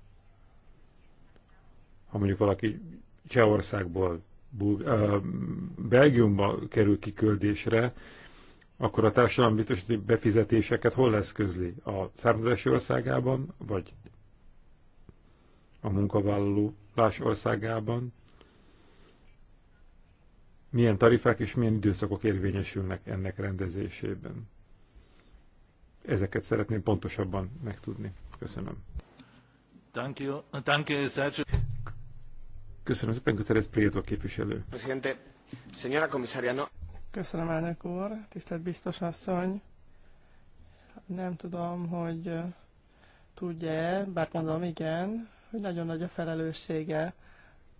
ha mondjuk valaki Csehországból Bulg- uh, Belgiumba kerül kiküldésre, akkor a társadalombiztosítási befizetéseket hol lesz közli? A származási országában, vagy a munkavállalás országában? Milyen tarifák és milyen időszakok érvényesülnek ennek rendezésében? Ezeket szeretném pontosabban megtudni. Köszönöm. Thank you. Thank you, Köszönöm szépen, Guterres Prieto képviselő. Presidente, señora comisaria, no. Köszönöm, elnök úr, tisztelt biztos asszony. Nem tudom, hogy eh, tudja-e, bár gondolom igen, hogy nagyon nagy a felelőssége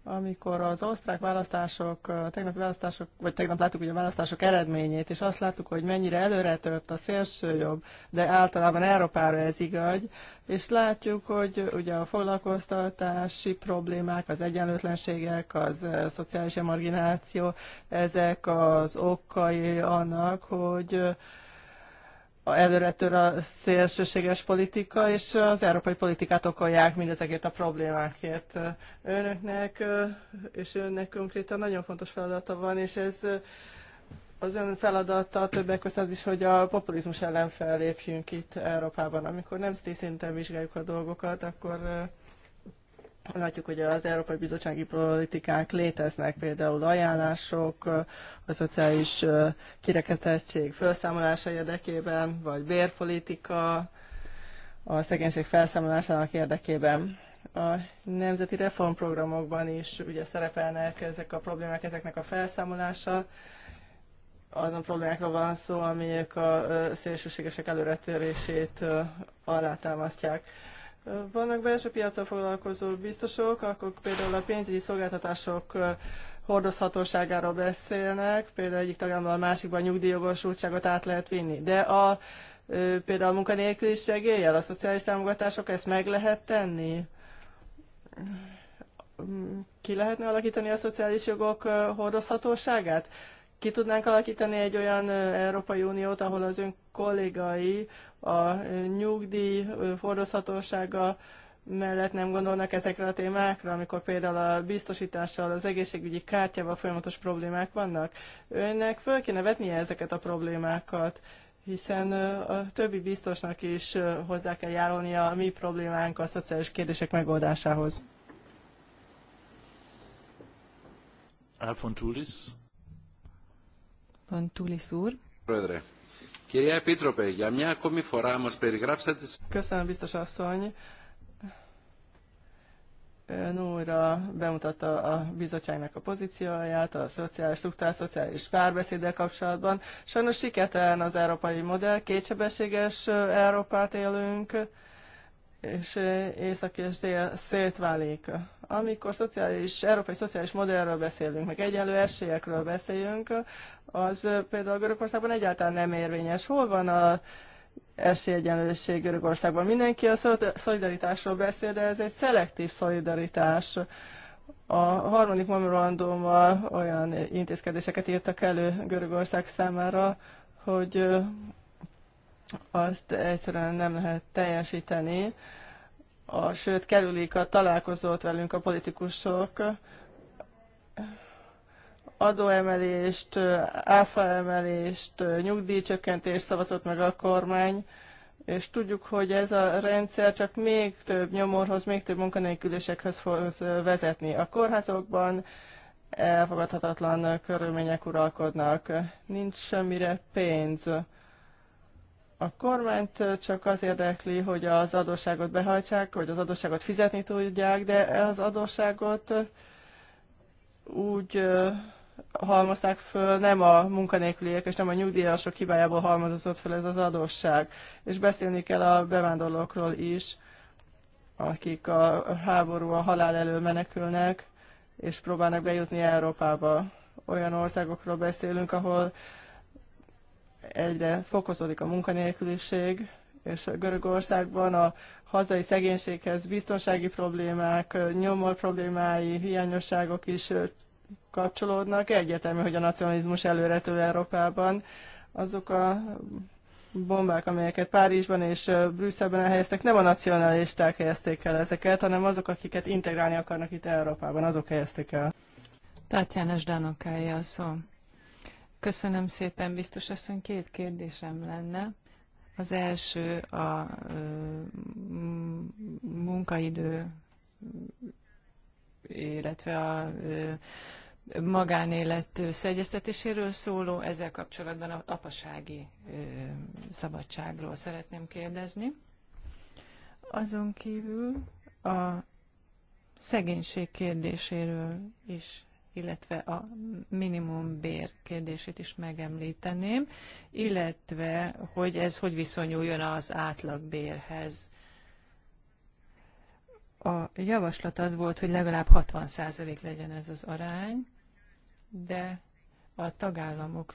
amikor az osztrák választások, tegnapi választások, vagy tegnap láttuk ugye a választások eredményét, és azt láttuk, hogy mennyire előre tört a jobb, de általában Európára ez igaz, és látjuk, hogy ugye a foglalkoztatási problémák, az egyenlőtlenségek, az eh, szociális emargináció, ezek az okai annak, hogy eh, előretör a szélsőséges politika, és az európai politikát okolják mindezekért a problémákért. Önöknek és önnek konkrétan nagyon fontos feladata van, és ez az ön feladata többek között az is, hogy a populizmus ellen fellépjünk itt Európában. Amikor nemzeti szinten vizsgáljuk a dolgokat, akkor Látjuk, hogy az Európai Bizottsági politikák léteznek, például ajánlások a szociális kirekesztettség felszámolása érdekében, vagy bérpolitika a szegénység felszámolásának érdekében. A nemzeti reformprogramokban is ugye szerepelnek ezek a problémák, ezeknek a felszámolása. Azon problémákról van szó, amelyek a szélsőségesek előretörését alátámasztják vannak belső piacsal foglalkozó biztosok, akik például a pénzügyi szolgáltatások hordozhatóságáról beszélnek, például egyik tagállamban a másikban nyugdíjogosultságot át lehet vinni. De a például a munkanélküli segélyel, a szociális támogatások, ezt meg lehet tenni? Ki lehetne alakítani a szociális jogok hordozhatóságát? Ki tudnánk alakítani egy olyan Európai Uniót, ahol az ön kollégai a nyugdíj hordozhatósága mellett nem gondolnak ezekre a témákra, amikor például a biztosítással, az egészségügyi kártyával folyamatos problémák vannak. Önnek föl kéne vetnie ezeket a problémákat, hiszen a többi biztosnak is hozzá kell járulnia a mi problémánk a szociális kérdések megoldásához. Alfontulis. Fontulis úr. Rödre. Κυρία Επίτροπε, για μια ακόμη φορά μας περιγράψατε... Köszönöm, biztos asszony. Ön újra bemutatta a bizottságnak a pozícióját, a szociális struktúrál, szociális párbeszéddel kapcsolatban. Sajnos sikertelen az európai modell, kétsebességes Európát élünk, és északi és dél szétválik. Amikor szociális, európai szociális modellről beszélünk, meg egyenlő esélyekről beszélünk, az például Görögországban egyáltalán nem érvényes. Hol van a esélyegyenlőség Görögországban? Mindenki a szolidaritásról beszél, de ez egy szelektív szolidaritás. A harmadik memorandummal olyan intézkedéseket írtak elő Görögország számára, hogy azt egyszerűen nem lehet teljesíteni, a, sőt kerülik a találkozót velünk a politikusok, adóemelést, áfaemelést, nyugdíjcsökkentést szavazott meg a kormány, és tudjuk, hogy ez a rendszer csak még több nyomorhoz, még több munkanélkülésekhez fog vezetni. A kórházokban elfogadhatatlan körülmények uralkodnak, nincs semmire pénz a kormányt csak az érdekli, hogy az adósságot behajtsák, hogy az adósságot fizetni tudják, de az adósságot úgy halmozták föl, nem a munkanélküliek és nem a nyugdíjasok hibájából halmozott föl ez az adósság. És beszélni kell a bevándorlókról is, akik a háború, a halál elől menekülnek, és próbálnak bejutni Európába. Olyan országokról beszélünk, ahol egyre fokozódik a munkanélküliség, és Görögországban a hazai szegénységhez biztonsági problémák, nyomor problémái, hiányosságok is kapcsolódnak. Egyértelmű, hogy a nacionalizmus előrető Európában azok a bombák, amelyeket Párizsban és Brüsszelben elhelyeztek, nem a nacionalisták helyezték el ezeket, hanem azok, akiket integrálni akarnak itt Európában, azok helyezték el. Tatjana Zsdanokája a szó. Köszönöm szépen, biztos asszony. Két kérdésem lenne. Az első a munkaidő, illetve a magánélet szegyeztetéséről szóló, ezzel kapcsolatban a apasági szabadságról szeretném kérdezni. Azon kívül a szegénység kérdéséről is illetve a bér kérdését is megemlíteném, illetve hogy ez hogy viszonyuljon az átlagbérhez. A javaslat az volt, hogy legalább 60% legyen ez az arány, de a tagállamok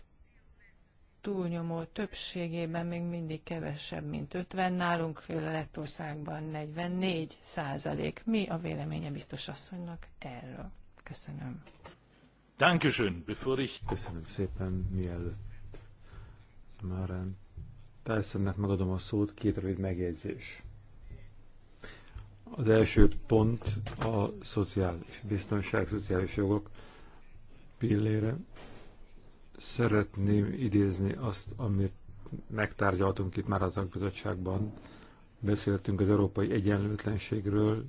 túlnyomó többségében még mindig kevesebb, mint 50, nálunk Lettországban 44 százalék. Mi a véleménye biztos asszonynak erről? Köszönöm. Dankeschön, bevor ich... Köszönöm szépen, mielőtt Tyson-nek megadom a szót, két rövid megjegyzés. Az első pont a szociális biztonság, szociális jogok pillére. Szeretném idézni azt, amit megtárgyaltunk itt már a tagbizottságban. Beszéltünk az európai egyenlőtlenségről,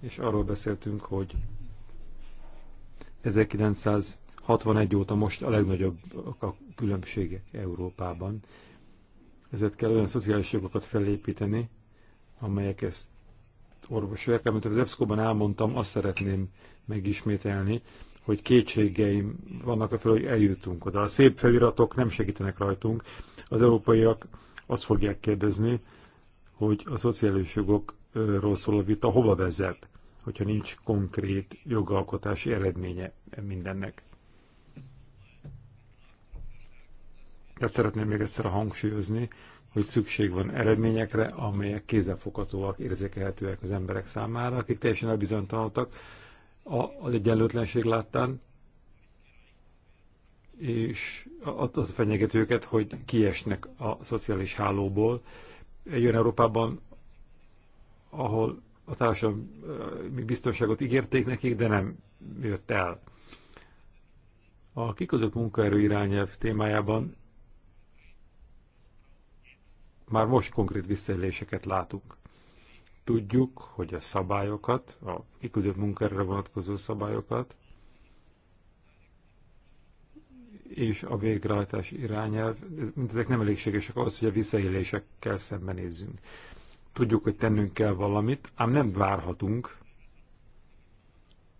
és arról beszéltünk, hogy 1961 óta most a legnagyobb a különbségek Európában. Ezért kell olyan szociális jogokat felépíteni, amelyek ezt orvosolják. Amit az EFSZKO-ban elmondtam, azt szeretném megismételni, hogy kétségeim vannak a fel, hogy eljutunk oda. A szép feliratok nem segítenek rajtunk. Az európaiak azt fogják kérdezni, hogy a szociális jogokról szóló vita hova vezet hogyha nincs konkrét jogalkotási eredménye mindennek. Tehát szeretném még egyszer hangsúlyozni, hogy szükség van eredményekre, amelyek kézzelfoghatóak, érzékelhetőek az emberek számára, akik teljesen elbizonytalanodtak az egyenlőtlenség láttán, és az fenyeget őket, hogy kiesnek a szociális hálóból. Egy olyan Európában, ahol a társadalmi eh, biztonságot ígérték nekik, de nem jött el. A kiközött munkaerő irányelv témájában már most konkrét visszaéléseket látunk. Tudjuk, hogy a szabályokat, a kiküldött munkára vonatkozó szabályokat és a végrehajtás irányelv, ezek nem elégségesek ahhoz, hogy a visszaélésekkel szembenézzünk. Tudjuk, hogy tennünk kell valamit, ám nem várhatunk,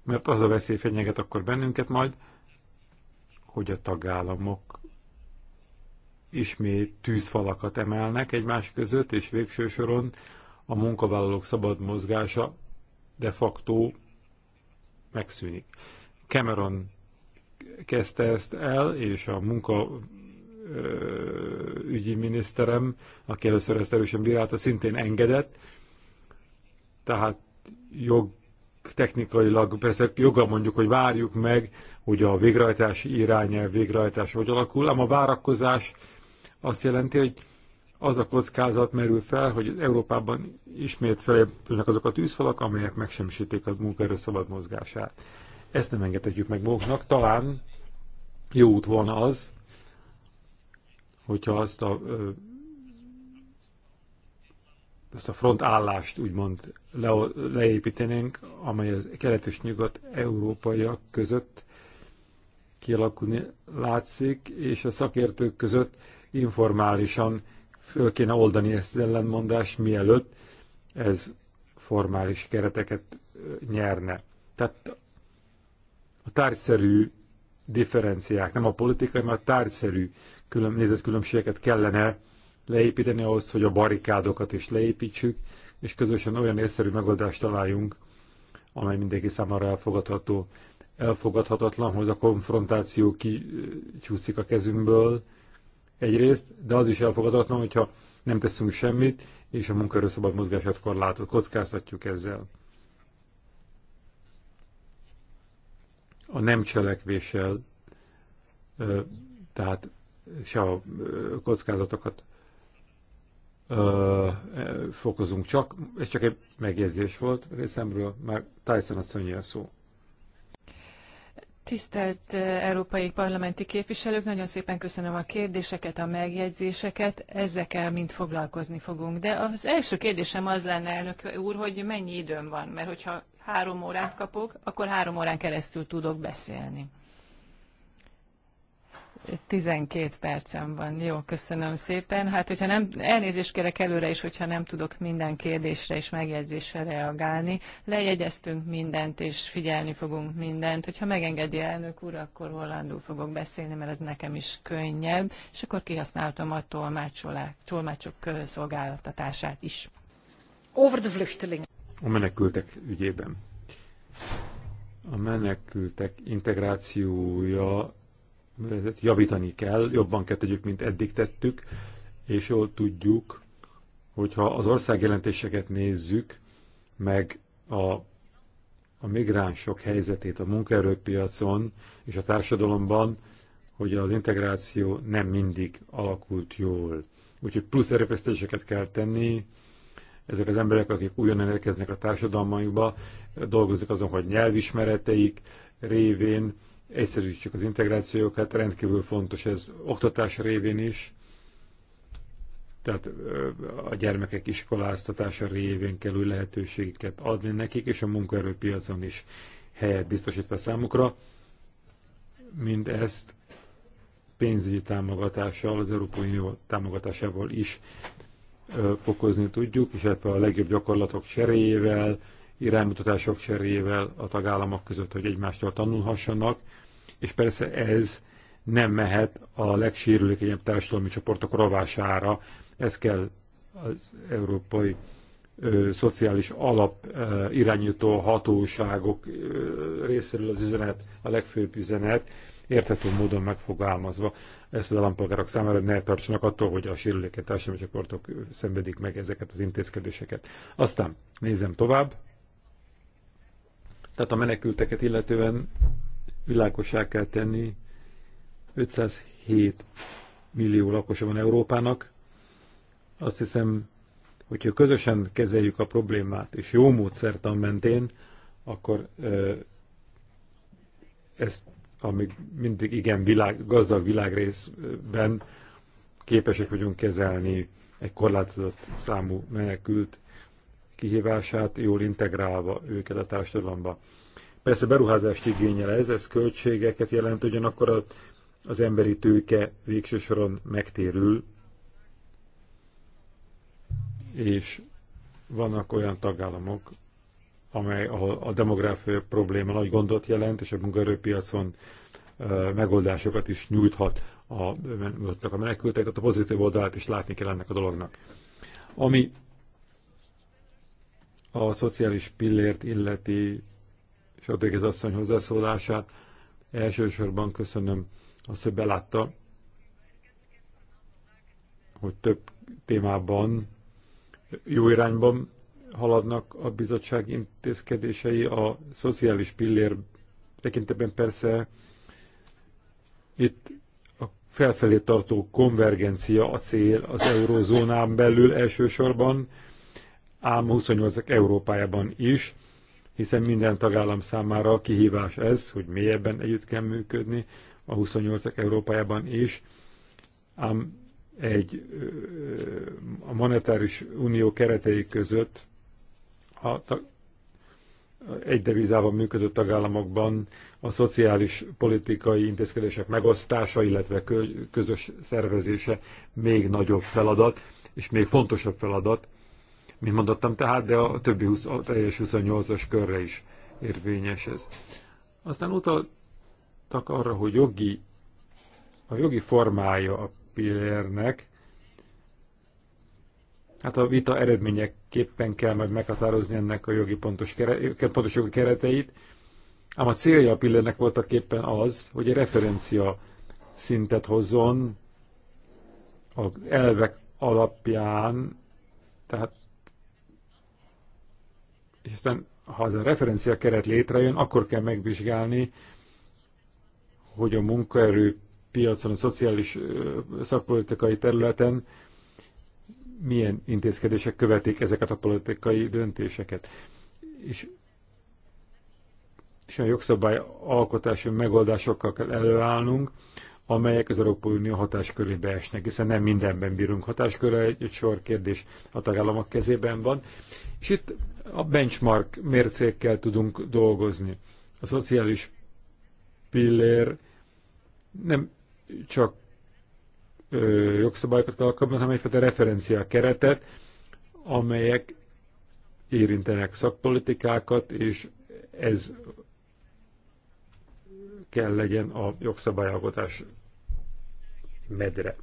mert az a veszély fenyeget akkor bennünket majd, hogy a tagállamok ismét tűzfalakat emelnek egymás között, és végső soron a munkavállalók szabad mozgása de facto megszűnik. Cameron kezdte ezt el, és a munka ügyi miniszterem, aki először ezt erősen bírálta, szintén engedett, tehát jog technikailag persze joga mondjuk, hogy várjuk meg, hogy a iránya, a végrehajtás hogy alakul, ám a várakozás azt jelenti, hogy az a kockázat merül fel, hogy Európában ismét felépülnek azok a tűzfalak, amelyek megsemmisítik a munkaerő szabad mozgását. Ezt nem engedhetjük meg magunknak. Talán jó út volna az, hogyha azt a, ezt a frontállást úgymond le, leépítenénk, amely az kelet és nyugat európaiak között kialakulni látszik, és a szakértők között informálisan föl kéne oldani ezt az ellenmondást, mielőtt ez formális kereteket nyerne. Tehát a tárgyszerű differenciák, nem a politikai, hanem a tárgyszerű külön, nézetkülönbségeket kellene leépíteni ahhoz, hogy a barikádokat is leépítsük, és közösen olyan észszerű megoldást találjunk, amely mindenki számára elfogadható. Elfogadhatatlan, hogy a konfrontáció kicsúszik a kezünkből egyrészt, de az is elfogadhatatlan, hogyha nem teszünk semmit, és a munkaerő szabad mozgását korlátot kockáztatjuk ezzel. A nem cselekvéssel, tehát és a kockázatokat ö, e, fokozunk csak. Ez csak egy megjegyzés volt részemről, már Tyson asszonyja szó. Tisztelt európai parlamenti képviselők, nagyon szépen köszönöm a kérdéseket, a megjegyzéseket, ezekkel mind foglalkozni fogunk. De az első kérdésem az lenne, elnök úr, hogy mennyi időm van, mert hogyha három órát kapok, akkor három órán keresztül tudok beszélni. 12 percem van. Jó, köszönöm szépen. Hát, hogyha nem, elnézést kérek előre is, hogyha nem tudok minden kérdésre és megjegyzésre reagálni. Lejegyeztünk mindent, és figyelni fogunk mindent. Hogyha megengedi elnök úr, akkor hollandul fogok beszélni, mert ez nekem is könnyebb, és akkor kihasználtam a tolmácsok szolgáltatását is. Over the vluchteling. A menekültek ügyében. A menekültek integrációja javítani kell, jobban kell tegyük, mint eddig tettük, és jól tudjuk, hogyha az országjelentéseket nézzük, meg a, a migránsok helyzetét a munkaerőpiacon és a társadalomban, hogy az integráció nem mindig alakult jól. Úgyhogy plusz erőfeszítéseket kell tenni, ezek az emberek, akik újonnan érkeznek a társadalmainkba, dolgozik azon, hogy nyelvismereteik révén egyszerűsítsük az integrációkat, rendkívül fontos ez oktatás révén is, tehát a gyermekek iskoláztatása révén kell új lehetőségeket adni nekik, és a munkaerőpiacon is helyet biztosítva számukra. Mind ezt pénzügyi támogatással, az Európai Unió támogatásával is fokozni tudjuk, és illetve hát a legjobb gyakorlatok cseréjével, iránymutatások cseréjével a tagállamok között, hogy egymástól tanulhassanak, és persze ez nem mehet a legsérülékenyebb társadalmi csoportok rovására, ez kell az európai ö, szociális alap ö, irányító hatóságok ö, részéről az üzenet, a legfőbb üzenet, érthető módon megfogalmazva ezt az állampolgárok számára ne tartsanak attól, hogy a sérülékeny társadalmi csoportok szenvedik meg ezeket az intézkedéseket. Aztán nézem tovább. Tehát a menekülteket illetően világosá kell tenni, 507 millió lakosa van Európának. Azt hiszem, hogyha közösen kezeljük a problémát, és jó módszertan mentén, akkor ezt, amíg mindig igen világ, gazdag világrészben képesek vagyunk kezelni egy korlátozott számú menekült kihívását jól integrálva őket a társadalomba. Persze beruházást igényel ez, ez költségeket jelent, ugyanakkor az emberi tőke végső soron megtérül, és vannak olyan tagállamok, amely a, a demográfia probléma nagy gondot jelent, és a munkaerőpiacon megoldásokat is nyújthat a, a menekültek, tehát a pozitív oldalát is látni kell ennek a dolognak. Ami a szociális pillért illeti, és az asszony hozzászólását. Elsősorban köszönöm azt, hogy belátta, hogy több témában jó irányban haladnak a bizottság intézkedései, a szociális pillér tekintetben persze itt a felfelé tartó konvergencia a cél az eurozónán belül elsősorban, ám 28 Európájában is, hiszen minden tagállam számára kihívás ez, hogy mélyebben együtt kell működni a 28 Európájában is, ám egy a monetáris unió keretei között a egy devizában működő tagállamokban a szociális politikai intézkedések megosztása, illetve közös szervezése még nagyobb feladat, és még fontosabb feladat, mint mondottam, tehát, de a többi 20, a teljes 28-as körre is érvényes ez. Aztán utaltak arra, hogy jogi, a jogi formája a pillérnek, hát a vita eredményeképpen kell majd meghatározni ennek a jogi pontos, kere, pontos jogi kereteit, ám a célja a pillérnek voltak éppen az, hogy a referencia szintet hozzon az elvek alapján, tehát és aztán ha az a referencia keret létrejön, akkor kell megvizsgálni, hogy a munkaerő piacon, a szociális szakpolitikai területen milyen intézkedések követik ezeket a politikai döntéseket. És, és a jogszabály alkotási megoldásokkal kell előállnunk, amelyek az Európai Unió hatáskörébe esnek, hiszen nem mindenben bírunk hatáskörre, egy, egy sor kérdés a tagállamok kezében van. És itt a benchmark mércékkel tudunk dolgozni. A szociális pillér nem csak ö, jogszabályokat alkalmaz, hanem egyfajta referencia keretet, amelyek érintenek szakpolitikákat, és ez kell legyen a jogszabályalkotás medre.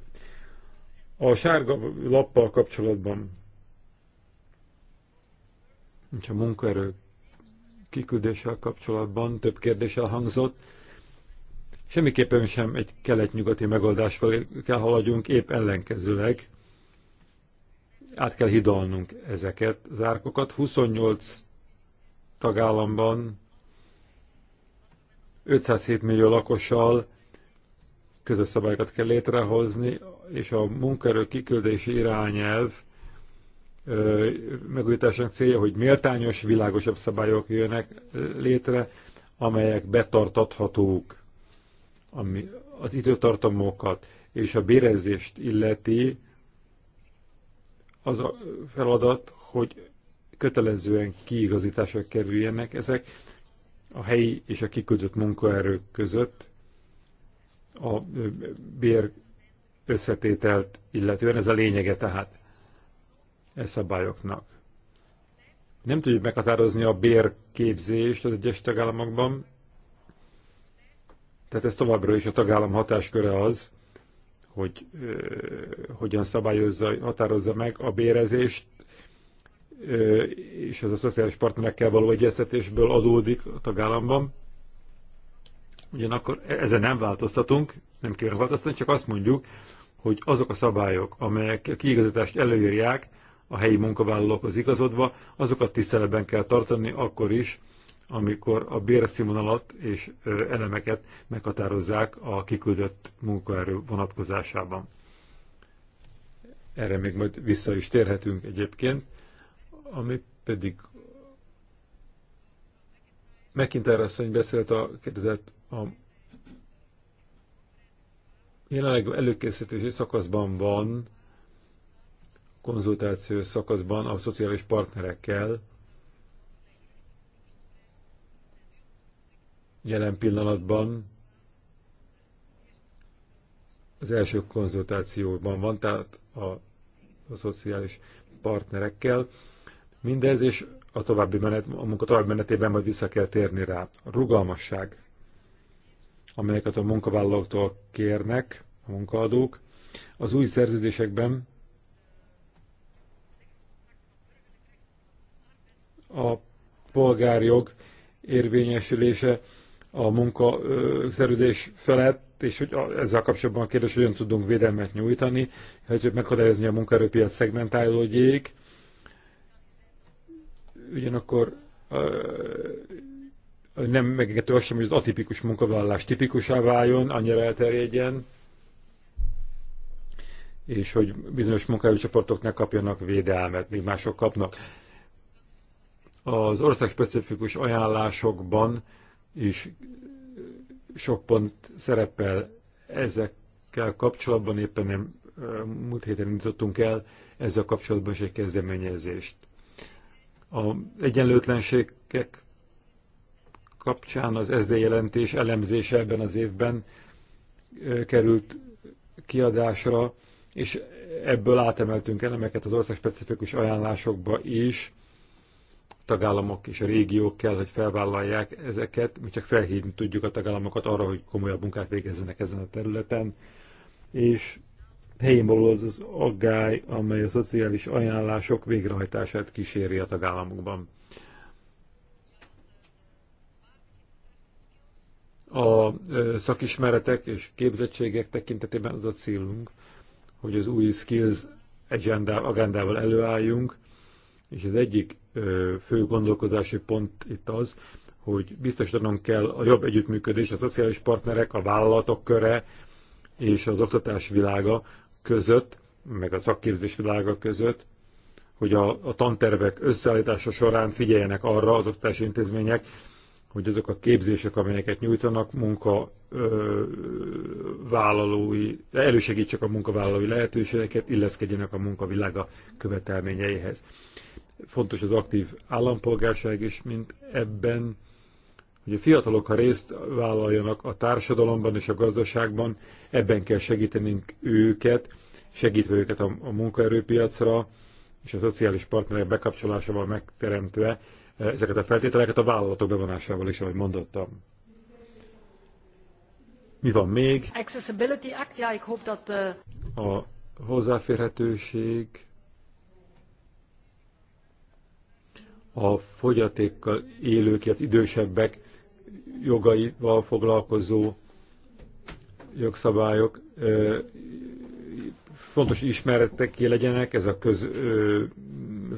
A sárga lappal kapcsolatban hogyha a munkaerő kiküldéssel kapcsolatban több kérdés elhangzott. Semmiképpen sem egy kelet-nyugati megoldás felé kell haladjunk, épp ellenkezőleg át kell hidalnunk ezeket az árkokat. 28 tagállamban 507 millió lakossal közös szabályokat kell létrehozni, és a munkaerő kiküldési irányelv megújításának célja, hogy méltányos, világosabb szabályok jönnek létre, amelyek betartathatók, ami az időtartamokat és a bérezést illeti, az a feladat, hogy kötelezően kiigazításra kerüljenek ezek a helyi és a kiküldött munkaerők között a bér összetételt illetően, ez a lényege tehát e szabályoknak. Nem tudjuk meghatározni a bérképzést az egyes tagállamokban, tehát ez továbbra is a tagállam hatásköre az, hogy ö, hogyan szabályozza, határozza meg a bérezést, ö, és ez a szociális partnerekkel való egyeztetésből adódik a tagállamban. Ugyanakkor e-, ezen nem változtatunk, nem kérünk változtatni, csak azt mondjuk, hogy azok a szabályok, amelyek a kiigazítást előírják, a helyi munkavállalókhoz igazodva, azokat tiszteletben kell tartani akkor is, amikor a bérszínvonalat és elemeket meghatározzák a kiküldött munkaerő vonatkozásában. Erre még majd vissza is térhetünk egyébként, ami pedig McIntyre asszony beszélt a, kérdezett a jelenleg előkészítési szakaszban van konzultáció szakaszban a szociális partnerekkel. Jelen pillanatban az első konzultációban van, tehát a, a szociális partnerekkel. Mindez, és a további menet, a munka további menetében majd vissza kell térni rá. A rugalmasság, amelyeket a munkavállalóktól kérnek, a munkaadók, az új szerződésekben a polgárjog érvényesülése a munkaszerződés felett, és hogy ezzel kapcsolatban a kérdés, hogyan tudunk védelmet nyújtani, hogy meghatározni a munkaerőpiac szegmentálódjék. Ugyanakkor nem megengedő az sem, hogy az atipikus munkavállalás tipikusá váljon, annyira elterjedjen, és hogy bizonyos munkaerőcsoportok ne kapjanak védelmet, még mások kapnak az országspecifikus ajánlásokban is sok pont szerepel ezekkel kapcsolatban, éppen nem múlt héten indítottunk el ezzel kapcsolatban is egy kezdeményezést. A egyenlőtlenségek kapcsán az SZD jelentés elemzése ebben az évben került kiadásra, és ebből átemeltünk elemeket az országspecifikus ajánlásokba is, tagállamok és a régiók kell, hogy felvállalják ezeket, mi csak felhívni tudjuk a tagállamokat arra, hogy komolyabb munkát végezzenek ezen a területen, és helyén való az az aggály, amely a szociális ajánlások végrehajtását kíséri a tagállamokban. A szakismeretek és képzettségek tekintetében az a célunk, hogy az új skills agendával előálljunk, és az egyik fő gondolkozási pont itt az, hogy biztosítanunk kell a jobb együttműködés a szociális partnerek, a vállalatok köre és az oktatás világa között, meg a szakképzés világa között, hogy a, a tantervek összeállítása során figyeljenek arra az oktatási intézmények, hogy azok a képzések, amelyeket nyújtanak, munka ö, vállalói, elősegítsek a munkavállalói lehetőségeket, illeszkedjenek a munkavilága követelményeihez fontos az aktív állampolgárság is, mint ebben, hogy a fiatalok, ha részt vállaljanak a társadalomban és a gazdaságban, ebben kell segítenünk őket, segítve őket a, a munkaerőpiacra, és a szociális partnerek bekapcsolásával megteremtve eh, ezeket a feltételeket a vállalatok bevonásával is, ahogy mondottam. Mi van még? Accessibility Act, ja, ik hoop eh, A hozzáférhetőség a fogyatékkal élők, az idősebbek jogaival foglalkozó jogszabályok fontos ismeretek ki legyenek, ez a köz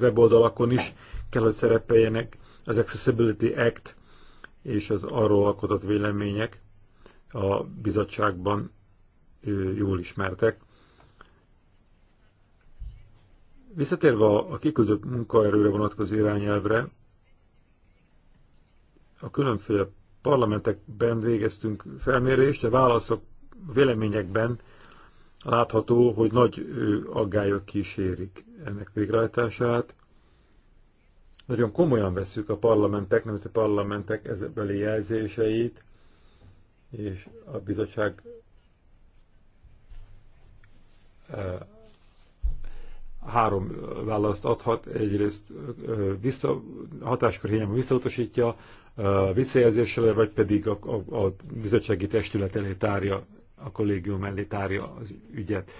weboldalakon is kell, hogy szerepeljenek az Accessibility Act és az arról alkotott vélemények a bizottságban jól ismertek. Visszatérve a kiküldött munkaerőre vonatkozó irányelvre, a különféle parlamentekben végeztünk felmérést, a válaszok véleményekben látható, hogy nagy aggályok kísérik ennek végrehajtását. Nagyon komolyan veszük a parlamentek, nemzeti parlamentek ezekbeli jelzéseit, és a bizottság három választ adhat, egyrészt vissza, hatáskör hiányában visszautasítja, visszajelzéssel, vagy pedig a, a, a bizottsági testület elé tárja, a kollégium elé tárja az ügyet.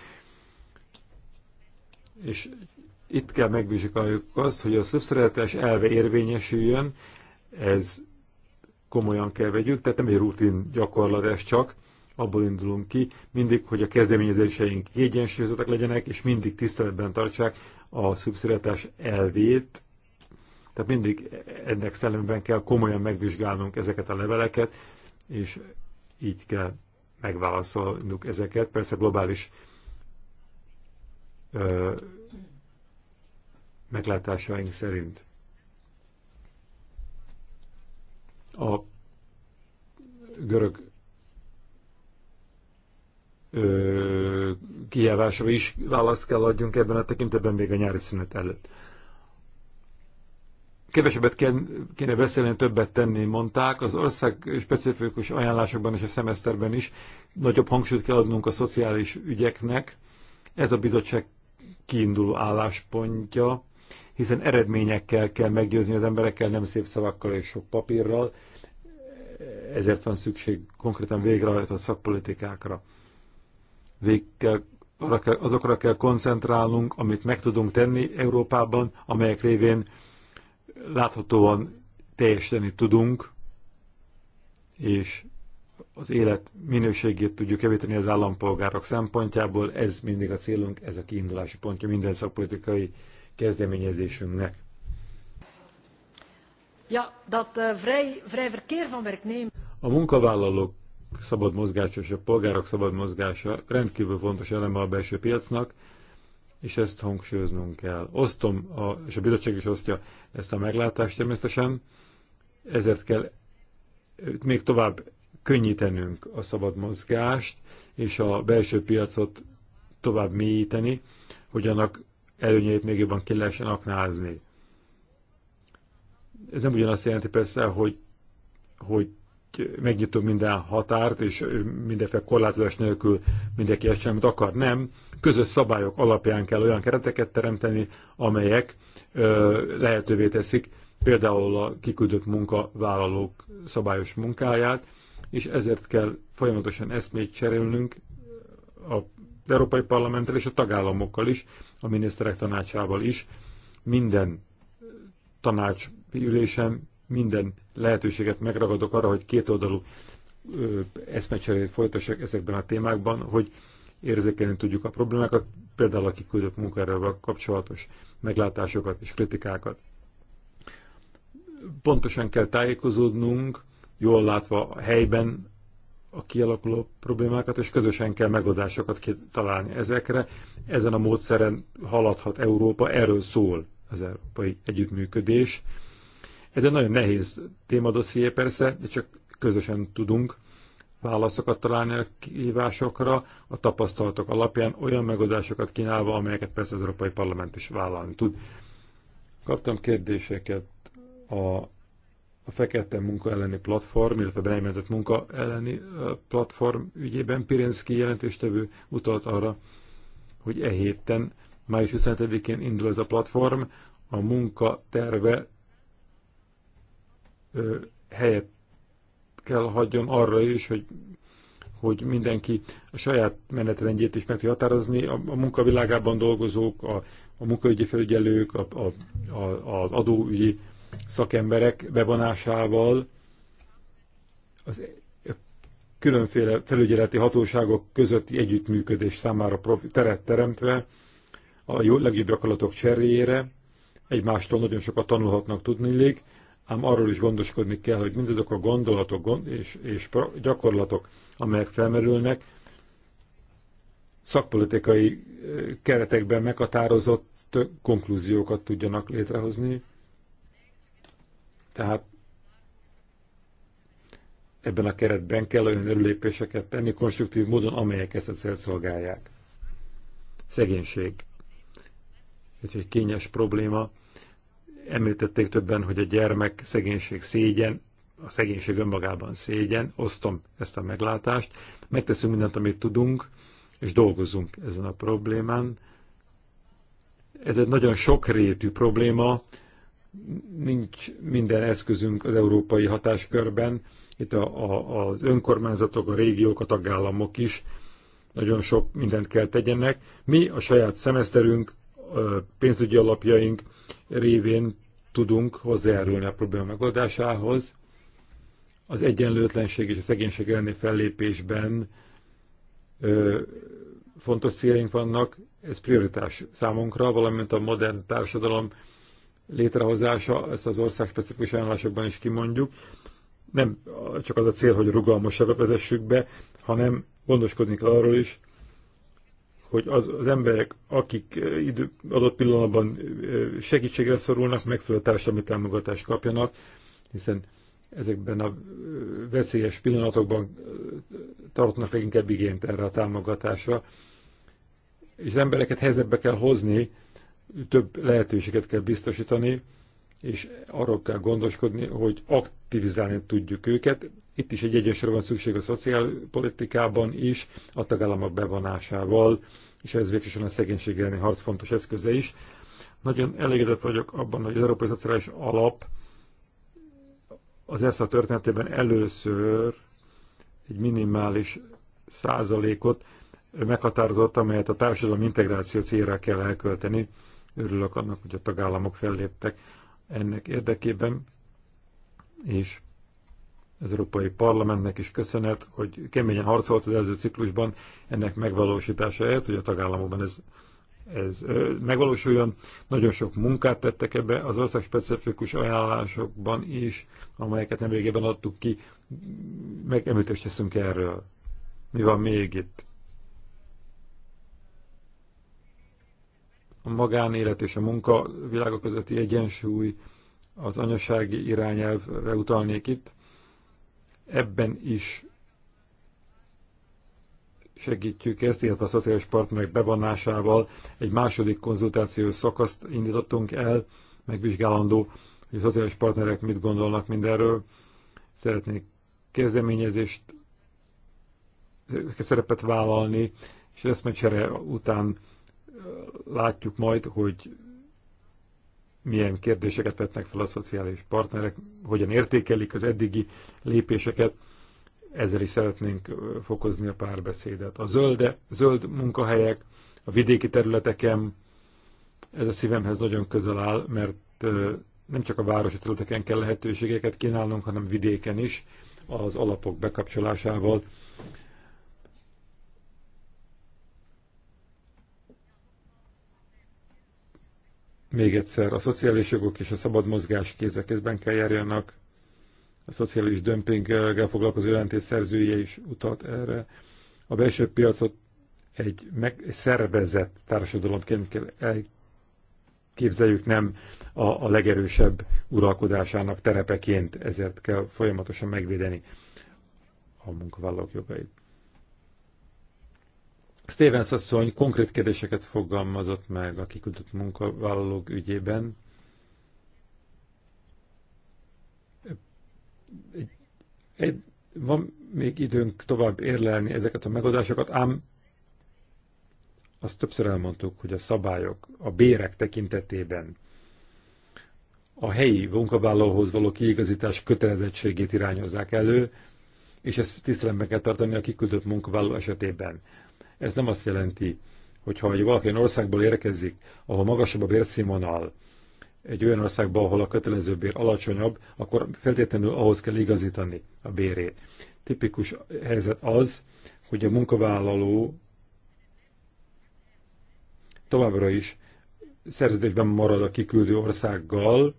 És itt kell megvizsgáljuk azt, hogy a szubszeretes elve érvényesüljön, ez komolyan kell vegyük, tehát nem egy rutin gyakorlat ez csak, abból indulunk ki, mindig, hogy a kezdeményezéseink kiegyensúlyozottak legyenek, és mindig tiszteletben tartsák a szubszidiatás elvét, tehát mindig ennek szellemben kell komolyan megvizsgálnunk ezeket a leveleket, és így kell megválaszolnunk ezeket. Persze globális ö, meglátásaink szerint. A görög kihívásra is választ kell adjunk ebben a tekintetben még a nyári szünet előtt. Kevesebbet kéne beszélni, többet tenni, mondták. Az ország specifikus ajánlásokban és a szemeszterben is nagyobb hangsúlyt kell adnunk a szociális ügyeknek. Ez a bizottság kiinduló álláspontja, hiszen eredményekkel kell meggyőzni az emberekkel, nem szép szavakkal és sok papírral ezért van szükség konkrétan végrehajtott szakpolitikákra végkel azokra kell koncentrálnunk, amit meg tudunk tenni Európában, amelyek révén láthatóan teljesíteni tudunk, és az élet minőségét tudjuk javítani az állampolgárok szempontjából. Ez mindig a célunk, ez a kiindulási pontja minden szakpolitikai kezdeményezésünknek. Ja, dat uh, vrij, vrij verkeer van werknemers. A munkavállalók szabad mozgása és a polgárok szabad mozgása rendkívül fontos eleme a belső piacnak, és ezt hangsúlyoznunk kell. Osztom, a, és a bizottság is osztja ezt a meglátást természetesen, ezért kell még tovább könnyítenünk a szabad mozgást, és a belső piacot tovább mélyíteni, hogy annak előnyeit még jobban ki lehessen aknázni. Ez nem ugyanazt jelenti persze, hogy, hogy megnyitom minden határt, és mindenféle korlátozás nélkül mindenki ezt amit akar. Nem, közös szabályok alapján kell olyan kereteket teremteni, amelyek ö, lehetővé teszik például a kiküldött munkavállalók szabályos munkáját, és ezért kell folyamatosan eszmét cserélnünk a Európai Parlamenttel és a tagállamokkal is, a miniszterek tanácsával is, minden tanács ülésen, minden lehetőséget megragadok arra, hogy kétoldalú eszmecserét folytassak ezekben a témákban, hogy érzékelni tudjuk a problémákat, például a kiküldött munkaerővel kapcsolatos meglátásokat és kritikákat. Pontosan kell tájékozódnunk, jól látva a helyben a kialakuló problémákat, és közösen kell megoldásokat találni ezekre. Ezen a módszeren haladhat Európa, erről szól az európai együttműködés. Ez egy nagyon nehéz témadosszié persze, de csak közösen tudunk válaszokat találni a kihívásokra, a tapasztalatok alapján olyan megoldásokat kínálva, amelyeket persze az Európai Parlament is vállalni tud. Kaptam kérdéseket a, a fekete munka elleni platform, illetve bejelentett munka elleni platform ügyében. Pirinszki jelentéstevő utalt arra, hogy e héten, május 27-én indul ez a platform, a munka terve helyet kell hagyjon arra is, hogy, hogy mindenki a saját menetrendjét is meg tudja határozni. A, a munkavilágában dolgozók, a, a munkaügyi felügyelők, a, a, a, az adóügyi szakemberek bevonásával az különféle felügyeleti hatóságok közötti együttműködés számára teret teremtve, a jó, legjobb gyakorlatok cseréjére, egymástól nagyon sokat tanulhatnak tudni légy ám arról is gondoskodni kell, hogy mindazok a gondolatok és, és gyakorlatok, amelyek felmerülnek, szakpolitikai keretekben meghatározott konklúziókat tudjanak létrehozni. Tehát ebben a keretben kell olyan erőlépéseket tenni konstruktív módon, amelyek ezt a célt szolgálják. Szegénység. Ez egy kényes probléma Említették többen, hogy a gyermek szegénység szégyen, a szegénység önmagában szégyen, osztom ezt a meglátást, megteszünk mindent, amit tudunk, és dolgozunk ezen a problémán. Ez egy nagyon sokrétű probléma, nincs minden eszközünk az európai hatáskörben, itt a, a, az önkormányzatok, a régiók, a tagállamok is nagyon sok mindent kell tegyenek. Mi a saját szemeszterünk pénzügyi alapjaink révén tudunk hozzájárulni a probléma megoldásához. Az egyenlőtlenség és a szegénység elleni fellépésben ö, fontos céljaink vannak, ez prioritás számunkra, valamint a modern társadalom létrehozása, ezt az ország specifikus ajánlásokban is kimondjuk. Nem csak az a cél, hogy rugalmasabb vezessük be, hanem gondoskodni kell arról is, hogy az, az emberek, akik idő, adott pillanatban segítségre szorulnak, megfelelő társadalmi támogatást kapjanak, hiszen ezekben a veszélyes pillanatokban tartnak leginkább igényt erre a támogatásra, és az embereket helyzetbe kell hozni, több lehetőséget kell biztosítani, és arról kell gondoskodni, hogy aktivizálni tudjuk őket. Itt is egy egyensúlyra van szükség a szociálpolitikában is, a tagállamok bevonásával, és ez végsősorban a szegénység elleni harc fontos eszköze is. Nagyon elégedett vagyok abban, hogy az Európai Szociális Alap az ESZA történetében először egy minimális százalékot meghatározott, amelyet a társadalom integráció célra kell elkölteni. Örülök annak, hogy a tagállamok felléptek ennek érdekében, és az Európai Parlamentnek is köszönet, hogy keményen harcolt az előző ciklusban ennek megvalósításáért, hogy a tagállamokban ez, ez megvalósuljon. Nagyon sok munkát tettek ebbe az ország specifikus ajánlásokban is, amelyeket nemrégében adtuk ki, megemlítést teszünk erről. Mi van még itt? a magánélet és a munka világa közötti egyensúly, az anyasági irányelvre utalnék itt. Ebben is segítjük ezt, illetve a szociális partnerek bevonásával egy második konzultációs szakaszt indítottunk el, megvizsgálandó, hogy a szociális partnerek mit gondolnak mindenről. Szeretnék kezdeményezést, szerepet vállalni, és lesz eszmecsere után látjuk majd, hogy milyen kérdéseket vetnek fel a szociális partnerek, hogyan értékelik az eddigi lépéseket, ezzel is szeretnénk fokozni a párbeszédet. A zölde, zöld munkahelyek, a vidéki területeken, ez a szívemhez nagyon közel áll, mert nem csak a városi területeken kell lehetőségeket kínálnunk, hanem vidéken is az alapok bekapcsolásával Még egyszer, a szociális jogok és a szabad mozgás kézekézben kell járjanak. A szociális dömpinggel foglalkozó jelentés szerzője is utalt erre. A belső piacot egy, egy szervezett társadalomként kell elképzeljük, nem a, a legerősebb uralkodásának terepeként, ezért kell folyamatosan megvédeni a munkavállalók jogait. Stevens asszony konkrét kérdéseket fogalmazott meg a kiküldött munkavállalók ügyében. Egy, egy, van még időnk tovább érlelni ezeket a megoldásokat, ám azt többször elmondtuk, hogy a szabályok a bérek tekintetében a helyi munkavállalóhoz való kiigazítás kötelezettségét irányozzák elő, és ezt tisztelembe kell tartani a kiküldött munkavállaló esetében. Ez nem azt jelenti, hogy ha valaki olyan országból érkezik, ahol magasabb a bérszínvonal, egy olyan országban, ahol a kötelező bér alacsonyabb, akkor feltétlenül ahhoz kell igazítani a bérét. Tipikus helyzet az, hogy a munkavállaló továbbra is szerződésben marad a kiküldő országgal,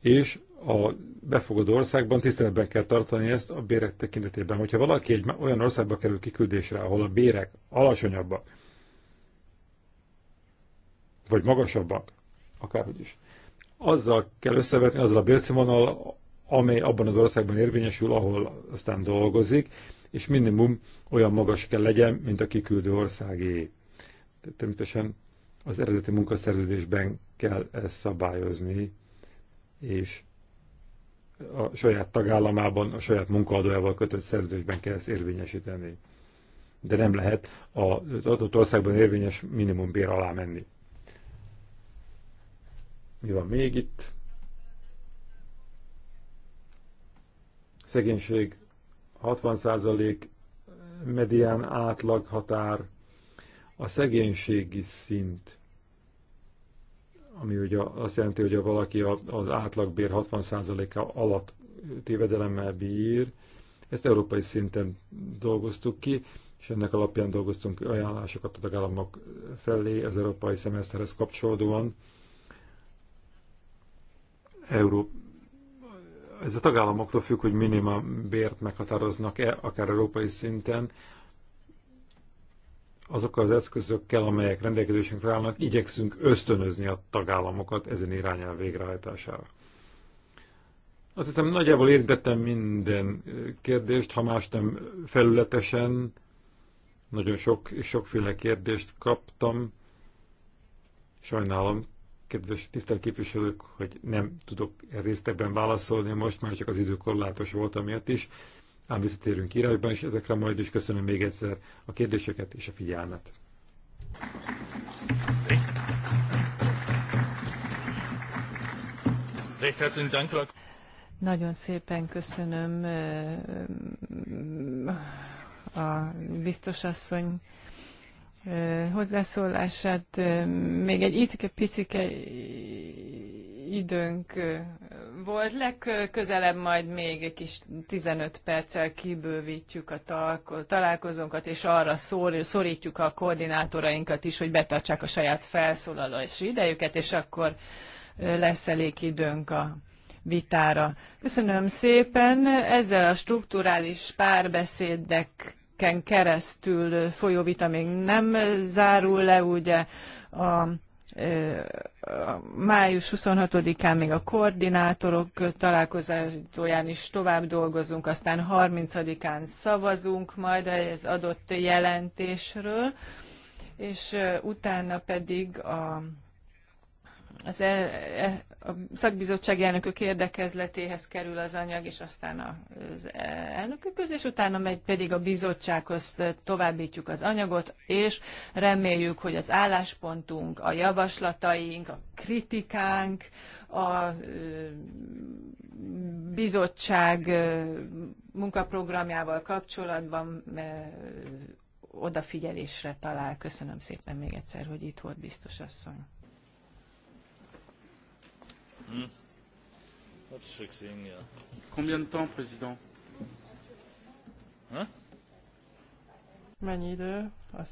és a befogadó országban tiszteletben kell tartani ezt a bérek tekintetében. Hogyha valaki egy olyan országba kerül kiküldésre, ahol a bérek alacsonyabbak, vagy magasabbak, akárhogy is, azzal kell összevetni azzal a bérszínvonal, amely abban az országban érvényesül, ahol aztán dolgozik, és minimum olyan magas kell legyen, mint a kiküldő országé. Természetesen az eredeti munkaszerződésben kell ezt szabályozni, és a saját tagállamában, a saját munkaadójával kötött szerződésben kell ezt érvényesíteni. De nem lehet az adott országban érvényes minimumbér alá menni. Mi van még itt? Szegénység 60% medián átlag határ, a szegénységi szint ami ugye azt jelenti, hogy ha valaki az átlagbér 60%-a alatt tévedelemmel bír, ezt európai szinten dolgoztuk ki, és ennek alapján dolgoztunk ajánlásokat a tagállamok felé az európai szemeszterhez kapcsolódóan. Euró... Ez a tagállamoktól függ, hogy minimum bért meghatároznak-e, akár európai szinten, azokkal az eszközökkel, amelyek rendelkezésünkre állnak, igyekszünk ösztönözni a tagállamokat ezen irányelv végrehajtására. Azt hiszem, nagyjából érintettem minden kérdést, ha más nem felületesen. Nagyon sok és sokféle kérdést kaptam. Sajnálom, kedves tisztelt képviselők, hogy nem tudok e részletekben válaszolni most, már csak az idő korlátos volt amiatt is ám visszatérünk írásban is ezekre majd, és köszönöm még egyszer a kérdéseket és a figyelmet. Nagyon szépen köszönöm a biztosasszony hozzászólását. Még egy icike-picike időnk volt, legközelebb majd még egy kis 15 perccel kibővítjük a találkozónkat, és arra szor, szorítjuk a koordinátorainkat is, hogy betartsák a saját felszólalási idejüket, és akkor lesz elég időnk a vitára. Köszönöm szépen, ezzel a strukturális párbeszédek éveken keresztül folyó vita még nem zárul le, ugye a május 26-án még a koordinátorok találkozóján is tovább dolgozunk, aztán 30-án szavazunk majd az adott jelentésről, és utána pedig a, az e, e, a szakbizottság elnökök érdekezletéhez kerül az anyag, és aztán az elnökök közé, és utána megy pedig a bizottsághoz továbbítjuk az anyagot, és reméljük, hogy az álláspontunk, a javaslataink, a kritikánk, a bizottság munkaprogramjával kapcsolatban odafigyelésre talál. Köszönöm szépen még egyszer, hogy itt volt biztos asszony. Mhm. Combien de temps, président Hein Mennyi idő a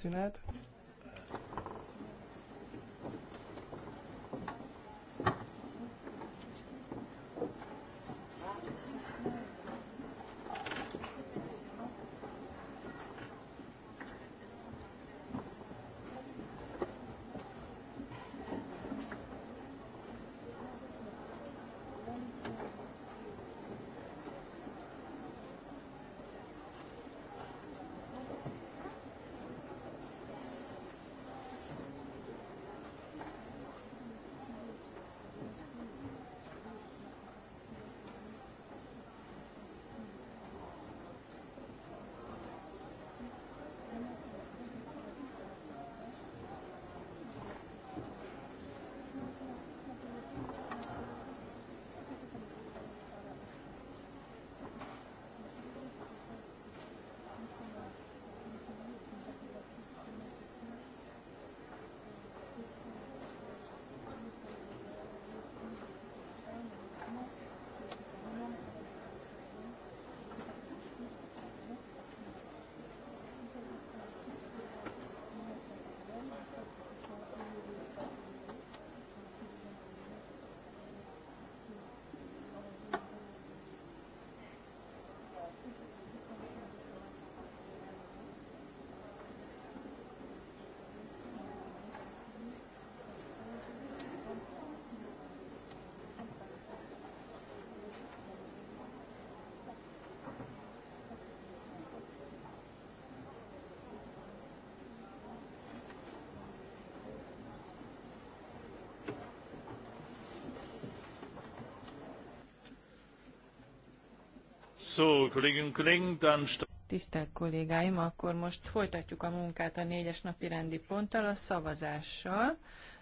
Tisztelt kollégáim, akkor most folytatjuk a munkát a négyes napi rendi ponttal, a szavazással.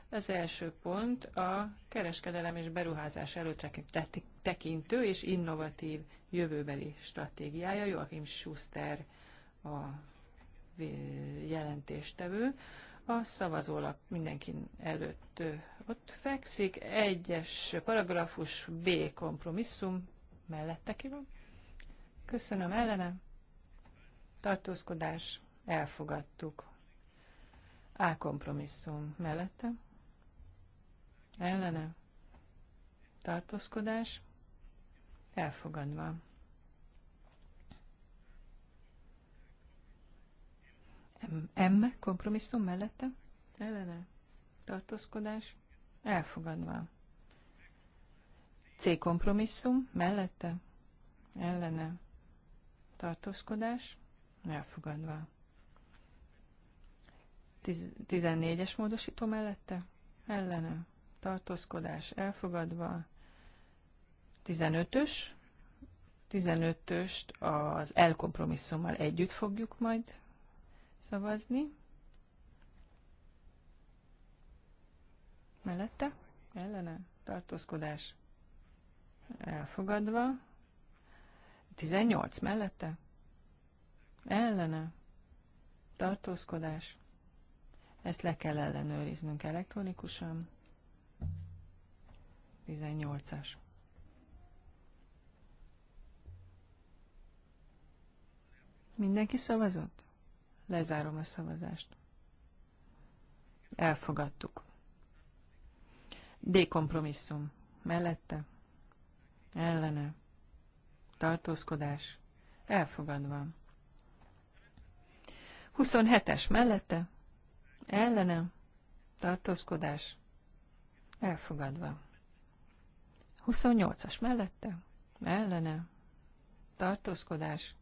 Az első pont a kereskedelem és beruházás előtre tekintő és innovatív jövőbeli stratégiája. Joachim Schuster a jelentéstevő. A szavazólap mindenki előtt ott fekszik. Egyes paragrafus B kompromisszum mellette ki van. Köszönöm ellene. Tartózkodás. Elfogadtuk. A kompromisszum mellette. Ellene. Tartózkodás. Elfogadva. M, M kompromisszum mellette. Ellene. Tartózkodás. Elfogadva. C kompromisszum mellette. Ellene tartózkodás, elfogadva. 14-es módosító mellette, ellene, tartózkodás, elfogadva. 15-ös, 15-öst az elkompromisszummal együtt fogjuk majd szavazni. Mellette, ellene, tartózkodás, elfogadva. 18 mellette? Ellene. Tartózkodás. Ezt le kell ellenőriznünk elektronikusan. 18-as. Mindenki szavazott? Lezárom a szavazást. Elfogadtuk. D kompromisszum. Mellette? Ellene tartózkodás elfogadva. 27-es mellette, ellene, tartózkodás elfogadva. 28-as mellette, ellene, tartózkodás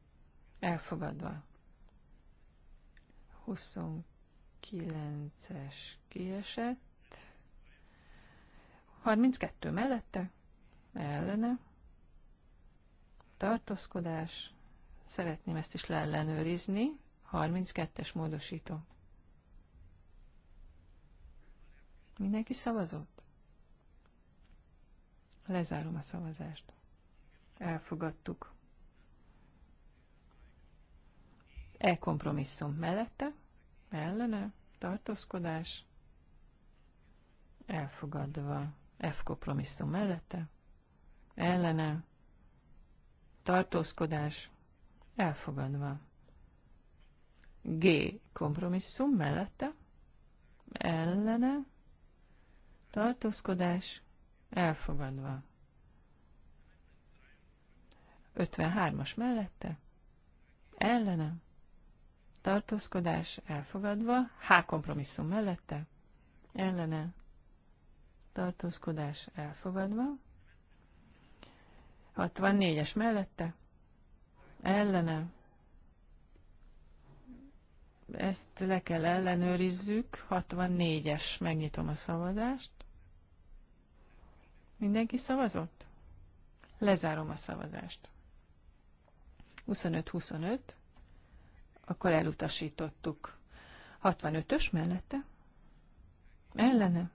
elfogadva. 29-es kiesett. 32 mellette, ellene, tartózkodás, szeretném ezt is leellenőrizni, 32-es módosító. Mindenki szavazott? Lezárom a szavazást. Elfogadtuk. E kompromisszum mellette, ellene, tartózkodás, elfogadva. F kompromisszum mellette, ellene, tartózkodás elfogadva. G. Kompromisszum mellette, ellene, tartózkodás elfogadva. 53-as mellette, ellene, tartózkodás elfogadva, H. Kompromisszum mellette, ellene, tartózkodás elfogadva, 64-es mellette, ellene. Ezt le kell ellenőrizzük, 64-es, megnyitom a szavazást. Mindenki szavazott? Lezárom a szavazást. 25-25, akkor elutasítottuk. 65-ös mellette? Ellene.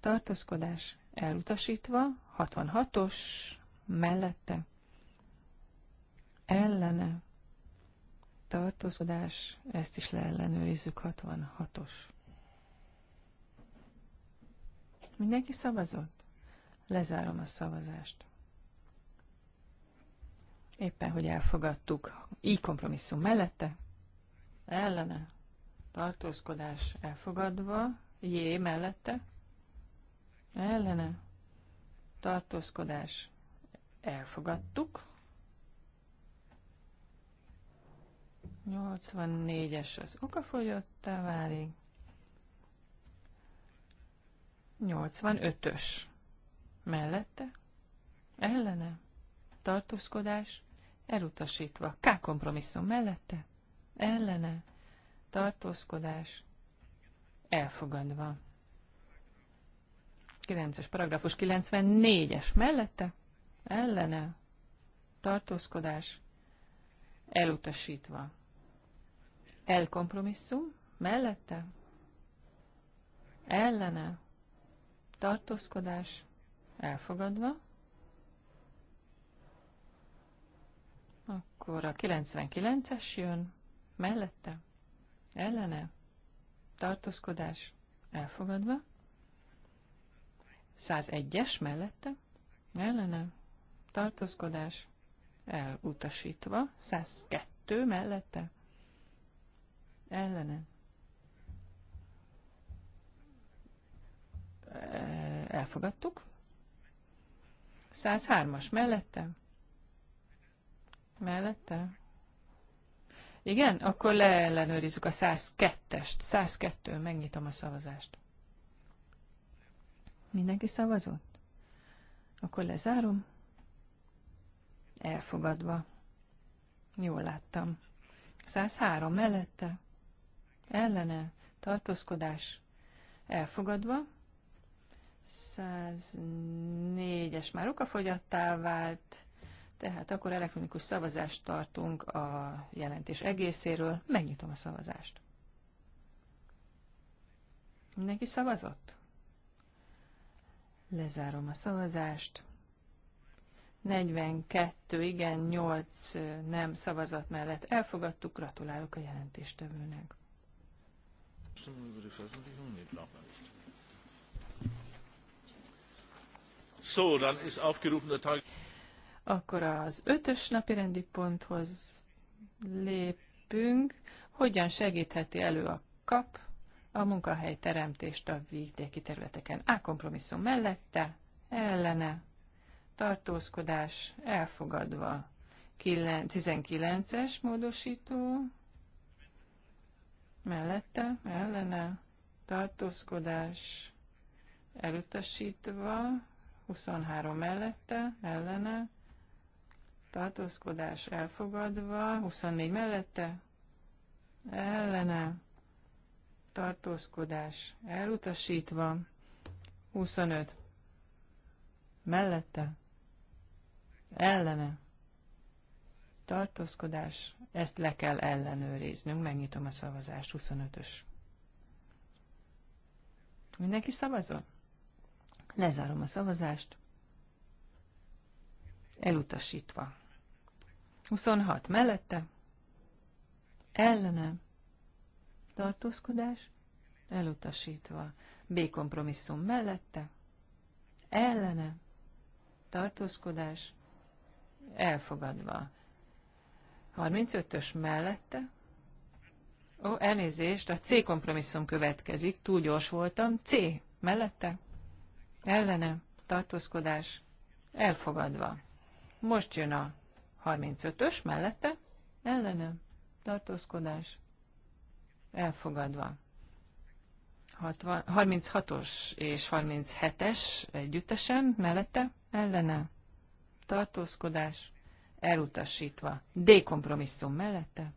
Tartózkodás elutasítva. 66-os mellette, ellene, tartózkodás, ezt is leellenőrizzük, 66-os. Mindenki szavazott? Lezárom a szavazást. Éppen, hogy elfogadtuk. Így kompromisszum mellette, ellene, tartózkodás elfogadva, jé mellette, ellene, tartózkodás Elfogadtuk. 84-es az okafogyottá válik. 85-ös mellette, ellene, tartózkodás, elutasítva. K kompromisszum mellette, ellene, tartózkodás, elfogadva. 9-es paragrafus 94-es mellette, ellene, tartózkodás, elutasítva. Elkompromisszum, mellette, ellene, tartózkodás, elfogadva. Akkor a 99-es jön, mellette, ellene, tartózkodás, elfogadva. 101-es mellette, ellene, tartózkodás elutasítva, 102 mellette, ellene. E, elfogadtuk. 103-as mellette. Mellette. Igen, akkor leellenőrizzük a 102-est. 102, megnyitom a szavazást. Mindenki szavazott? Akkor lezárom. Elfogadva. Jól láttam. 103 mellette. Ellene. Tartózkodás. Elfogadva. 104-es már okafogyattá vált. Tehát akkor elektronikus szavazást tartunk a jelentés egészéről. Megnyitom a szavazást. Mindenki szavazott? Lezárom a szavazást. 42 igen, 8 nem szavazat mellett elfogadtuk. Gratulálok a jelentéstevőnek. So, dann ist aufgerufen der Tag. Akkor az ötös napi rendi ponthoz lépünk. Hogyan segítheti elő a kap a munkahely teremtést a vidéki területeken? A kompromisszum mellette, ellene, tartózkodás elfogadva. 19-es módosító mellette, ellene, tartózkodás elutasítva, 23 mellette, ellene, tartózkodás elfogadva, 24 mellette, ellene, tartózkodás elutasítva, 25 mellette, ellene tartózkodás, ezt le kell ellenőriznünk. Megnyitom a szavazást, 25-ös. Mindenki szavazol? Lezárom a szavazást. Elutasítva. 26 mellette. Ellene. Tartózkodás. Elutasítva. B kompromisszum mellette. Ellene. Tartózkodás elfogadva. 35-ös mellette, ó, elnézést, a C kompromisszum következik, túl gyors voltam, C mellette, ellene, tartózkodás, elfogadva. Most jön a 35-ös mellette, ellene, tartózkodás, elfogadva. 36-os és 37-es együttesen, mellette, ellene, tartózkodás elutasítva. D mellette,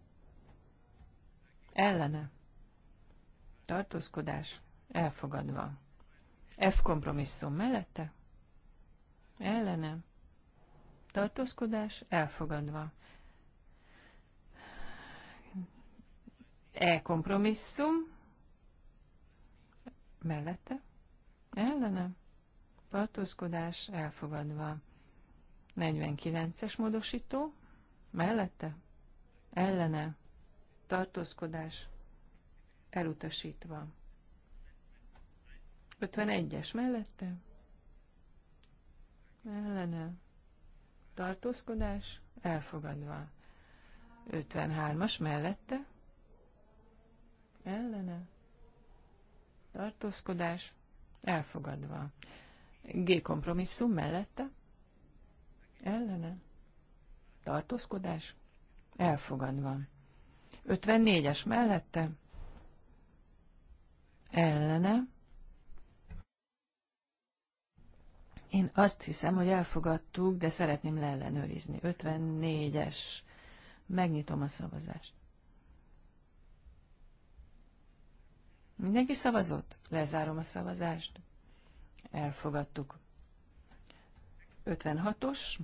ellene, tartózkodás elfogadva. F kompromisszum mellette, ellene, tartózkodás elfogadva. E kompromisszum mellette, ellene, tartózkodás elfogadva. 49-es módosító, mellette, ellene, tartózkodás, elutasítva. 51-es mellette, ellene, tartózkodás, elfogadva. 53-as mellette, ellene, tartózkodás, elfogadva. G kompromisszum mellette, ellene, tartózkodás, elfogadva. 54-es mellette, ellene. Én azt hiszem, hogy elfogadtuk, de szeretném leellenőrizni. 54-es. Megnyitom a szavazást. Mindenki szavazott? Lezárom a szavazást. Elfogadtuk. 56-os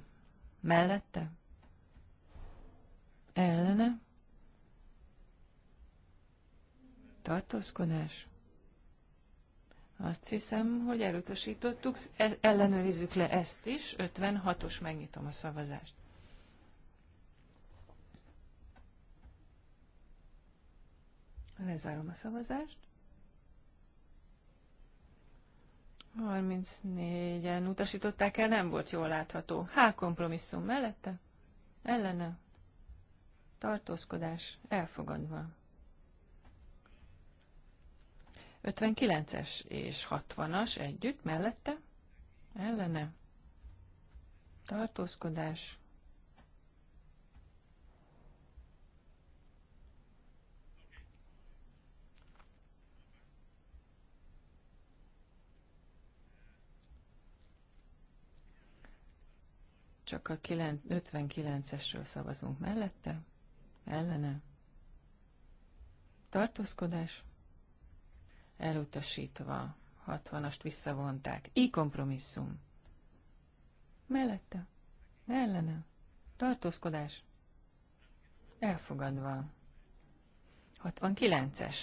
mellette ellene tartózkodás. Azt hiszem, hogy elutasítottuk, e- ellenőrizzük le ezt is, 56-os, megnyitom a szavazást. Lezárom a szavazást. 34-en utasították el, nem volt jól látható. Há kompromisszum mellette, ellene, tartózkodás elfogadva. 59-es és 60-as együtt mellette, ellene, tartózkodás csak a 59-esről szavazunk mellette, ellene, tartózkodás, elutasítva, 60-ast visszavonták, I kompromisszum, mellette, ellene, tartózkodás, elfogadva, 69-es,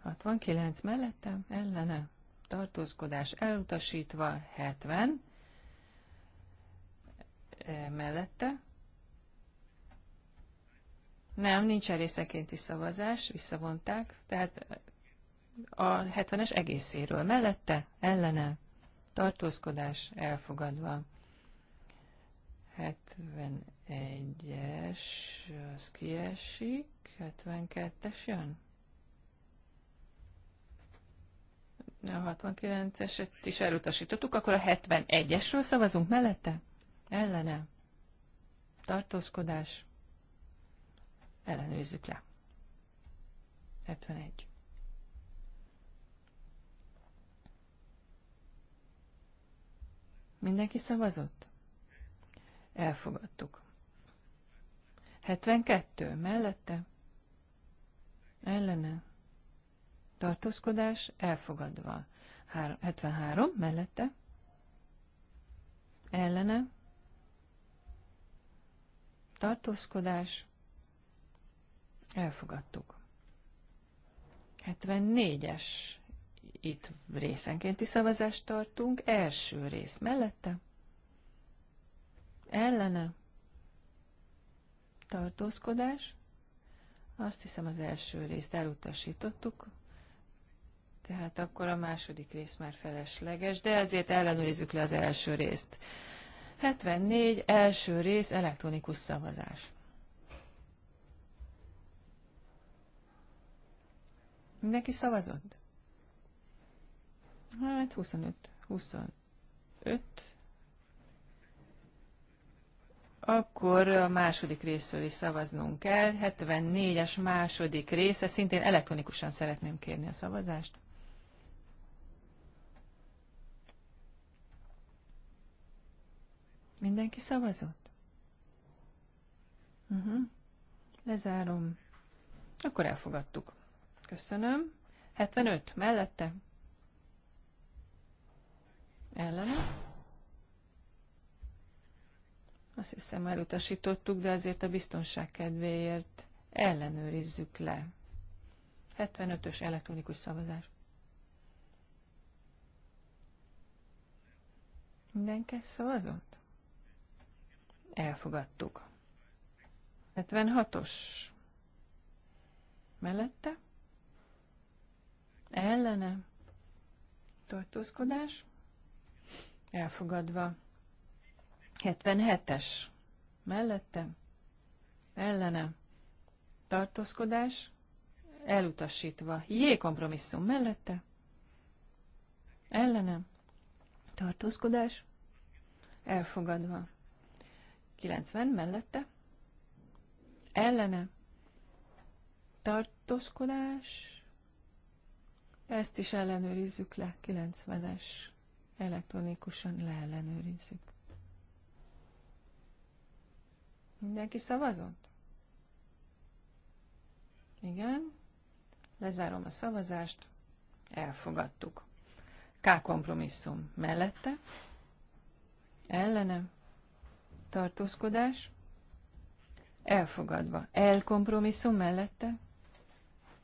69 mellettem, ellene, tartózkodás elutasítva 70 eh, mellette. Nem, nincs részekénti szavazás, visszavonták, tehát eh, a 70-es egészéről mellette, ellene, tartózkodás elfogadva. 71-es, az kiesik, 72-es jön? a 69-eset is elutasítottuk, akkor a 71-esről szavazunk mellette? Ellene? Tartózkodás? Ellenőrizzük le. 71. Mindenki szavazott? Elfogadtuk. 72 mellette? Ellene? tartózkodás elfogadva. 73 mellette, ellene, tartózkodás elfogadtuk. 74-es itt részenkénti szavazást tartunk, első rész mellette, ellene, tartózkodás, azt hiszem az első részt elutasítottuk, tehát akkor a második rész már felesleges, de ezért ellenőrizzük le az első részt. 74. első rész elektronikus szavazás. Mindenki szavazott? Hát 25. 25. Akkor a második részről is szavaznunk kell. 74-es második része, szintén elektronikusan szeretném kérni a szavazást. Mindenki szavazott? Uh-huh. Lezárom. Akkor elfogadtuk. Köszönöm. 75 mellette. Ellene. Azt hiszem elutasítottuk, de azért a biztonság kedvéért ellenőrizzük le. 75-ös elektronikus szavazás. Mindenki szavazott? Elfogadtuk. 76-os mellette, ellene, tartózkodás, elfogadva. 77-es mellette, ellene, tartózkodás, elutasítva. Jé kompromisszum mellette, ellene, tartózkodás, elfogadva. 90 mellette, ellene, tartózkodás, ezt is ellenőrizzük le, 90-es, elektronikusan leellenőrizzük. Mindenki szavazott? Igen. Lezárom a szavazást. Elfogadtuk. K kompromisszum mellette. Ellene tartózkodás, elfogadva. Elkompromisszum mellette,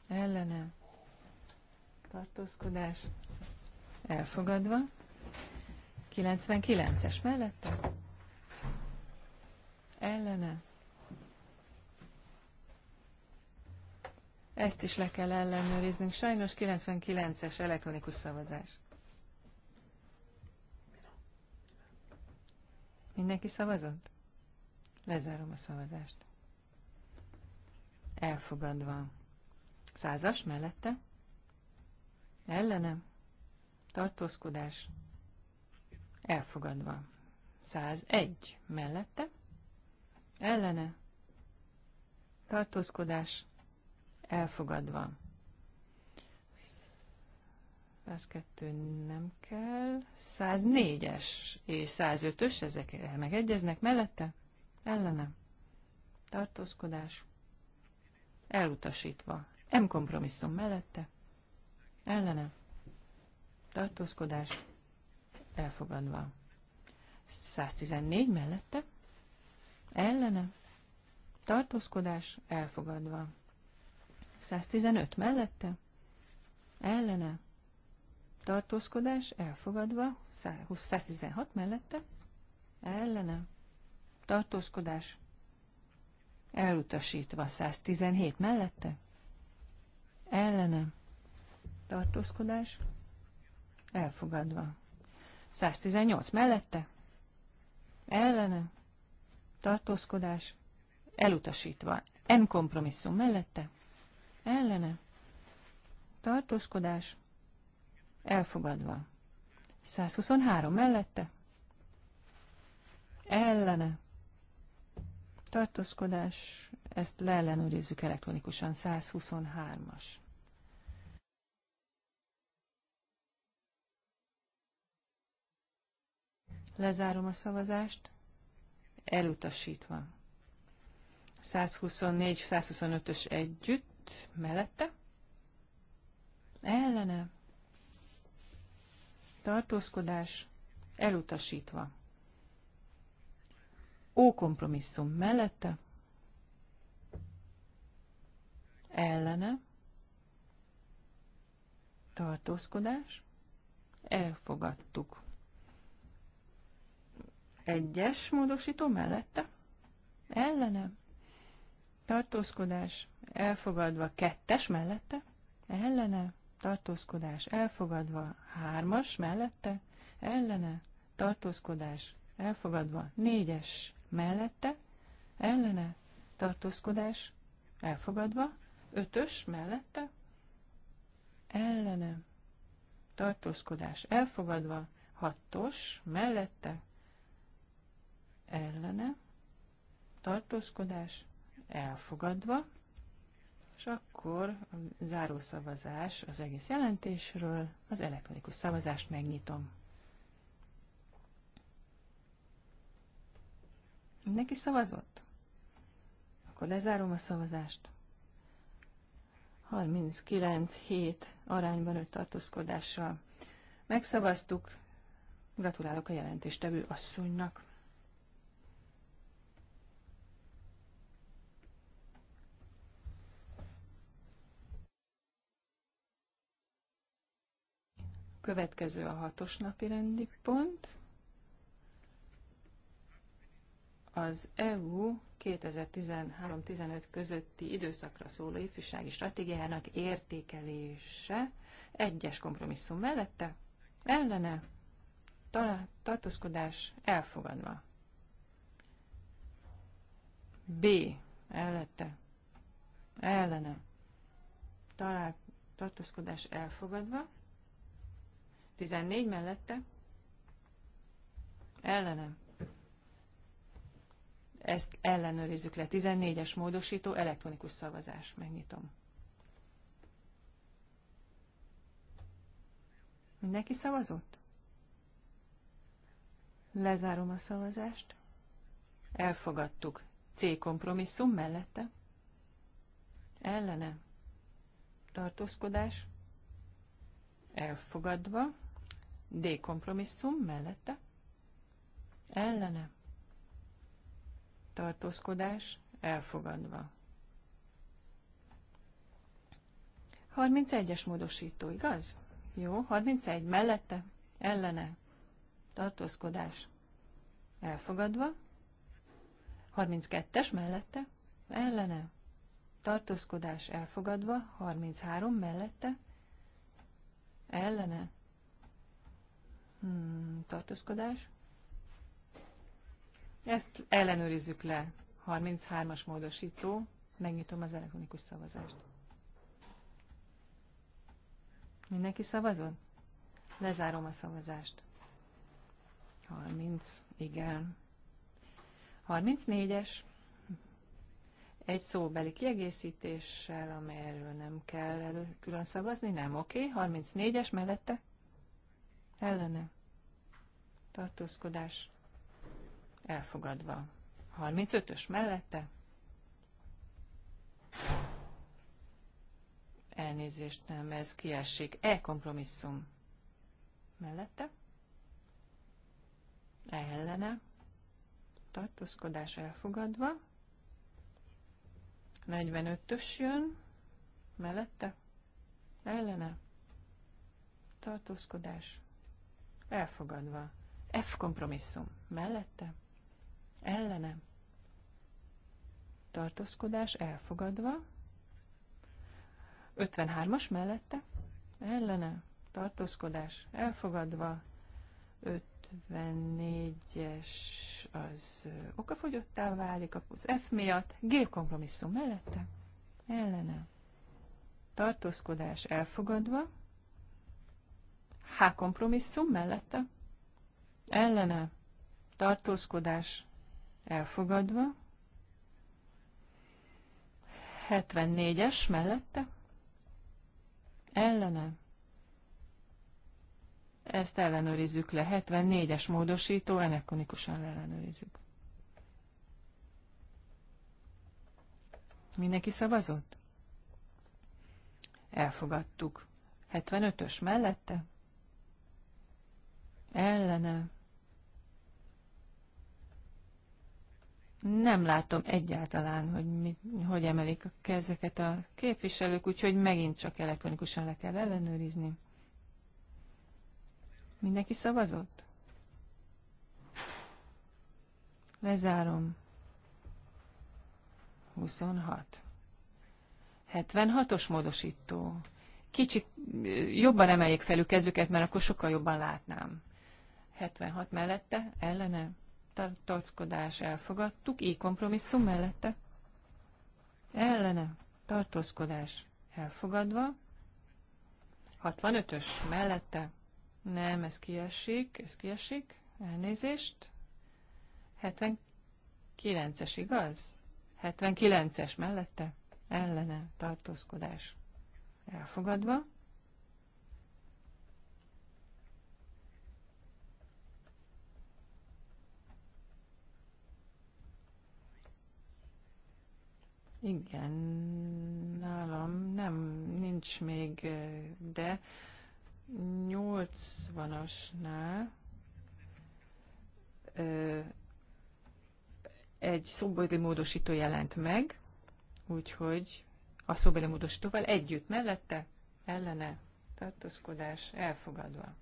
ellene, tartózkodás, elfogadva. 99-es mellette, ellene. Ezt is le kell ellenőriznünk. Sajnos 99-es elektronikus szavazás. Mindenki szavazott? Lezárom a szavazást. Elfogadva. Százas mellette? Ellenem? Tartózkodás? Elfogadva. száz egy mellette? Ellene? Tartózkodás? Elfogadva. 102 nem kell. 104-es és 105-ös, ezek megegyeznek mellette? Ellene. Tartózkodás. Elutasítva. M kompromisszum mellette. Ellene. Tartózkodás. Elfogadva. 114 mellette. Ellene. Tartózkodás. Elfogadva. 115 mellette. Ellene tartózkodás elfogadva, 116 mellette, ellene, tartózkodás elutasítva, 117 mellette, ellene, tartózkodás elfogadva, 118 mellette, ellene, tartózkodás elutasítva, en kompromisszum mellette, ellene, tartózkodás Elfogadva. 123 mellette. Ellene. Tartózkodás. Ezt leellenőrizzük elektronikusan. 123-as. Lezárom a szavazást. Elutasítva. 124-125-ös együtt. Mellette. Ellene tartózkodás elutasítva. Ó kompromisszum mellette, ellene, tartózkodás, elfogadtuk. Egyes módosító mellette, ellene, tartózkodás, elfogadva kettes mellette, ellene, tartózkodás elfogadva, hármas mellette, ellene, tartózkodás elfogadva, négyes mellette, ellene, tartózkodás elfogadva, ötös mellette, ellene, tartózkodás elfogadva, hatos mellette, ellene, tartózkodás elfogadva, és akkor a záró szavazás az egész jelentésről, az elektronikus szavazást megnyitom. Mindenki szavazott? Akkor lezárom a szavazást. 39-7 arányban 5 tartózkodással megszavaztuk. Gratulálok a jelentéstevő asszonynak. Következő a hatos napi rendi pont. Az EU 2013-15 közötti időszakra szóló ifjúsági stratégiának értékelése egyes kompromisszum mellette, ellene, tartózkodás elfogadva. B. Ellette, ellene, talál, tartózkodás elfogadva. 14 mellette, ellenem. Ezt ellenőrizzük le. 14-es módosító, elektronikus szavazás. Megnyitom. Mindenki szavazott? Lezárom a szavazást. Elfogadtuk. C kompromisszum mellette. Ellene. Tartózkodás. Elfogadva. D kompromisszum mellette, ellene, tartózkodás elfogadva. 31-es módosító, igaz? Jó, 31 mellette, ellene, tartózkodás elfogadva. 32-es mellette, ellene, tartózkodás elfogadva, 33 mellette, ellene, Hmm, tartózkodás. Ezt ellenőrizzük le. 33-as módosító. Megnyitom az elektronikus szavazást. Mindenki szavazott? Lezárom a szavazást. 30, igen. 34-es. Egy szóbeli kiegészítéssel, amelyről nem kell elő, külön szavazni, nem oké. Okay. 34-es mellette ellene tartózkodás elfogadva. 35-ös mellette elnézést nem, ez kiesik. E kompromisszum mellette ellene tartózkodás elfogadva. 45-ös jön mellette ellene tartózkodás elfogadva. F kompromisszum mellette, ellene, tartózkodás elfogadva, 53-as mellette, ellene, tartózkodás elfogadva, 54-es az okafogyottá válik, az F miatt, G kompromisszum mellette, ellene, tartózkodás elfogadva, Há kompromisszum mellette, ellene tartózkodás elfogadva, 74-es mellette, ellene, ezt ellenőrizzük le, 74-es módosító, enekonikusan ellenőrizzük. Mindenki szavazott? Elfogadtuk. 75-ös mellette? ellene. Nem látom egyáltalán, hogy, mi, hogy emelik a kezeket a képviselők, úgyhogy megint csak elektronikusan le kell ellenőrizni. Mindenki szavazott? Lezárom. 26. 76-os módosító. Kicsit jobban emeljék felük kezüket, mert akkor sokkal jobban látnám. 76 mellette, ellene, tartózkodás elfogadtuk, így kompromisszum mellette, ellene, tartózkodás elfogadva, 65-ös mellette, nem, ez kiesik, ez kiesik, elnézést, 79-es igaz? 79-es mellette, ellene, tartózkodás elfogadva, Igen, nálam nem, nincs még, de 80-asnál egy szóbeli módosító jelent meg, úgyhogy a szóbeli módosítóval együtt mellette, ellene, tartózkodás elfogadva.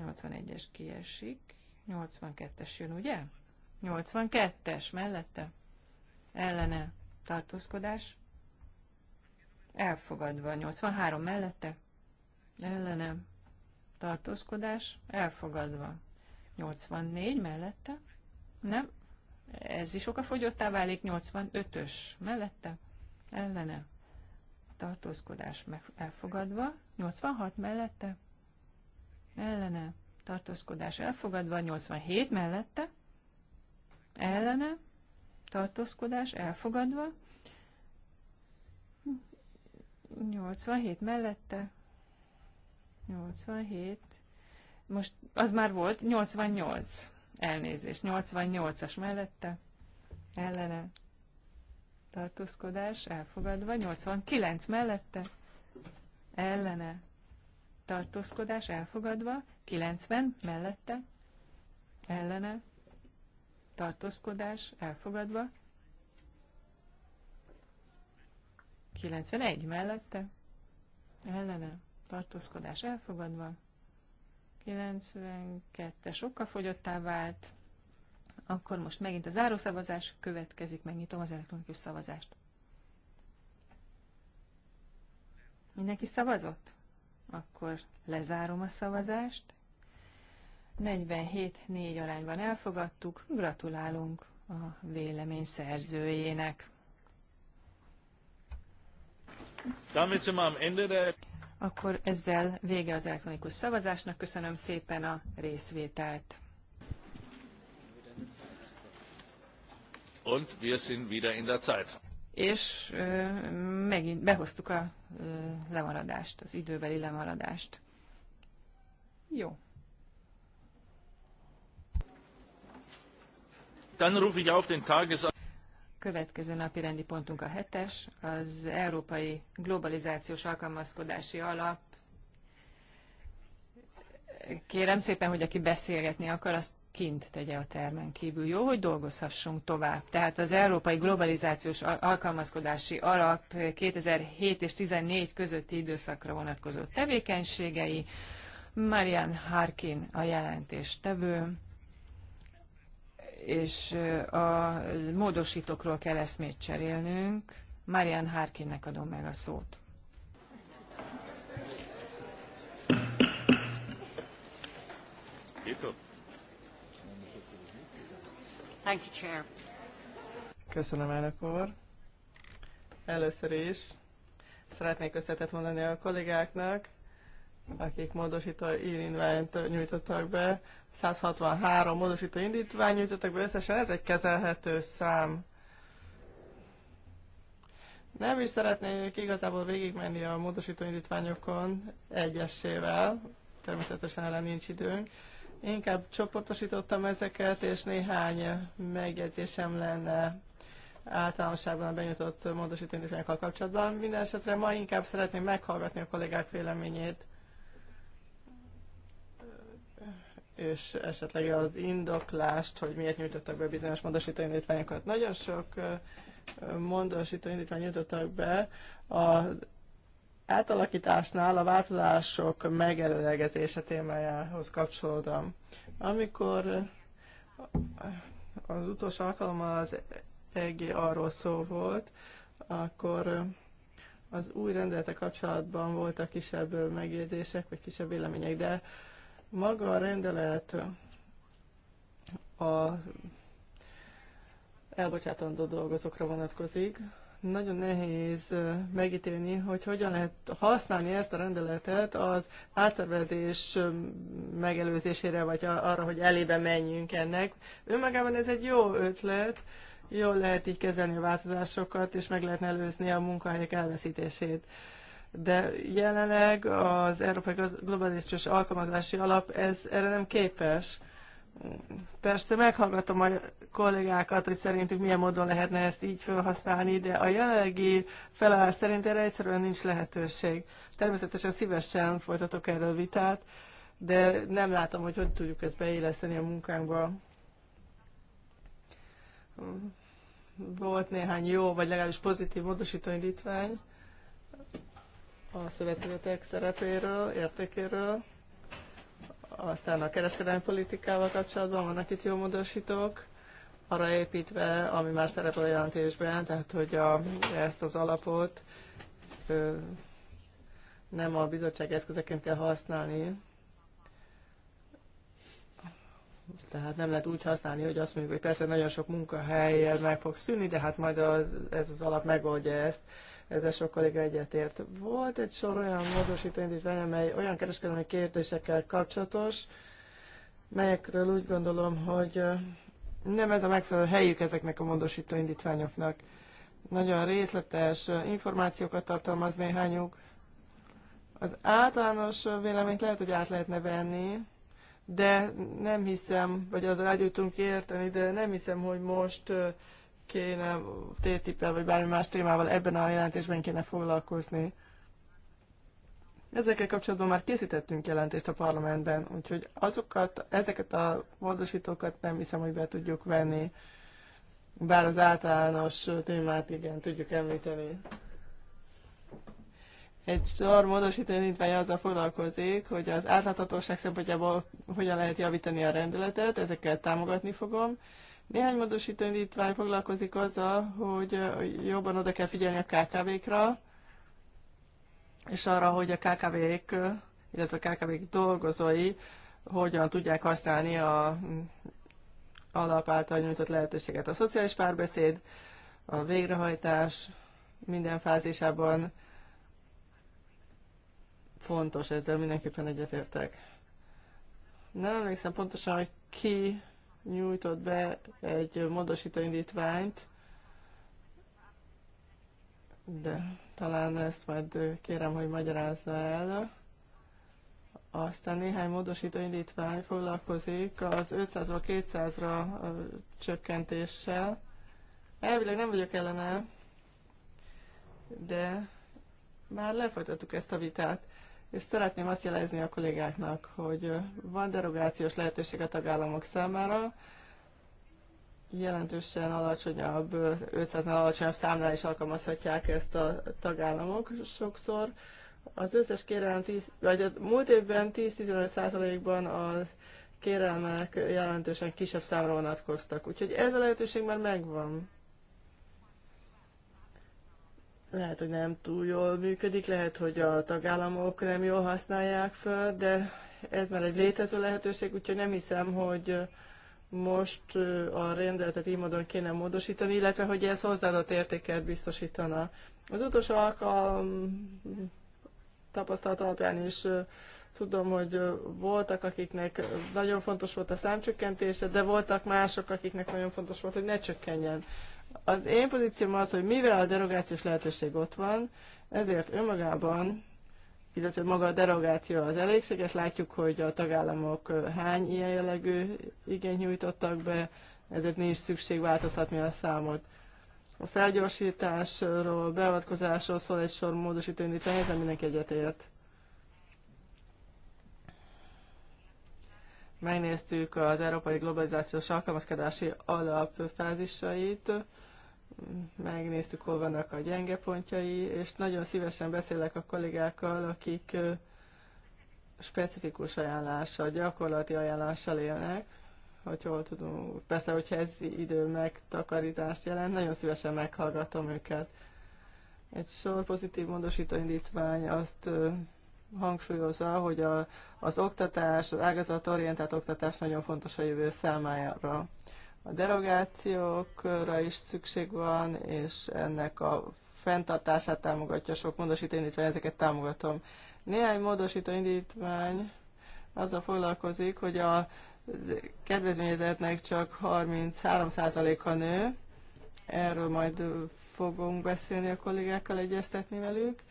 81-es kiesik, 82-es jön, ugye? 82-es mellette, ellene tartózkodás elfogadva. 83 mellette ellene tartózkodás elfogadva. 84 mellette nem, ez is okafogyottá válik, 85-ös mellette ellene tartózkodás elfogadva, 86 mellette ellene tartózkodás elfogadva, 87 mellette ellene tartózkodás elfogadva, 87 mellette, 87, most az már volt, 88, elnézés, 88-as mellette, ellene, tartózkodás elfogadva, 89 mellette, ellene, tartózkodás elfogadva, 90 mellette, ellene, tartózkodás elfogadva. 91 mellette, ellene, tartózkodás elfogadva. 92-es fogyottá vált. Akkor most megint a zárószavazás következik, megnyitom az elektronikus szavazást. Mindenki szavazott? Akkor lezárom a szavazást. 47-4 arányban elfogadtuk. Gratulálunk a vélemény szerzőjének. Akkor ezzel vége az elektronikus szavazásnak. Köszönöm szépen a részvételt. Und wir sind wieder in der Zeit. És ö, megint behoztuk a ö, lemaradást, az időbeli lemaradást. Jó. Dann rufe ich auf den Következő napi rendi pontunk a hetes, az Európai Globalizációs Alkalmazkodási Alap. Kérem szépen, hogy aki beszélgetni akar, azt kint tegye a termen kívül. Jó, hogy dolgozhassunk tovább. Tehát az Európai Globalizációs Alkalmazkodási Alap 2007 és 2014 közötti időszakra vonatkozó tevékenységei. Marian Harkin a jelentéstevő és a módosítókról kell eszmét cserélnünk. Marian Harkinnek adom meg a szót. Thank you, Chair. Köszönöm, elnök úr. Először is szeretnék összetett mondani a kollégáknak, akik módosító írinványt nyújtottak be. 163 módosító indítvány nyújtottak be összesen, ez egy kezelhető szám. Nem is szeretnék igazából végigmenni a módosító indítványokon egyesével, természetesen erre nincs időnk. Inkább csoportosítottam ezeket, és néhány megjegyzésem lenne általánosságban a benyújtott módosító indítványokkal kapcsolatban. Minden esetre ma inkább szeretném meghallgatni a kollégák véleményét és esetleg az indoklást, hogy miért nyújtottak be bizonyos módosító indítványokat. Nagyon sok módosító indítvány nyújtottak be az átalakításnál a változások megelőlegezése témájához kapcsolódom. Amikor az utolsó alkalommal az EG arról szó volt, akkor az új rendelete kapcsolatban voltak kisebb megjegyzések, vagy kisebb vélemények, de maga a rendelet a elbocsátandó dolgozókra vonatkozik. Nagyon nehéz megítélni, hogy hogyan lehet használni ezt a rendeletet az átszervezés megelőzésére, vagy arra, hogy elébe menjünk ennek. Önmagában ez egy jó ötlet, jól lehet így kezelni a változásokat, és meg lehetne előzni a munkahelyek elveszítését de jelenleg az Európai Globalizációs Alkalmazási Alap ez erre nem képes. Persze meghallgatom a kollégákat, hogy szerintük milyen módon lehetne ezt így felhasználni, de a jelenlegi felállás szerint erre egyszerűen nincs lehetőség. Természetesen szívesen folytatok erről vitát, de nem látom, hogy hogy tudjuk ezt beilleszteni a munkánkba. Volt néhány jó, vagy legalábbis pozitív módosító indítvány a szövetkezetek szerepéről, értékéről, aztán a kereskedelmi politikával kapcsolatban vannak itt jó módosítók, arra építve, ami már szerepel a jelentésben, tehát hogy a, ezt az alapot ö, nem a bizottság eszközeként kell használni, tehát nem lehet úgy használni, hogy azt mondjuk, hogy persze nagyon sok munkahely meg fog szűnni, de hát majd az, ez az alap megoldja ezt ezzel sok kolléga egyetért. Volt egy sor olyan módosító indítvány, amely olyan kereskedelmi kérdésekkel kapcsolatos, melyekről úgy gondolom, hogy nem ez a megfelelő helyük ezeknek a módosító indítványoknak. Nagyon részletes információkat tartalmaz néhányuk. Az általános véleményt lehet, hogy át lehetne venni, de nem hiszem, vagy azzal együttünk érteni, de nem hiszem, hogy most kéne ttip vagy bármi más témával ebben a jelentésben kéne foglalkozni. Ezekkel kapcsolatban már készítettünk jelentést a parlamentben, úgyhogy azokat, ezeket a módosítókat nem hiszem, hogy be tudjuk venni, bár az általános témát igen, tudjuk említeni. Egy sor módosító indítvány azzal foglalkozik, hogy az átláthatóság szempontjából hogyan lehet javítani a rendeletet, ezeket támogatni fogom, néhány módosító indítvány foglalkozik azzal, hogy jobban oda kell figyelni a KKV-kra, és arra, hogy a KKV-k, illetve a KKV-k dolgozói hogyan tudják használni a mm, alap által nyújtott lehetőséget. A szociális párbeszéd, a végrehajtás minden fázisában fontos, ezzel mindenképpen egyetértek. Nem emlékszem pontosan, hogy ki nyújtott be egy módosító indítványt, de talán ezt majd kérem, hogy magyarázza el. Aztán néhány módosító indítvány foglalkozik az 500 ra 200-ra csökkentéssel. Elvileg nem vagyok ellene, de már lefolytattuk ezt a vitát és szeretném azt jelezni a kollégáknak, hogy van derogációs lehetőség a tagállamok számára, jelentősen alacsonyabb, 500-nál alacsonyabb számnál is alkalmazhatják ezt a tagállamok sokszor. Az összes kérelem, 10, vagy a múlt évben 10-15%-ban a kérelmek jelentősen kisebb számra vonatkoztak. Úgyhogy ez a lehetőség már megvan lehet, hogy nem túl jól működik, lehet, hogy a tagállamok nem jól használják föl, de ez már egy létező lehetőség, úgyhogy nem hiszem, hogy most a rendeletet így módon kéne módosítani, illetve hogy ez hozzáadott értéket biztosítana. Az utolsó alkalom tapasztalat alapján is tudom, hogy voltak, akiknek nagyon fontos volt a számcsökkentése, de voltak mások, akiknek nagyon fontos volt, hogy ne csökkenjen. Az én pozícióm az, hogy mivel a derogációs lehetőség ott van, ezért önmagában, illetve maga a derogáció az elégséges, látjuk, hogy a tagállamok hány ilyen jellegű igényt nyújtottak be, ezért nincs szükség változtatni a számot. A felgyorsításról, beavatkozásról szól egy sor módosító indítvány, ezzel mindenki egyetért. megnéztük az Európai Globalizációs Alkalmazkodási Alap fázisait, megnéztük, hol vannak a gyenge pontjai, és nagyon szívesen beszélek a kollégákkal, akik specifikus ajánlással, gyakorlati ajánlással élnek, hogy hol tudunk. Persze, hogyha ez idő megtakarítást jelent, nagyon szívesen meghallgatom őket. Egy sor pozitív módosító indítvány azt hangsúlyozza, hogy a, az oktatás, az ágazatorientált oktatás nagyon fontos a jövő számára. A derogációkra is szükség van, és ennek a fenntartását támogatja sok módosító indítvány, ezeket támogatom. Néhány módosító indítvány azzal foglalkozik, hogy a kedvezményezetnek csak 33%-a nő, erről majd fogunk beszélni a kollégákkal, egyeztetni velük.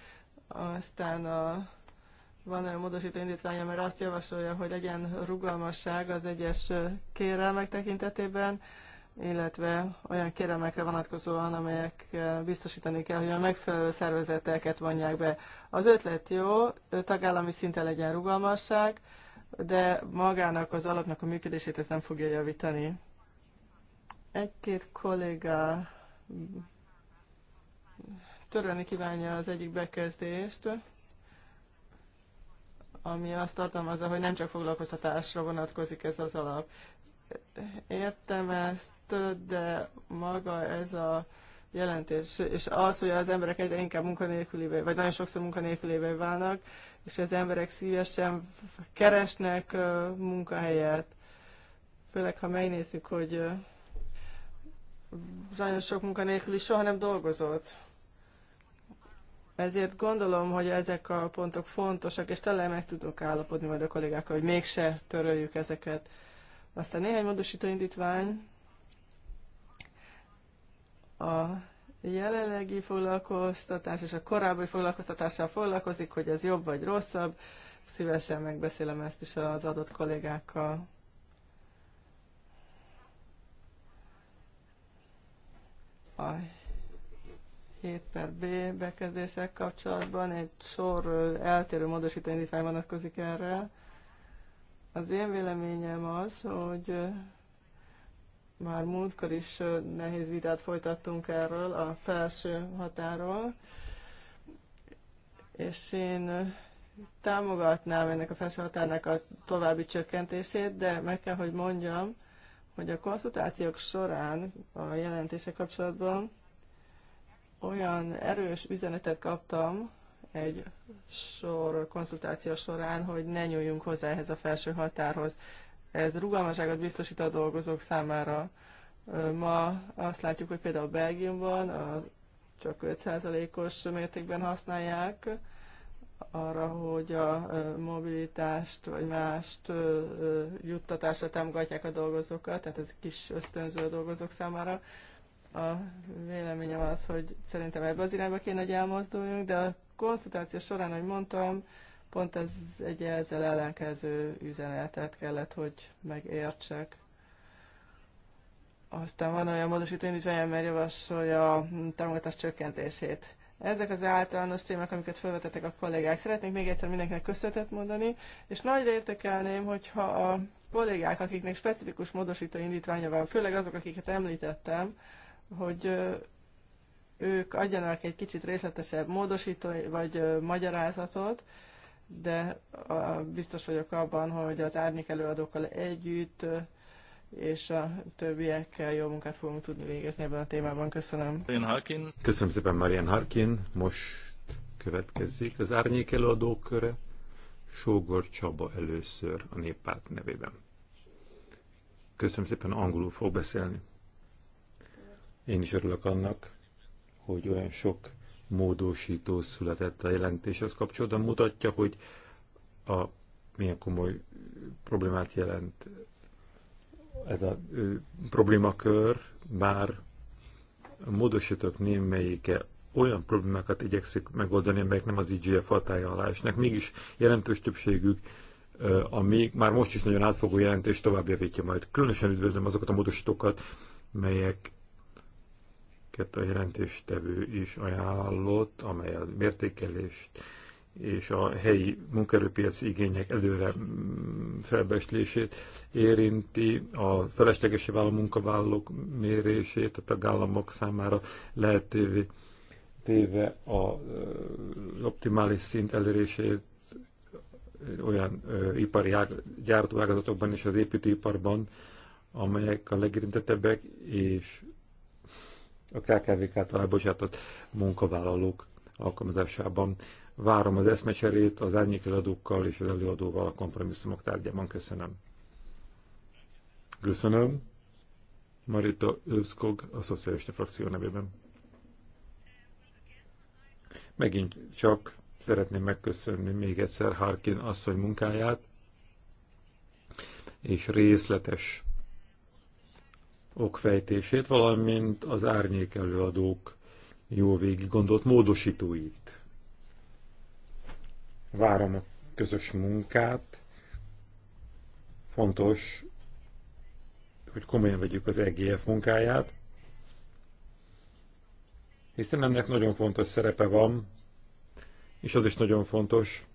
Aztán a van olyan módosító indítványa, mert azt javasolja, hogy legyen rugalmasság az egyes kérelmek tekintetében, illetve olyan kérelmekre vonatkozóan, amelyek biztosítani kell, hogy a megfelelő szervezeteket vonják be. Az ötlet jó, tagállami szinten legyen rugalmasság, de magának az alapnak a működését ez nem fogja javítani. Egy-két kolléga törölni kívánja az egyik bekezdést ami azt tartalmazza, hogy nem csak foglalkoztatásra vonatkozik ez az alap. Értem ezt, de maga ez a jelentés, és az, hogy az emberek egyre inkább munkanélkülévé, vagy nagyon sokszor munkanélkülévé válnak, és az emberek szívesen keresnek munkahelyet, főleg ha megnézzük, hogy nagyon sok munkanélküli soha nem dolgozott. Ezért gondolom, hogy ezek a pontok fontosak, és talán meg tudok állapodni majd a kollégákkal, hogy mégse töröljük ezeket. Aztán néhány módosító indítvány. A jelenlegi foglalkoztatás és a korábbi foglalkoztatással foglalkozik, hogy ez jobb vagy rosszabb. Szívesen megbeszélem ezt is az adott kollégákkal. A 7 per B bekezdések kapcsolatban egy sor eltérő módosító indítvány vonatkozik erre. Az én véleményem az, hogy már múltkor is nehéz vitát folytattunk erről a felső határól, és én támogatnám ennek a felső határnak a további csökkentését, de meg kell, hogy mondjam, hogy a konzultációk során a jelentése kapcsolatban olyan erős üzenetet kaptam egy sor konzultáció során, hogy ne nyúljunk hozzá ehhez a felső határhoz. Ez rugalmaságot biztosít a dolgozók számára. Ma azt látjuk, hogy például Belgiumban a csak 5%-os mértékben használják arra, hogy a mobilitást vagy mást juttatásra támogatják a dolgozókat, tehát ez kis ösztönző a dolgozók számára. A véleményem az, hogy szerintem ebbe az irányba kéne, hogy elmozduljunk, de a konszultáció során, ahogy mondtam, pont ez egy ezzel ellenkező üzenetet kellett, hogy megértsek. Aztán van olyan módosító indítványom, mert javasolja a támogatás csökkentését. Ezek az általános témák, amiket felvetettek a kollégák. Szeretnék még egyszer mindenkinek köszönetet mondani, és nagyra értekelném, hogyha a kollégák, akiknek specifikus módosító indítványa van, főleg azok, akiket említettem, hogy ők adjanak egy kicsit részletesebb módosító vagy magyarázatot, de biztos vagyok abban, hogy az árnyék előadókkal együtt és a többiekkel jó munkát fogunk tudni végezni ebben a témában. Köszönöm. Harkin. Köszönöm szépen Marian Harkin. Most következik az árnyék előadók köre. Sógor Csaba először a néppárt nevében. Köszönöm szépen, angolul fog beszélni. Én is örülök annak, hogy olyan sok módosító született a jelentéshez kapcsolatban, mutatja, hogy a, milyen komoly problémát jelent ez a ö, problémakör, bár a módosítók némelyike olyan problémákat igyekszik megoldani, amelyek nem az IGF hatája alá esnek. Mégis jelentős többségük, ami már most is nagyon átfogó jelentés tovább javítja majd. Különösen üdvözlöm azokat a módosítókat, melyek a jelentéstevő is ajánlott, amely a mértékelést és a helyi munkaerőpiaci igények előre mm, felbeslését érinti, a feleslegesé váló munkavállalók mérését a gállamok számára lehetővé téve az optimális szint elérését olyan ö, ipari ág, gyártóágazatokban és az építőiparban, amelyek a legérintettebbek, és a KKV-k által elbocsátott munkavállalók alkalmazásában. Várom az eszmecserét az árnyékeladókkal és az előadóval a kompromisszumok tárgyában. Köszönöm. Köszönöm. Marita Őszkog a Szocialista Frakció nevében. Megint csak szeretném megköszönni még egyszer Harkin asszony munkáját, és részletes okfejtését, valamint az árnyék előadók jó végig gondolt módosítóit. Várom a közös munkát. Fontos, hogy komolyan vegyük az EGF munkáját, hiszen ennek nagyon fontos szerepe van, és az is nagyon fontos,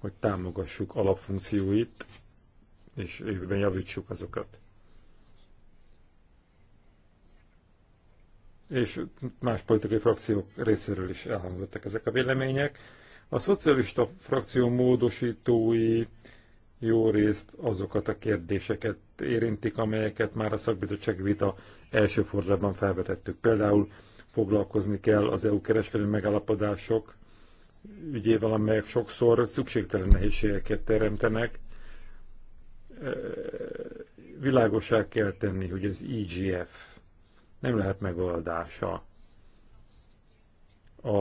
hogy támogassuk alapfunkcióit, és jövőben javítsuk azokat. És más politikai frakciók részéről is elhangzottak ezek a vélemények. A szocialista frakció módosítói jó részt azokat a kérdéseket érintik, amelyeket már a szakbizottság vita első fordulatban felvetettük. Például foglalkozni kell az EU kereskedelmi megállapodások ügyével, amelyek sokszor szükségtelen nehézségeket teremtenek, világosság kell tenni, hogy az IGF e nem lehet megoldása a,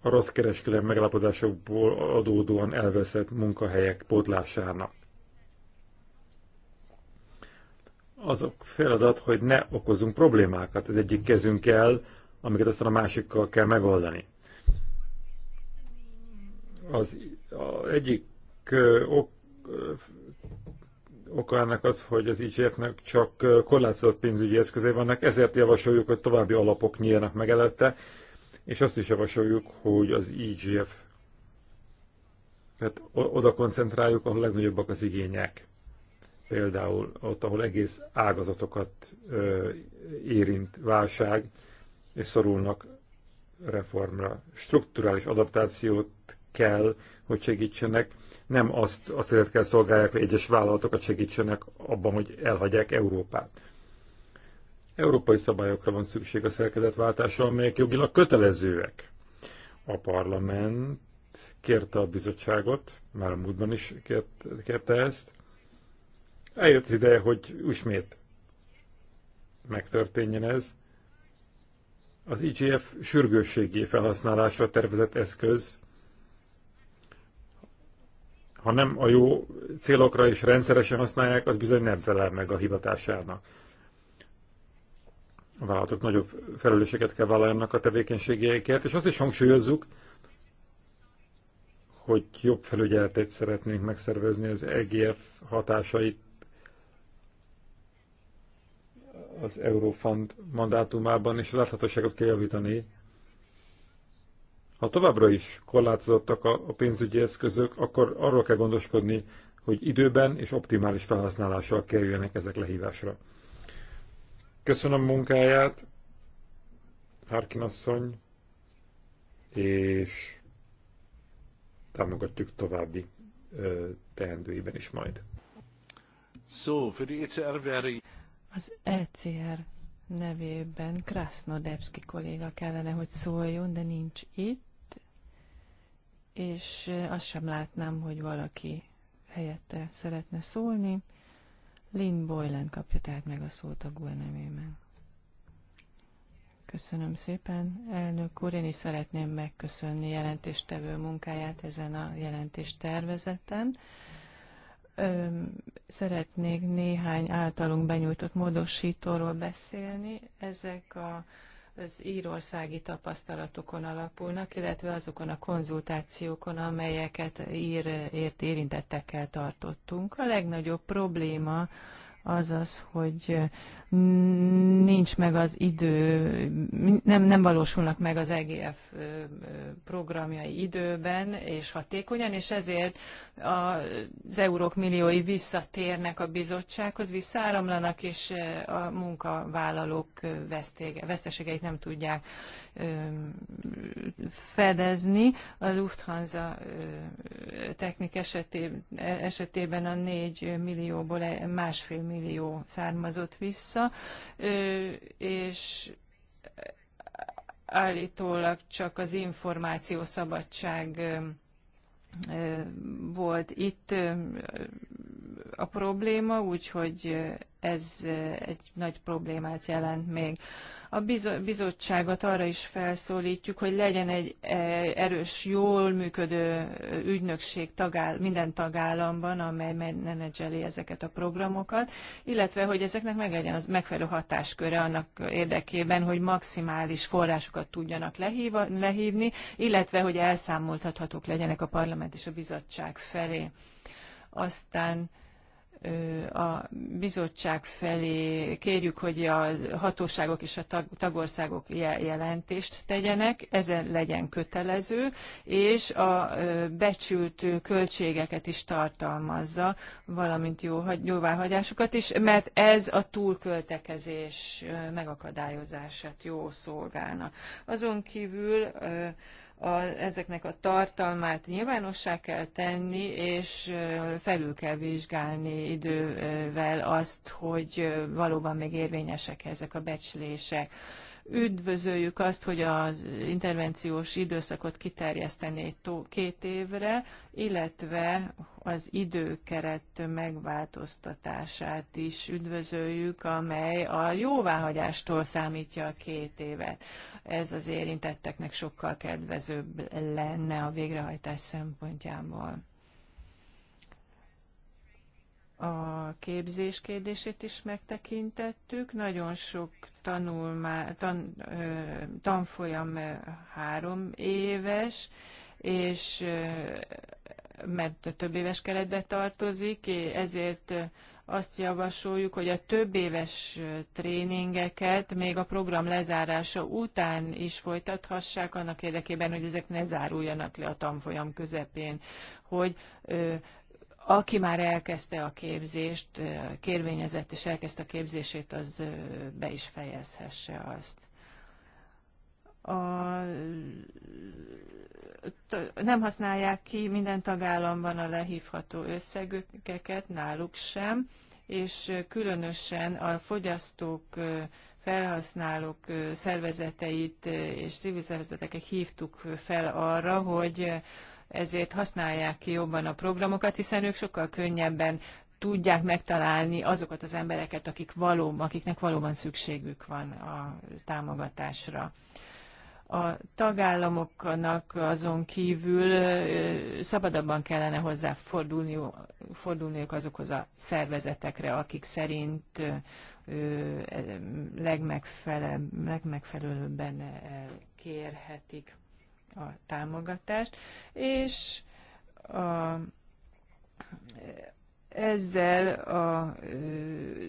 a rossz kereskedelmi megállapodásokból adódóan elveszett munkahelyek pótlásának. Azok feladat, hogy ne okozunk problémákat az egyik kezünkkel, amiket aztán a másikkal kell megoldani. Az az egyik ok oka ennek az, hogy az IGF-nek csak korlátozott pénzügyi eszközei vannak, ezért javasoljuk, hogy további alapok nyíljanak meg előtte, és azt is javasoljuk, hogy az IGF tehát oda koncentráljuk, ahol legnagyobbak az igények. Például ott, ahol egész ágazatokat érint válság, és szorulnak reformra. Strukturális adaptációt kell hogy segítsenek, nem azt a célt kell szolgálják, hogy egyes vállalatokat segítsenek abban, hogy elhagyják Európát. Európai szabályokra van szükség a szerkezetváltásra, amelyek jogilag kötelezőek. A parlament kérte a bizottságot, már a múltban is kérte, kérte ezt. Eljött az ideje, hogy ismét megtörténjen ez. Az IGF sürgősségi felhasználásra tervezett eszköz ha nem a jó célokra és rendszeresen használják, az bizony nem felel meg a hivatásának. A vállalatok nagyobb felelősséget kell vállaljanak a tevékenységeikért, és azt is hangsúlyozzuk, hogy jobb felügyeletet szeretnénk megszervezni az EGF hatásait az Eurofund mandátumában, és láthatóságot kell javítani ha továbbra is korlátozottak a pénzügyi eszközök, akkor arról kell gondoskodni, hogy időben és optimális felhasználással kerüljenek ezek lehívásra. Köszönöm munkáját, Harkin asszony, és támogatjuk további ö, teendőiben is majd. So, für die ECR wäre... Az ECR nevében Krasnodebski kolléga kellene, hogy szóljon, de nincs itt és azt sem látnám, hogy valaki helyette szeretne szólni. Lynn Boylan kapja tehát meg a szót a GUE nevében. Köszönöm szépen, elnök úr. Én is szeretném megköszönni jelentéstevő munkáját ezen a jelentés tervezeten. Szeretnék néhány általunk benyújtott módosítóról beszélni. Ezek a az írországi tapasztalatokon alapulnak, illetve azokon a konzultációkon, amelyeket ír, ért érintettekkel tartottunk. A legnagyobb probléma az az, hogy nincs meg az idő, nem, nem valósulnak meg az EGF programjai időben és hatékonyan, és ezért az eurók milliói visszatérnek a bizottsághoz, visszáramlanak, és a munkavállalók veszteségeit nem tudják fedezni. A Lufthansa technik esetében a 4 millióból e- másfél millió származott vissza és állítólag csak az információszabadság volt itt a probléma, úgyhogy ez egy nagy problémát jelent még. A bizottságot arra is felszólítjuk, hogy legyen egy e, erős, jól működő ügynökség tagáll, minden tagállamban, amely menedzseli ezeket a programokat, illetve hogy ezeknek meg legyen az megfelelő hatásköre annak érdekében, hogy maximális forrásokat tudjanak lehív, lehívni, illetve hogy elszámoltathatók legyenek a parlament és a bizottság felé. Aztán a bizottság felé kérjük, hogy a hatóságok és a tagországok jelentést tegyenek, ezen legyen kötelező, és a becsült költségeket is tartalmazza, valamint jó jóváhagyásokat is, mert ez a túlköltekezés megakadályozását jó szolgálna. Azon kívül a, ezeknek a tartalmát nyilvánossá kell tenni, és felül kell vizsgálni idővel azt, hogy valóban még érvényesek ezek a becslések. Üdvözöljük azt, hogy az intervenciós időszakot kiterjesztené két évre, illetve az időkeret megváltoztatását is üdvözöljük, amely a jóváhagyástól számítja a két évet. Ez az érintetteknek sokkal kedvezőbb lenne a végrehajtás szempontjából a képzés kérdését is megtekintettük. Nagyon sok tanulmá, tan, tanfolyam három éves, és mert több éves keretbe tartozik, ezért azt javasoljuk, hogy a több éves tréningeket még a program lezárása után is folytathassák, annak érdekében, hogy ezek ne záruljanak le a tanfolyam közepén, hogy aki már elkezdte a képzést, kérvényezett és elkezdte a képzését, az be is fejezhesse azt. A, nem használják ki minden tagállamban a lehívható összegeket, náluk sem, és különösen a fogyasztók, felhasználók szervezeteit és civil szervezeteket hívtuk fel arra, hogy ezért használják ki jobban a programokat, hiszen ők sokkal könnyebben tudják megtalálni azokat az embereket, akik való, akiknek valóban szükségük van a támogatásra. A tagállamoknak azon kívül szabadabban kellene hozzá fordulni, fordulniuk azokhoz a szervezetekre, akik szerint legmegfelelőbben kérhetik a támogatást, és a, ezzel a,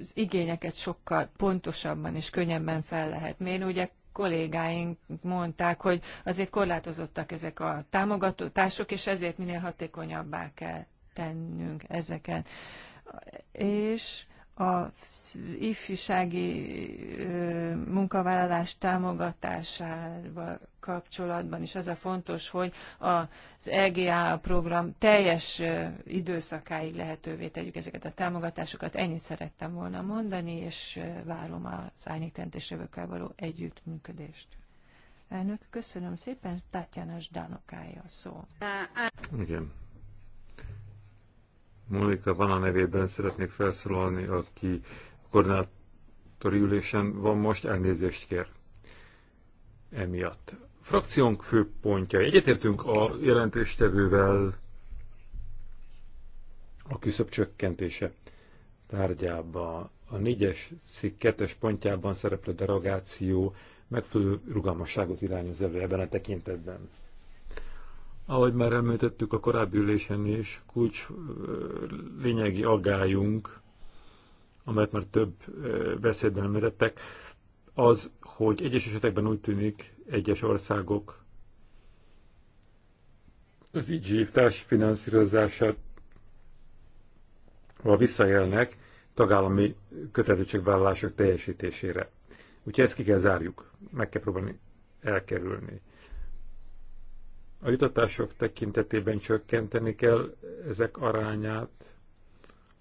az igényeket sokkal pontosabban és könnyebben fel lehet mérni. Ugye kollégáink mondták, hogy azért korlátozottak ezek a támogatások, és ezért minél hatékonyabbá kell tennünk ezeket. És a ifjúsági munkavállalás támogatásával kapcsolatban is az a fontos, hogy az EGA program teljes időszakáig lehetővé tegyük ezeket a támogatásokat. Ennyit szerettem volna mondani, és várom az árnyékteremtésrevőkkel való együttműködést. Elnök, köszönöm szépen, Tatjana Zsdánokája szó. Igen, Mónika van a nevében szeretnék felszólalni, aki koordinátori ülésen van most, elnézést kér emiatt. Frakciónk fő pontja. Egyetértünk a jelentéstevővel a küszöb csökkentése tárgyában. A négyes cikk kettes pontjában szereplő derogáció megfelelő rugalmasságot irányoz elő ebben a tekintetben. Ahogy már említettük a korábbi ülésen is, kulcs lényegi agályunk, amelyet már több beszédben említettek, az, hogy egyes esetekben úgy tűnik egyes országok az finanszírozását társfinanszírozását visszaélnek tagállami kötelezettségvállalások teljesítésére. Úgyhogy ezt ki kell zárjuk, meg kell próbálni elkerülni. A jutatások tekintetében csökkenteni kell ezek arányát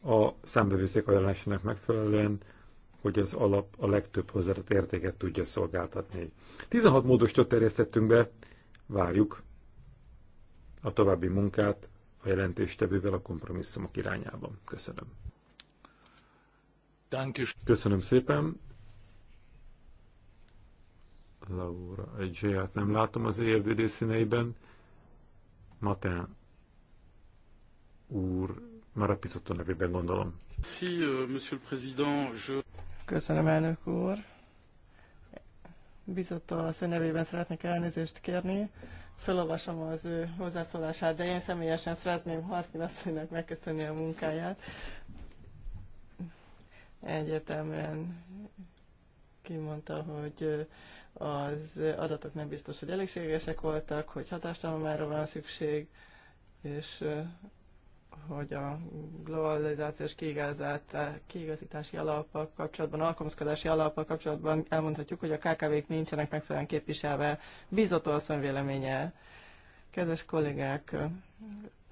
a számbevőszék ajánlásának megfelelően, hogy az alap a legtöbb hozzáadott értéket tudja szolgáltatni. 16 módosítót terjesztettünk be, várjuk a további munkát a jelentéstevővel a kompromisszumok irányában. Köszönöm. Köszönöm szépen. Laura egy nem látom az EFDD színeiben. Matán úr, már a Pizotto nevében gondolom. Euh, Köszönöm, elnök úr. Bizotto az ő nevében szeretnék elnézést kérni. Felolvasom az ő hozzászólását, de én személyesen szeretném Harkin asszonynak megköszönni a munkáját. Egyértelműen kimondta, hogy az adatok nem biztos, hogy elégségesek voltak, hogy hatástalomára van szükség, és eh, hogy a globalizációs kiigazítási alapok kapcsolatban, alkalmazkodási alapok kapcsolatban elmondhatjuk, hogy a KKV-k nincsenek megfelelően képviselve. Bízott Olszon véleménye. Kedves kollégák, eh,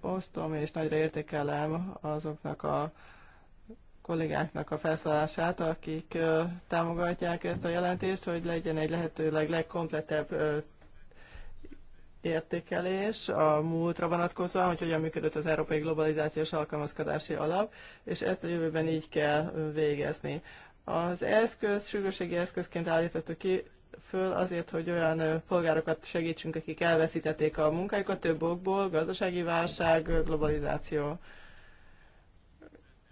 osztom és nagyra értékelem azoknak a kollégáknak a felszólását, akik támogatják ezt a jelentést, hogy legyen egy lehetőleg legkompletebb értékelés a múltra vonatkozóan, hogy hogyan működött az Európai Globalizációs Alkalmazkodási Alap, és ezt a jövőben így kell végezni. Az eszköz, sürgőségi eszközként állítottuk ki, föl azért, hogy olyan polgárokat segítsünk, akik elveszítették a munkájukat több okból, gazdasági válság, globalizáció.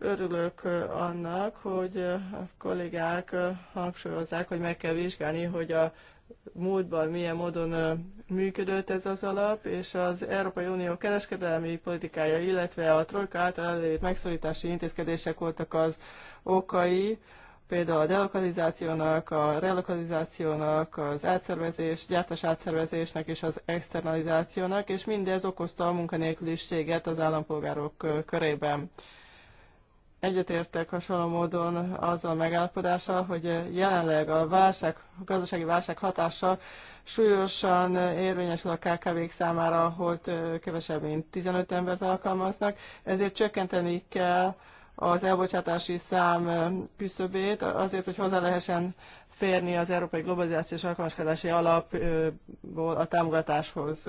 Örülök annak, hogy a kollégák hangsúlyozzák, hogy meg kell vizsgálni, hogy a múltban milyen módon működött ez az alap, és az Európai Unió kereskedelmi politikája, illetve a trojka által elérít megszorítási intézkedések voltak az okai, például a delokalizációnak, a relokalizációnak, az átszervezés, gyártás átszervezésnek és az externalizációnak, és mindez okozta a munkanélküliséget az állampolgárok körében egyetértek hasonló módon azzal a megállapodása, hogy jelenleg a válság, a gazdasági válság hatása súlyosan érvényesül a kkv számára, hogy kevesebb mint 15 embert alkalmaznak, ezért csökkenteni kell az elbocsátási szám küszöbét, azért, hogy hozzá lehessen férni az Európai Globalizációs Alkalmazkodási Alapból a támogatáshoz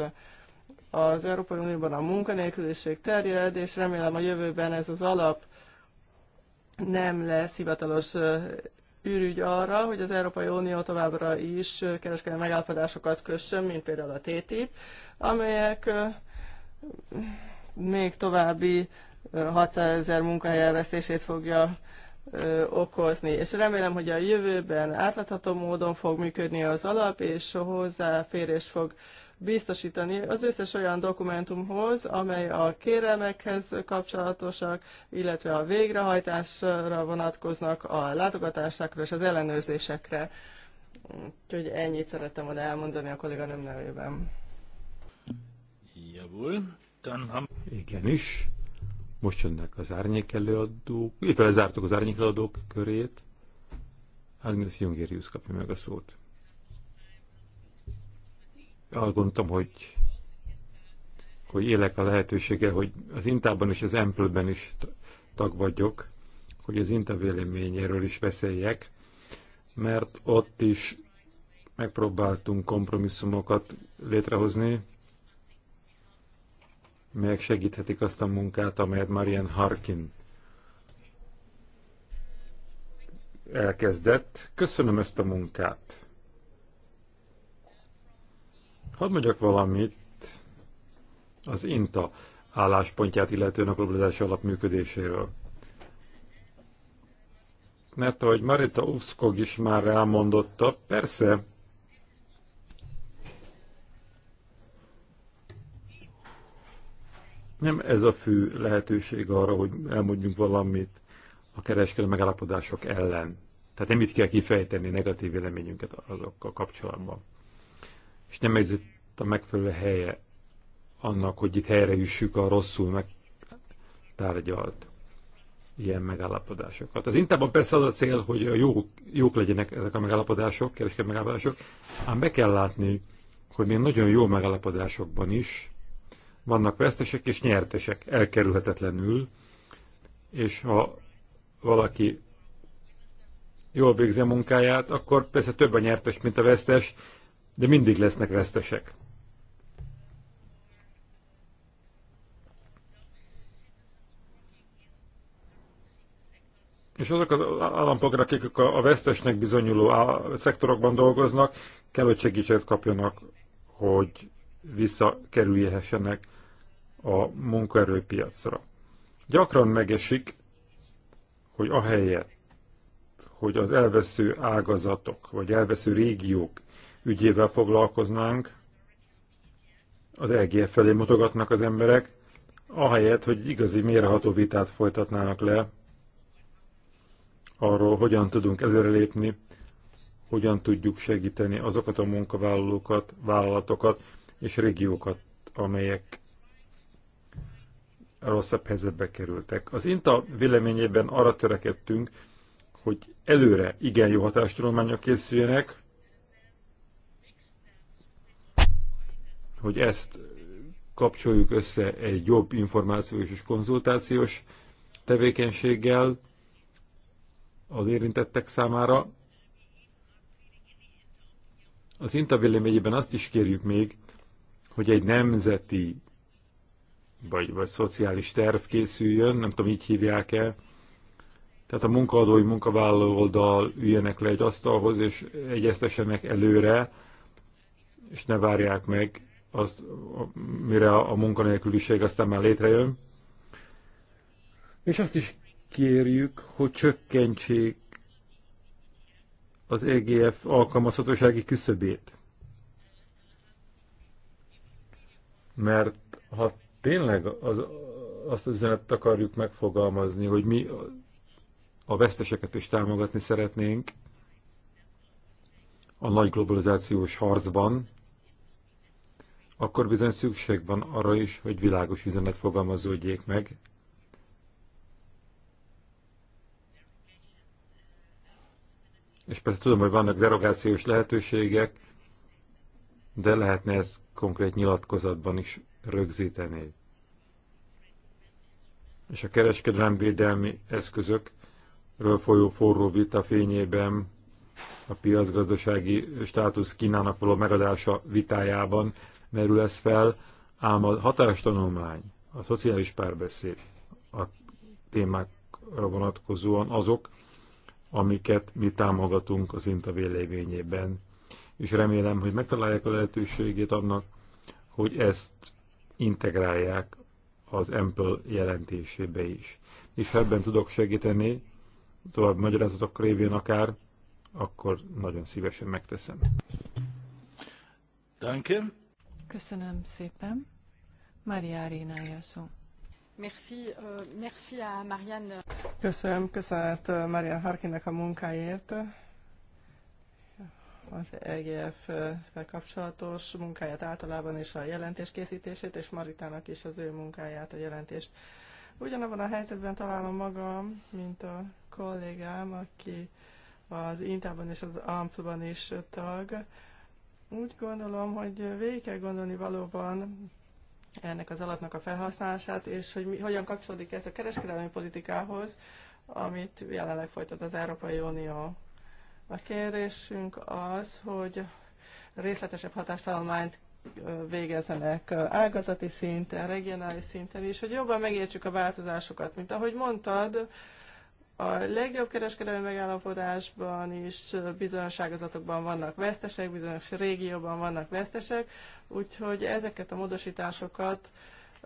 az Európai Unióban a munkanélküliség terjed, és remélem a jövőben ez az alap nem lesz hivatalos űrügy arra, hogy az Európai Unió továbbra is kereskedelmi megállapodásokat kössön, mint például a TTIP, amelyek még további 600 ezer munkahely elvesztését fogja okozni. És remélem, hogy a jövőben átlátható módon fog működni az alap, és hozzáférést fog biztosítani az összes olyan dokumentumhoz, amely a kérelmekhez kapcsolatosak, illetve a végrehajtásra vonatkoznak, a látogatásokra és az ellenőrzésekre. Úgyhogy ennyit szerettem volna elmondani a nem nevében. Javul. Igenis. Most jönnek az árnyék előadók, éppen lezártuk az árnyék előadók körét. Agnes Jungerius kapja meg a szót. Azt gondoltam, hogy, hogy élek a lehetősége, hogy az Intában és az ample is tag vagyok, hogy az Inta véleményéről is beszéljek, mert ott is megpróbáltunk kompromisszumokat létrehozni, melyek segíthetik azt a munkát, amelyet Marian Harkin elkezdett. Köszönöm ezt a munkát. Hadd mondjak valamit az INTA álláspontját illetően a globalizáció működéséről. Mert ahogy Marita Uvszkog is már elmondotta, persze nem ez a fő lehetőség arra, hogy elmondjunk valamit a kereskedő megállapodások ellen. Tehát nem itt kell kifejteni negatív véleményünket azokkal kapcsolatban és nem ez a megfelelő helye annak, hogy itt jussuk a rosszul megtárgyalt ilyen megállapodásokat. Az intában persze az a cél, hogy jók, jók legyenek ezek a megállapodások, kereskedelmi megállapodások, ám be kell látni, hogy még nagyon jó megállapodásokban is vannak vesztesek és nyertesek elkerülhetetlenül, és ha valaki jól végzi a munkáját, akkor persze több a nyertes, mint a vesztes, de mindig lesznek vesztesek. És azok az állampolgárok, akik a vesztesnek bizonyuló szektorokban dolgoznak, kell, hogy segítséget kapjanak, hogy visszakerülhessenek a munkaerőpiacra. Gyakran megesik, hogy ahelyett, hogy az elvesző ágazatok, vagy elvesző régiók ügyével foglalkoznánk, az EGF felé mutogatnak az emberek, ahelyett, hogy igazi mérható vitát folytatnának le arról, hogyan tudunk előrelépni, hogyan tudjuk segíteni azokat a munkavállalókat, vállalatokat és régiókat, amelyek rosszabb helyzetbe kerültek. Az INTA véleményében arra törekedtünk, hogy előre igen jó hatástudományok készüljenek, hogy ezt kapcsoljuk össze egy jobb információs és konzultációs tevékenységgel az érintettek számára. Az INTA megyében azt is kérjük még, hogy egy nemzeti vagy, vagy szociális terv készüljön, nem tudom, így hívják-e. Tehát a munkaadói munkavállaló oldal üljenek le egy asztalhoz, és egyeztessenek előre, és ne várják meg az, mire a munkanélküliség aztán már létrejön. És azt is kérjük, hogy csökkentsék az EGF alkalmazhatósági küszöbét. Mert ha tényleg az, azt az üzenet akarjuk megfogalmazni, hogy mi a veszteseket is támogatni szeretnénk a nagy globalizációs harcban, akkor bizony szükség van arra is, hogy világos üzenet fogalmazódjék meg. És persze tudom, hogy vannak derogációs lehetőségek, de lehetne ezt konkrét nyilatkozatban is rögzíteni. És a kereskedelemvédelmi eszközökről folyó forró vita fényében a piacgazdasági státusz Kínának való megadása vitájában merül ez fel, ám a hatástanulmány, a szociális párbeszéd a témákra vonatkozóan azok, amiket mi támogatunk az INTA véleményében, és remélem, hogy megtalálják a lehetőségét annak, hogy ezt integrálják az Ample jelentésébe is. És ha ebben tudok segíteni, tovább magyarázatok révén akár, akkor nagyon szívesen megteszem. Danke. Köszönöm szépen. Maria Arénája szó. Merci, uh, merci a Marianne. Köszönöm, köszönet euh, Mária Harkinnek a munkáért. Az egf kapcsolatos munkáját általában és a jelentés készítését, és Maritának is az ő munkáját, a jelentést. Ugyanabban a helyzetben találom magam, mint a kollégám, aki az Intában és az Amplban is tag, úgy gondolom, hogy végig kell gondolni valóban ennek az alapnak a felhasználását, és hogy mi, hogyan kapcsolódik ez a kereskedelmi politikához, amit jelenleg folytat az Európai Unió. A kérésünk az, hogy részletesebb hatástalományt végezzenek ágazati szinten, regionális szinten is, hogy jobban megértsük a változásokat. Mint ahogy mondtad, a legjobb kereskedelmi megállapodásban is bizonyos ágazatokban vannak vesztesek, bizonyos régióban vannak vesztesek, úgyhogy ezeket a módosításokat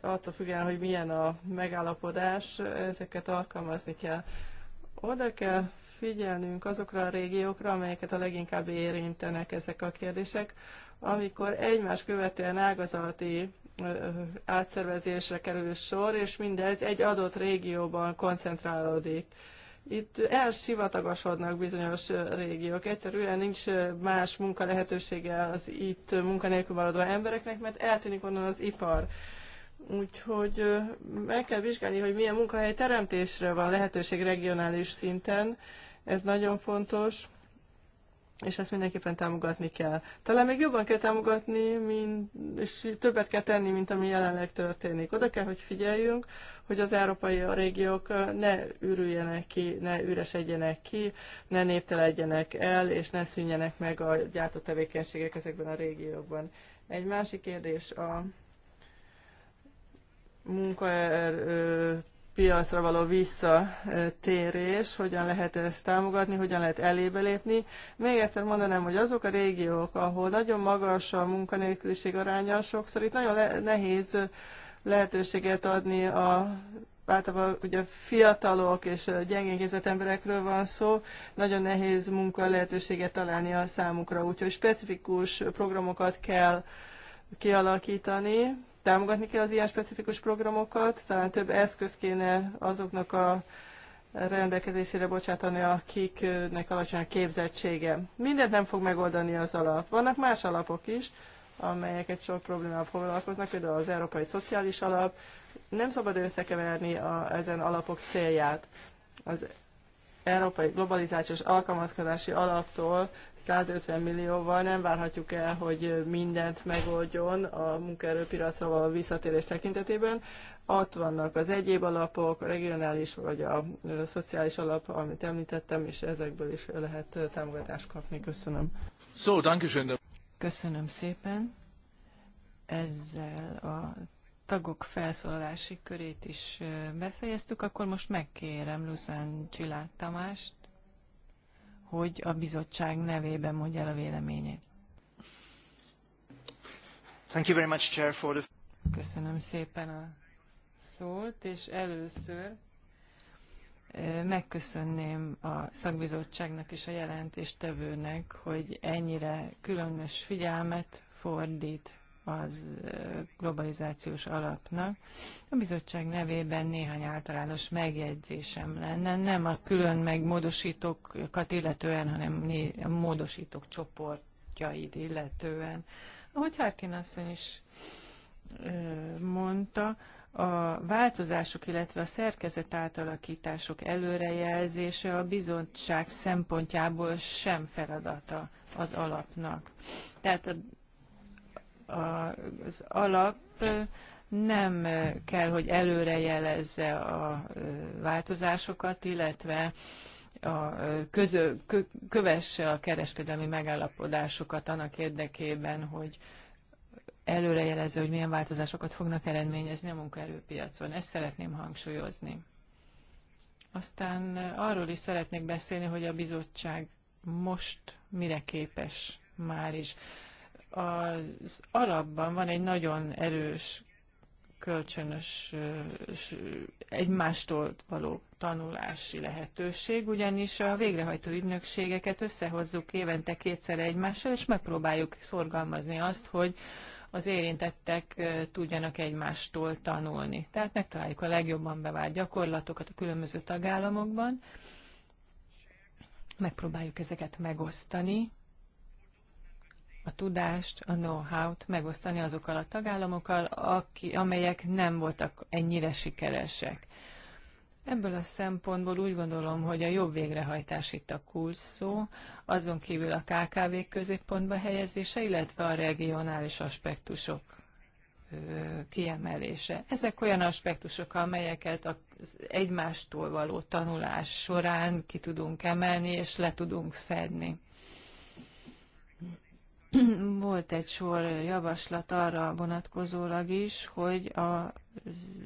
attól függően, hogy milyen a megállapodás, ezeket alkalmazni kell. Oda kell figyelnünk azokra a régiókra, amelyeket a leginkább érintenek ezek a kérdések, amikor egymás követően ágazati átszervezésre kerül sor, és mindez egy adott régióban koncentrálódik. Itt elsivatagosodnak bizonyos régiók. Egyszerűen nincs más munka lehetősége az itt munkanélkül maradó embereknek, mert eltűnik onnan az ipar. Úgyhogy meg kell vizsgálni, hogy milyen munkahely teremtésre van lehetőség regionális szinten. Ez nagyon fontos és ezt mindenképpen támogatni kell. Talán még jobban kell támogatni, mint, és többet kell tenni, mint ami jelenleg történik. Oda kell, hogy figyeljünk, hogy az európai régiók ne ürüljenek ki, ne üresedjenek ki, ne népteledjenek el, és ne szűnjenek meg a gyártó tevékenységek ezekben a régiókban. Egy másik kérdés a munkaerő piacra való visszatérés, hogyan lehet ezt támogatni, hogyan lehet elébe lépni. Még egyszer mondanám, hogy azok a régiók, ahol nagyon magas a munkanélküliség aránya, sokszor itt nagyon le- nehéz lehetőséget adni a általában ugye fiatalok és gyengénkézett emberekről van szó, nagyon nehéz munka lehetőséget találni a számukra, úgyhogy specifikus programokat kell kialakítani, támogatni kell az ilyen specifikus programokat, talán több eszköz kéne azoknak a rendelkezésére bocsátani, akiknek alacsony a képzettsége. Mindent nem fog megoldani az alap. Vannak más alapok is, amelyeket sok problémával foglalkoznak, például az Európai Szociális Alap. Nem szabad összekeverni a, ezen alapok célját. Az Európai Globalizációs Alkalmazkodási Alaptól 150 millióval nem várhatjuk el, hogy mindent megoldjon a munkaerőpiacra való visszatérés tekintetében. Ott vannak az egyéb alapok, a regionális vagy a szociális alap, amit említettem, és ezekből is lehet támogatást kapni. Köszönöm. Köszönöm szépen. Ezzel a tagok felszólalási körét is befejeztük, akkor most megkérem Luzán Csillát Tamást, hogy a bizottság nevében mondja el a véleményét. Thank you very much, Chair, for the... Köszönöm szépen a szót, és először megköszönném a szakbizottságnak és a jelentéstevőnek, hogy ennyire különös figyelmet fordít az globalizációs alapnak. A bizottság nevében néhány általános megjegyzésem lenne, nem a külön megmódosítókat illetően, hanem a módosítók csoportjait illetően. Ahogy Harkin asszony is mondta, a változások, illetve a szerkezet átalakítások előrejelzése a bizottság szempontjából sem feladata az alapnak. Tehát a az alap nem kell, hogy előrejelezze a változásokat, illetve a közö, kö, kövesse a kereskedelmi megállapodásokat annak érdekében, hogy előrejelező, hogy milyen változásokat fognak eredményezni a munkaerőpiacon. Ezt szeretném hangsúlyozni. Aztán arról is szeretnék beszélni, hogy a bizottság most mire képes már is az alapban van egy nagyon erős kölcsönös egymástól való tanulási lehetőség, ugyanis a végrehajtó ügynökségeket összehozzuk évente kétszer egymással, és megpróbáljuk szorgalmazni azt, hogy az érintettek tudjanak egymástól tanulni. Tehát megtaláljuk a legjobban bevált gyakorlatokat a különböző tagállamokban, megpróbáljuk ezeket megosztani, a tudást, a know-how-t megosztani azokkal a tagállamokkal, aki, amelyek nem voltak ennyire sikeresek. Ebből a szempontból úgy gondolom, hogy a jobb végrehajtás itt a kulcs szó, azon kívül a KKV középpontba helyezése, illetve a regionális aspektusok kiemelése. Ezek olyan aspektusok, amelyeket az egymástól való tanulás során ki tudunk emelni és le tudunk fedni. <clears throat> volt egy sor javaslat arra vonatkozólag is, hogy a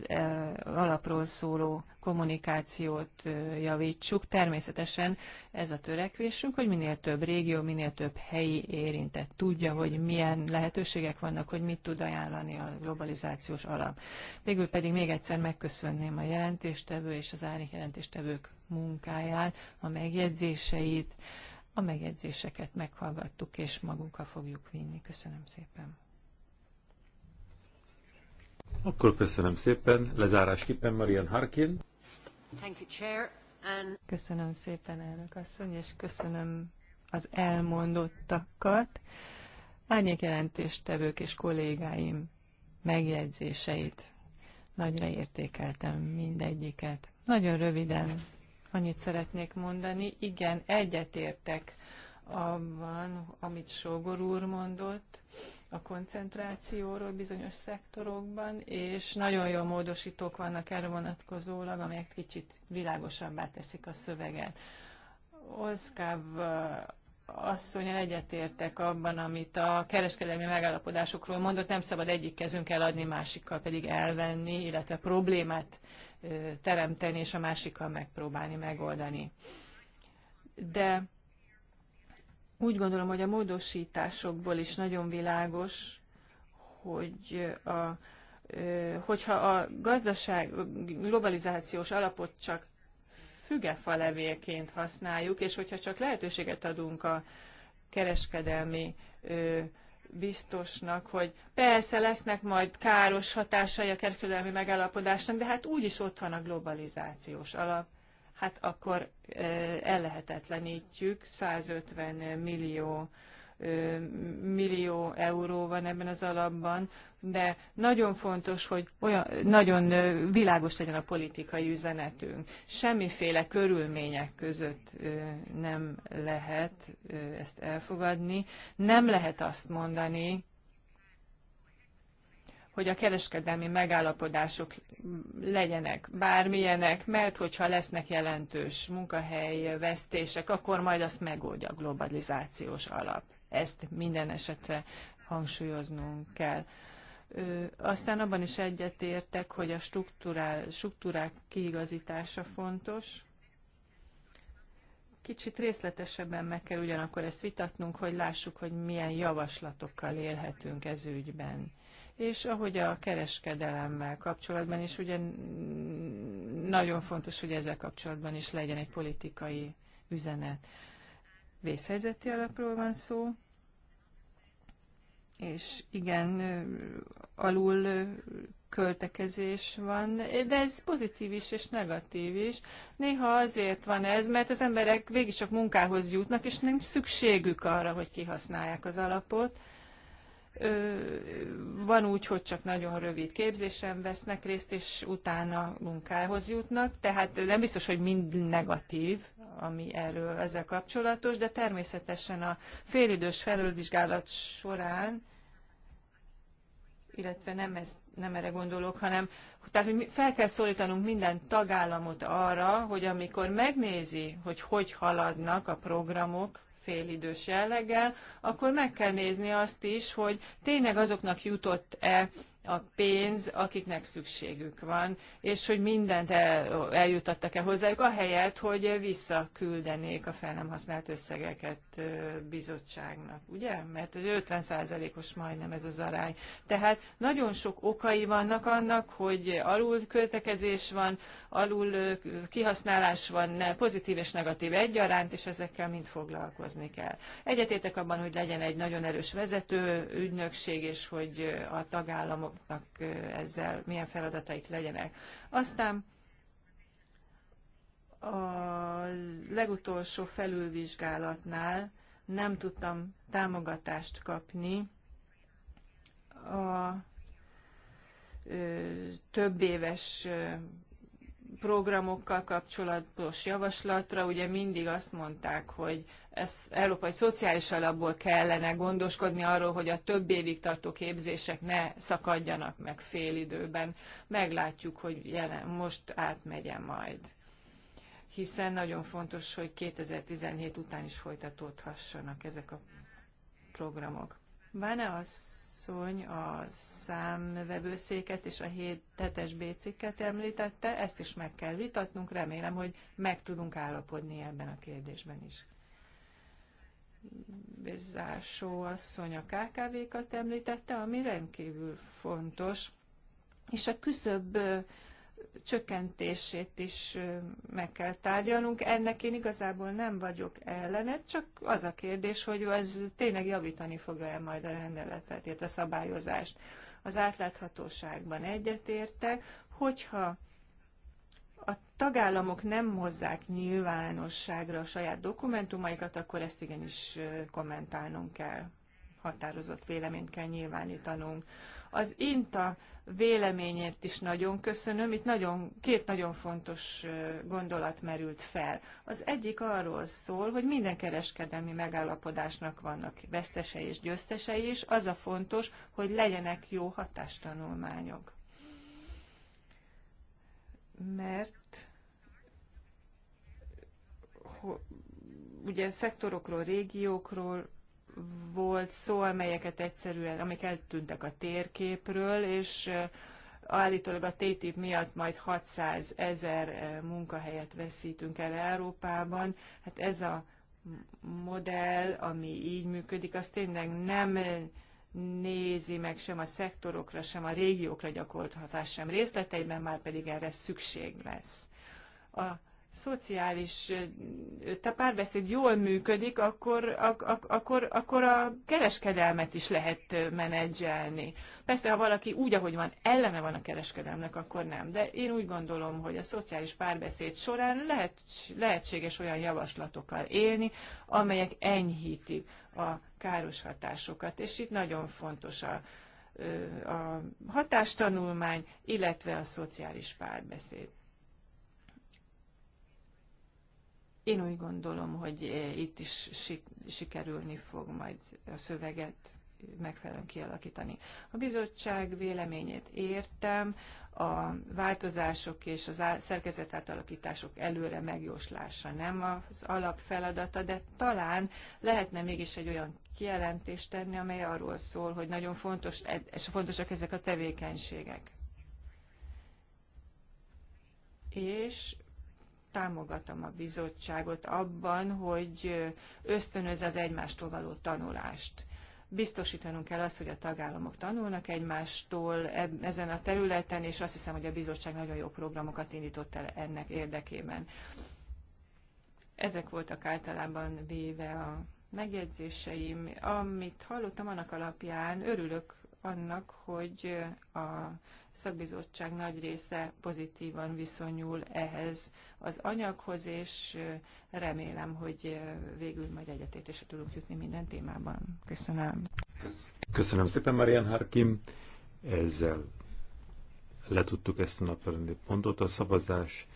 e, alapról szóló kommunikációt e, javítsuk. Természetesen ez a törekvésünk, hogy minél több régió, minél több helyi érintett tudja, hogy milyen lehetőségek vannak, hogy mit tud ajánlani a globalizációs alap. Végül pedig még egyszer megköszönném a jelentéstevő és az árnyék jelentéstevők munkáját, a megjegyzéseit, a megjegyzéseket meghallgattuk, és magunkkal fogjuk vinni. Köszönöm szépen. Akkor köszönöm szépen. Lezárásképpen Marian Harkin. Thank you, Chair. And... Köszönöm szépen, elnök asszony, és köszönöm az elmondottakat. Árnyék jelentéstevők és kollégáim megjegyzéseit nagyra értékeltem mindegyiket. Nagyon röviden Annyit szeretnék mondani, igen, egyetértek abban, amit Sógor úr mondott, a koncentrációról bizonyos szektorokban, és nagyon jó módosítók vannak erre vonatkozólag, amelyek kicsit világosabbá teszik a szöveget. Oszkáv uh, asszony egyetértek abban, amit a kereskedelmi megállapodásokról mondott, nem szabad egyik kezünk eladni, másikkal pedig elvenni, illetve problémát teremteni, és a másikkal megpróbálni megoldani. De úgy gondolom, hogy a módosításokból is nagyon világos, hogy a, hogyha a gazdaság globalizációs alapot csak fügefa levélként használjuk, és hogyha csak lehetőséget adunk a kereskedelmi biztosnak, hogy persze lesznek majd káros hatásai a kereskedelmi megállapodásnak, de hát úgyis ott van a globalizációs alap. Hát akkor eh, ellehetetlenítjük 150 millió millió euró van ebben az alapban, de nagyon fontos, hogy olyan, nagyon világos legyen a politikai üzenetünk. Semmiféle körülmények között nem lehet ezt elfogadni. Nem lehet azt mondani, hogy a kereskedelmi megállapodások legyenek bármilyenek, mert hogyha lesznek jelentős munkahelyvesztések, akkor majd azt megoldja a globalizációs alap ezt minden esetre hangsúlyoznunk kell. Ö, aztán abban is egyetértek, hogy a struktúrál, struktúrák kiigazítása fontos. Kicsit részletesebben meg kell ugyanakkor ezt vitatnunk, hogy lássuk, hogy milyen javaslatokkal élhetünk ez ügyben. És ahogy a kereskedelemmel kapcsolatban is, ugye nagyon fontos, hogy ezzel kapcsolatban is legyen egy politikai üzenet vészhelyzeti alapról van szó, és igen, alul költekezés van, de ez pozitív is és negatív is. Néha azért van ez, mert az emberek végig csak munkához jutnak, és nem szükségük arra, hogy kihasználják az alapot. Van úgy, hogy csak nagyon rövid képzésen vesznek részt, és utána munkához jutnak, tehát nem biztos, hogy mind negatív ami erről ezzel kapcsolatos, de természetesen a félidős felülvizsgálat során, illetve nem, ez, nem erre gondolok, hanem tehát, hogy fel kell szólítanunk minden tagállamot arra, hogy amikor megnézi, hogy hogy haladnak a programok, félidős jelleggel, akkor meg kell nézni azt is, hogy tényleg azoknak jutott-e a pénz, akiknek szükségük van, és hogy mindent el, eljutattak-e hozzájuk, ahelyett, hogy visszaküldenék a fel nem használt összegeket bizottságnak, ugye? Mert az 50 os majdnem ez az arány. Tehát nagyon sok okai vannak annak, hogy alul költekezés van, alul kihasználás van, pozitív és negatív egyaránt, és ezekkel mind foglalkozni kell. Egyetétek abban, hogy legyen egy nagyon erős vezető ügynökség, és hogy a tagállamok tagállamoknak ezzel milyen feladataik legyenek. Aztán a legutolsó felülvizsgálatnál nem tudtam támogatást kapni a több éves programokkal kapcsolatos javaslatra, ugye mindig azt mondták, hogy ez európai szociális alapból kellene gondoskodni arról, hogy a több évig tartó képzések ne szakadjanak meg fél időben. Meglátjuk, hogy jelen, most átmegye majd. Hiszen nagyon fontos, hogy 2017 után is folytatódhassanak ezek a programok. Van-e az asszony a számvevőszéket és a hét es B említette, ezt is meg kell vitatnunk, remélem, hogy meg tudunk állapodni ebben a kérdésben is. Bizásó asszony a KKV-kat említette, ami rendkívül fontos, és a küszöbb csökkentését is meg kell tárgyalnunk. Ennek én igazából nem vagyok ellene, csak az a kérdés, hogy ez tényleg javítani fogja-e majd a rendeletet, illetve szabályozást. Az átláthatóságban egyetérte, hogyha a tagállamok nem hozzák nyilvánosságra a saját dokumentumaikat, akkor ezt igenis kommentálnunk kell, határozott véleményt kell nyilvánítanunk az INTA véleményét is nagyon köszönöm. Itt nagyon, két nagyon fontos gondolat merült fel. Az egyik arról szól, hogy minden kereskedelmi megállapodásnak vannak vesztesei és győztesei, is. az a fontos, hogy legyenek jó hatástanulmányok. Mert ugye szektorokról, régiókról volt szó, amelyeket egyszerűen, amik eltűntek a térképről, és eh, állítólag a TTIP miatt majd 600 ezer eh, munkahelyet veszítünk el Európában. Hát ez a modell, ami így működik, az tényleg nem eh, nézi meg sem a szektorokra, sem a régiókra gyakorolt hatás sem részleteiben, már pedig erre szükség lesz. A szociális a párbeszéd jól működik, akkor, ak, ak, akkor, akkor a kereskedelmet is lehet menedzselni. Persze, ha valaki úgy, ahogy van, ellene van a kereskedelmnek, akkor nem. De én úgy gondolom, hogy a szociális párbeszéd során lehet, lehetséges olyan javaslatokkal élni, amelyek enyhítik a káros hatásokat. És itt nagyon fontos a, a hatástanulmány, illetve a szociális párbeszéd. Én úgy gondolom, hogy eh, itt is sikerülni fog majd a szöveget megfelelően kialakítani. A bizottság véleményét értem, a változások és az szerkezet átalakítások előre megjóslása nem az alapfeladata, de talán lehetne mégis egy olyan kijelentést tenni, amely arról szól, hogy nagyon fontos, e-, és fontosak ezek a tevékenységek. És támogatom a bizottságot abban, hogy ösztönöz az egymástól való tanulást. Biztosítanunk kell azt, hogy a tagállamok tanulnak egymástól ezen a területen, és azt hiszem, hogy a bizottság nagyon jó programokat indított el ennek érdekében. Ezek voltak általában véve a megjegyzéseim. Amit hallottam annak alapján, örülök annak, hogy a szakbizottság nagy része pozitívan viszonyul ehhez az anyaghoz, és remélem, hogy végül majd egyetértésre tudunk jutni minden témában. Köszönöm. Köszönöm szépen, Marian Harkim. Ezzel letudtuk ezt a napirendi pontot. A szavazás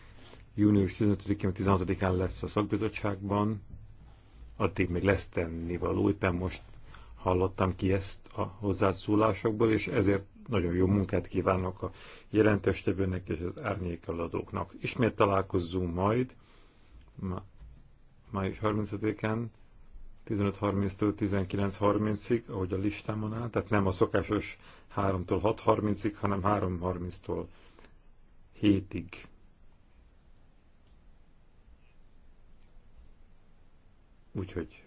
június 15-én, 16-án lesz a szakbizottságban. Addig még lesz tennivaló, éppen most hallottam ki ezt a hozzászólásokból, és ezért nagyon jó munkát kívánok a jelentestevőnek és az árnyékeladóknak. Ismét találkozzunk majd, ma, május 30-án, 15.30-től 19.30-ig, ahogy a listámon áll, tehát nem a szokásos 3-tól 6.30-ig, hanem 3.30-tól 7-ig. Úgyhogy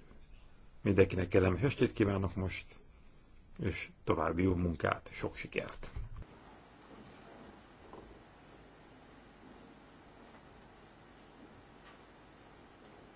mindenkinek kellemes estét kívánok most! és további jó munkát, sok sikert!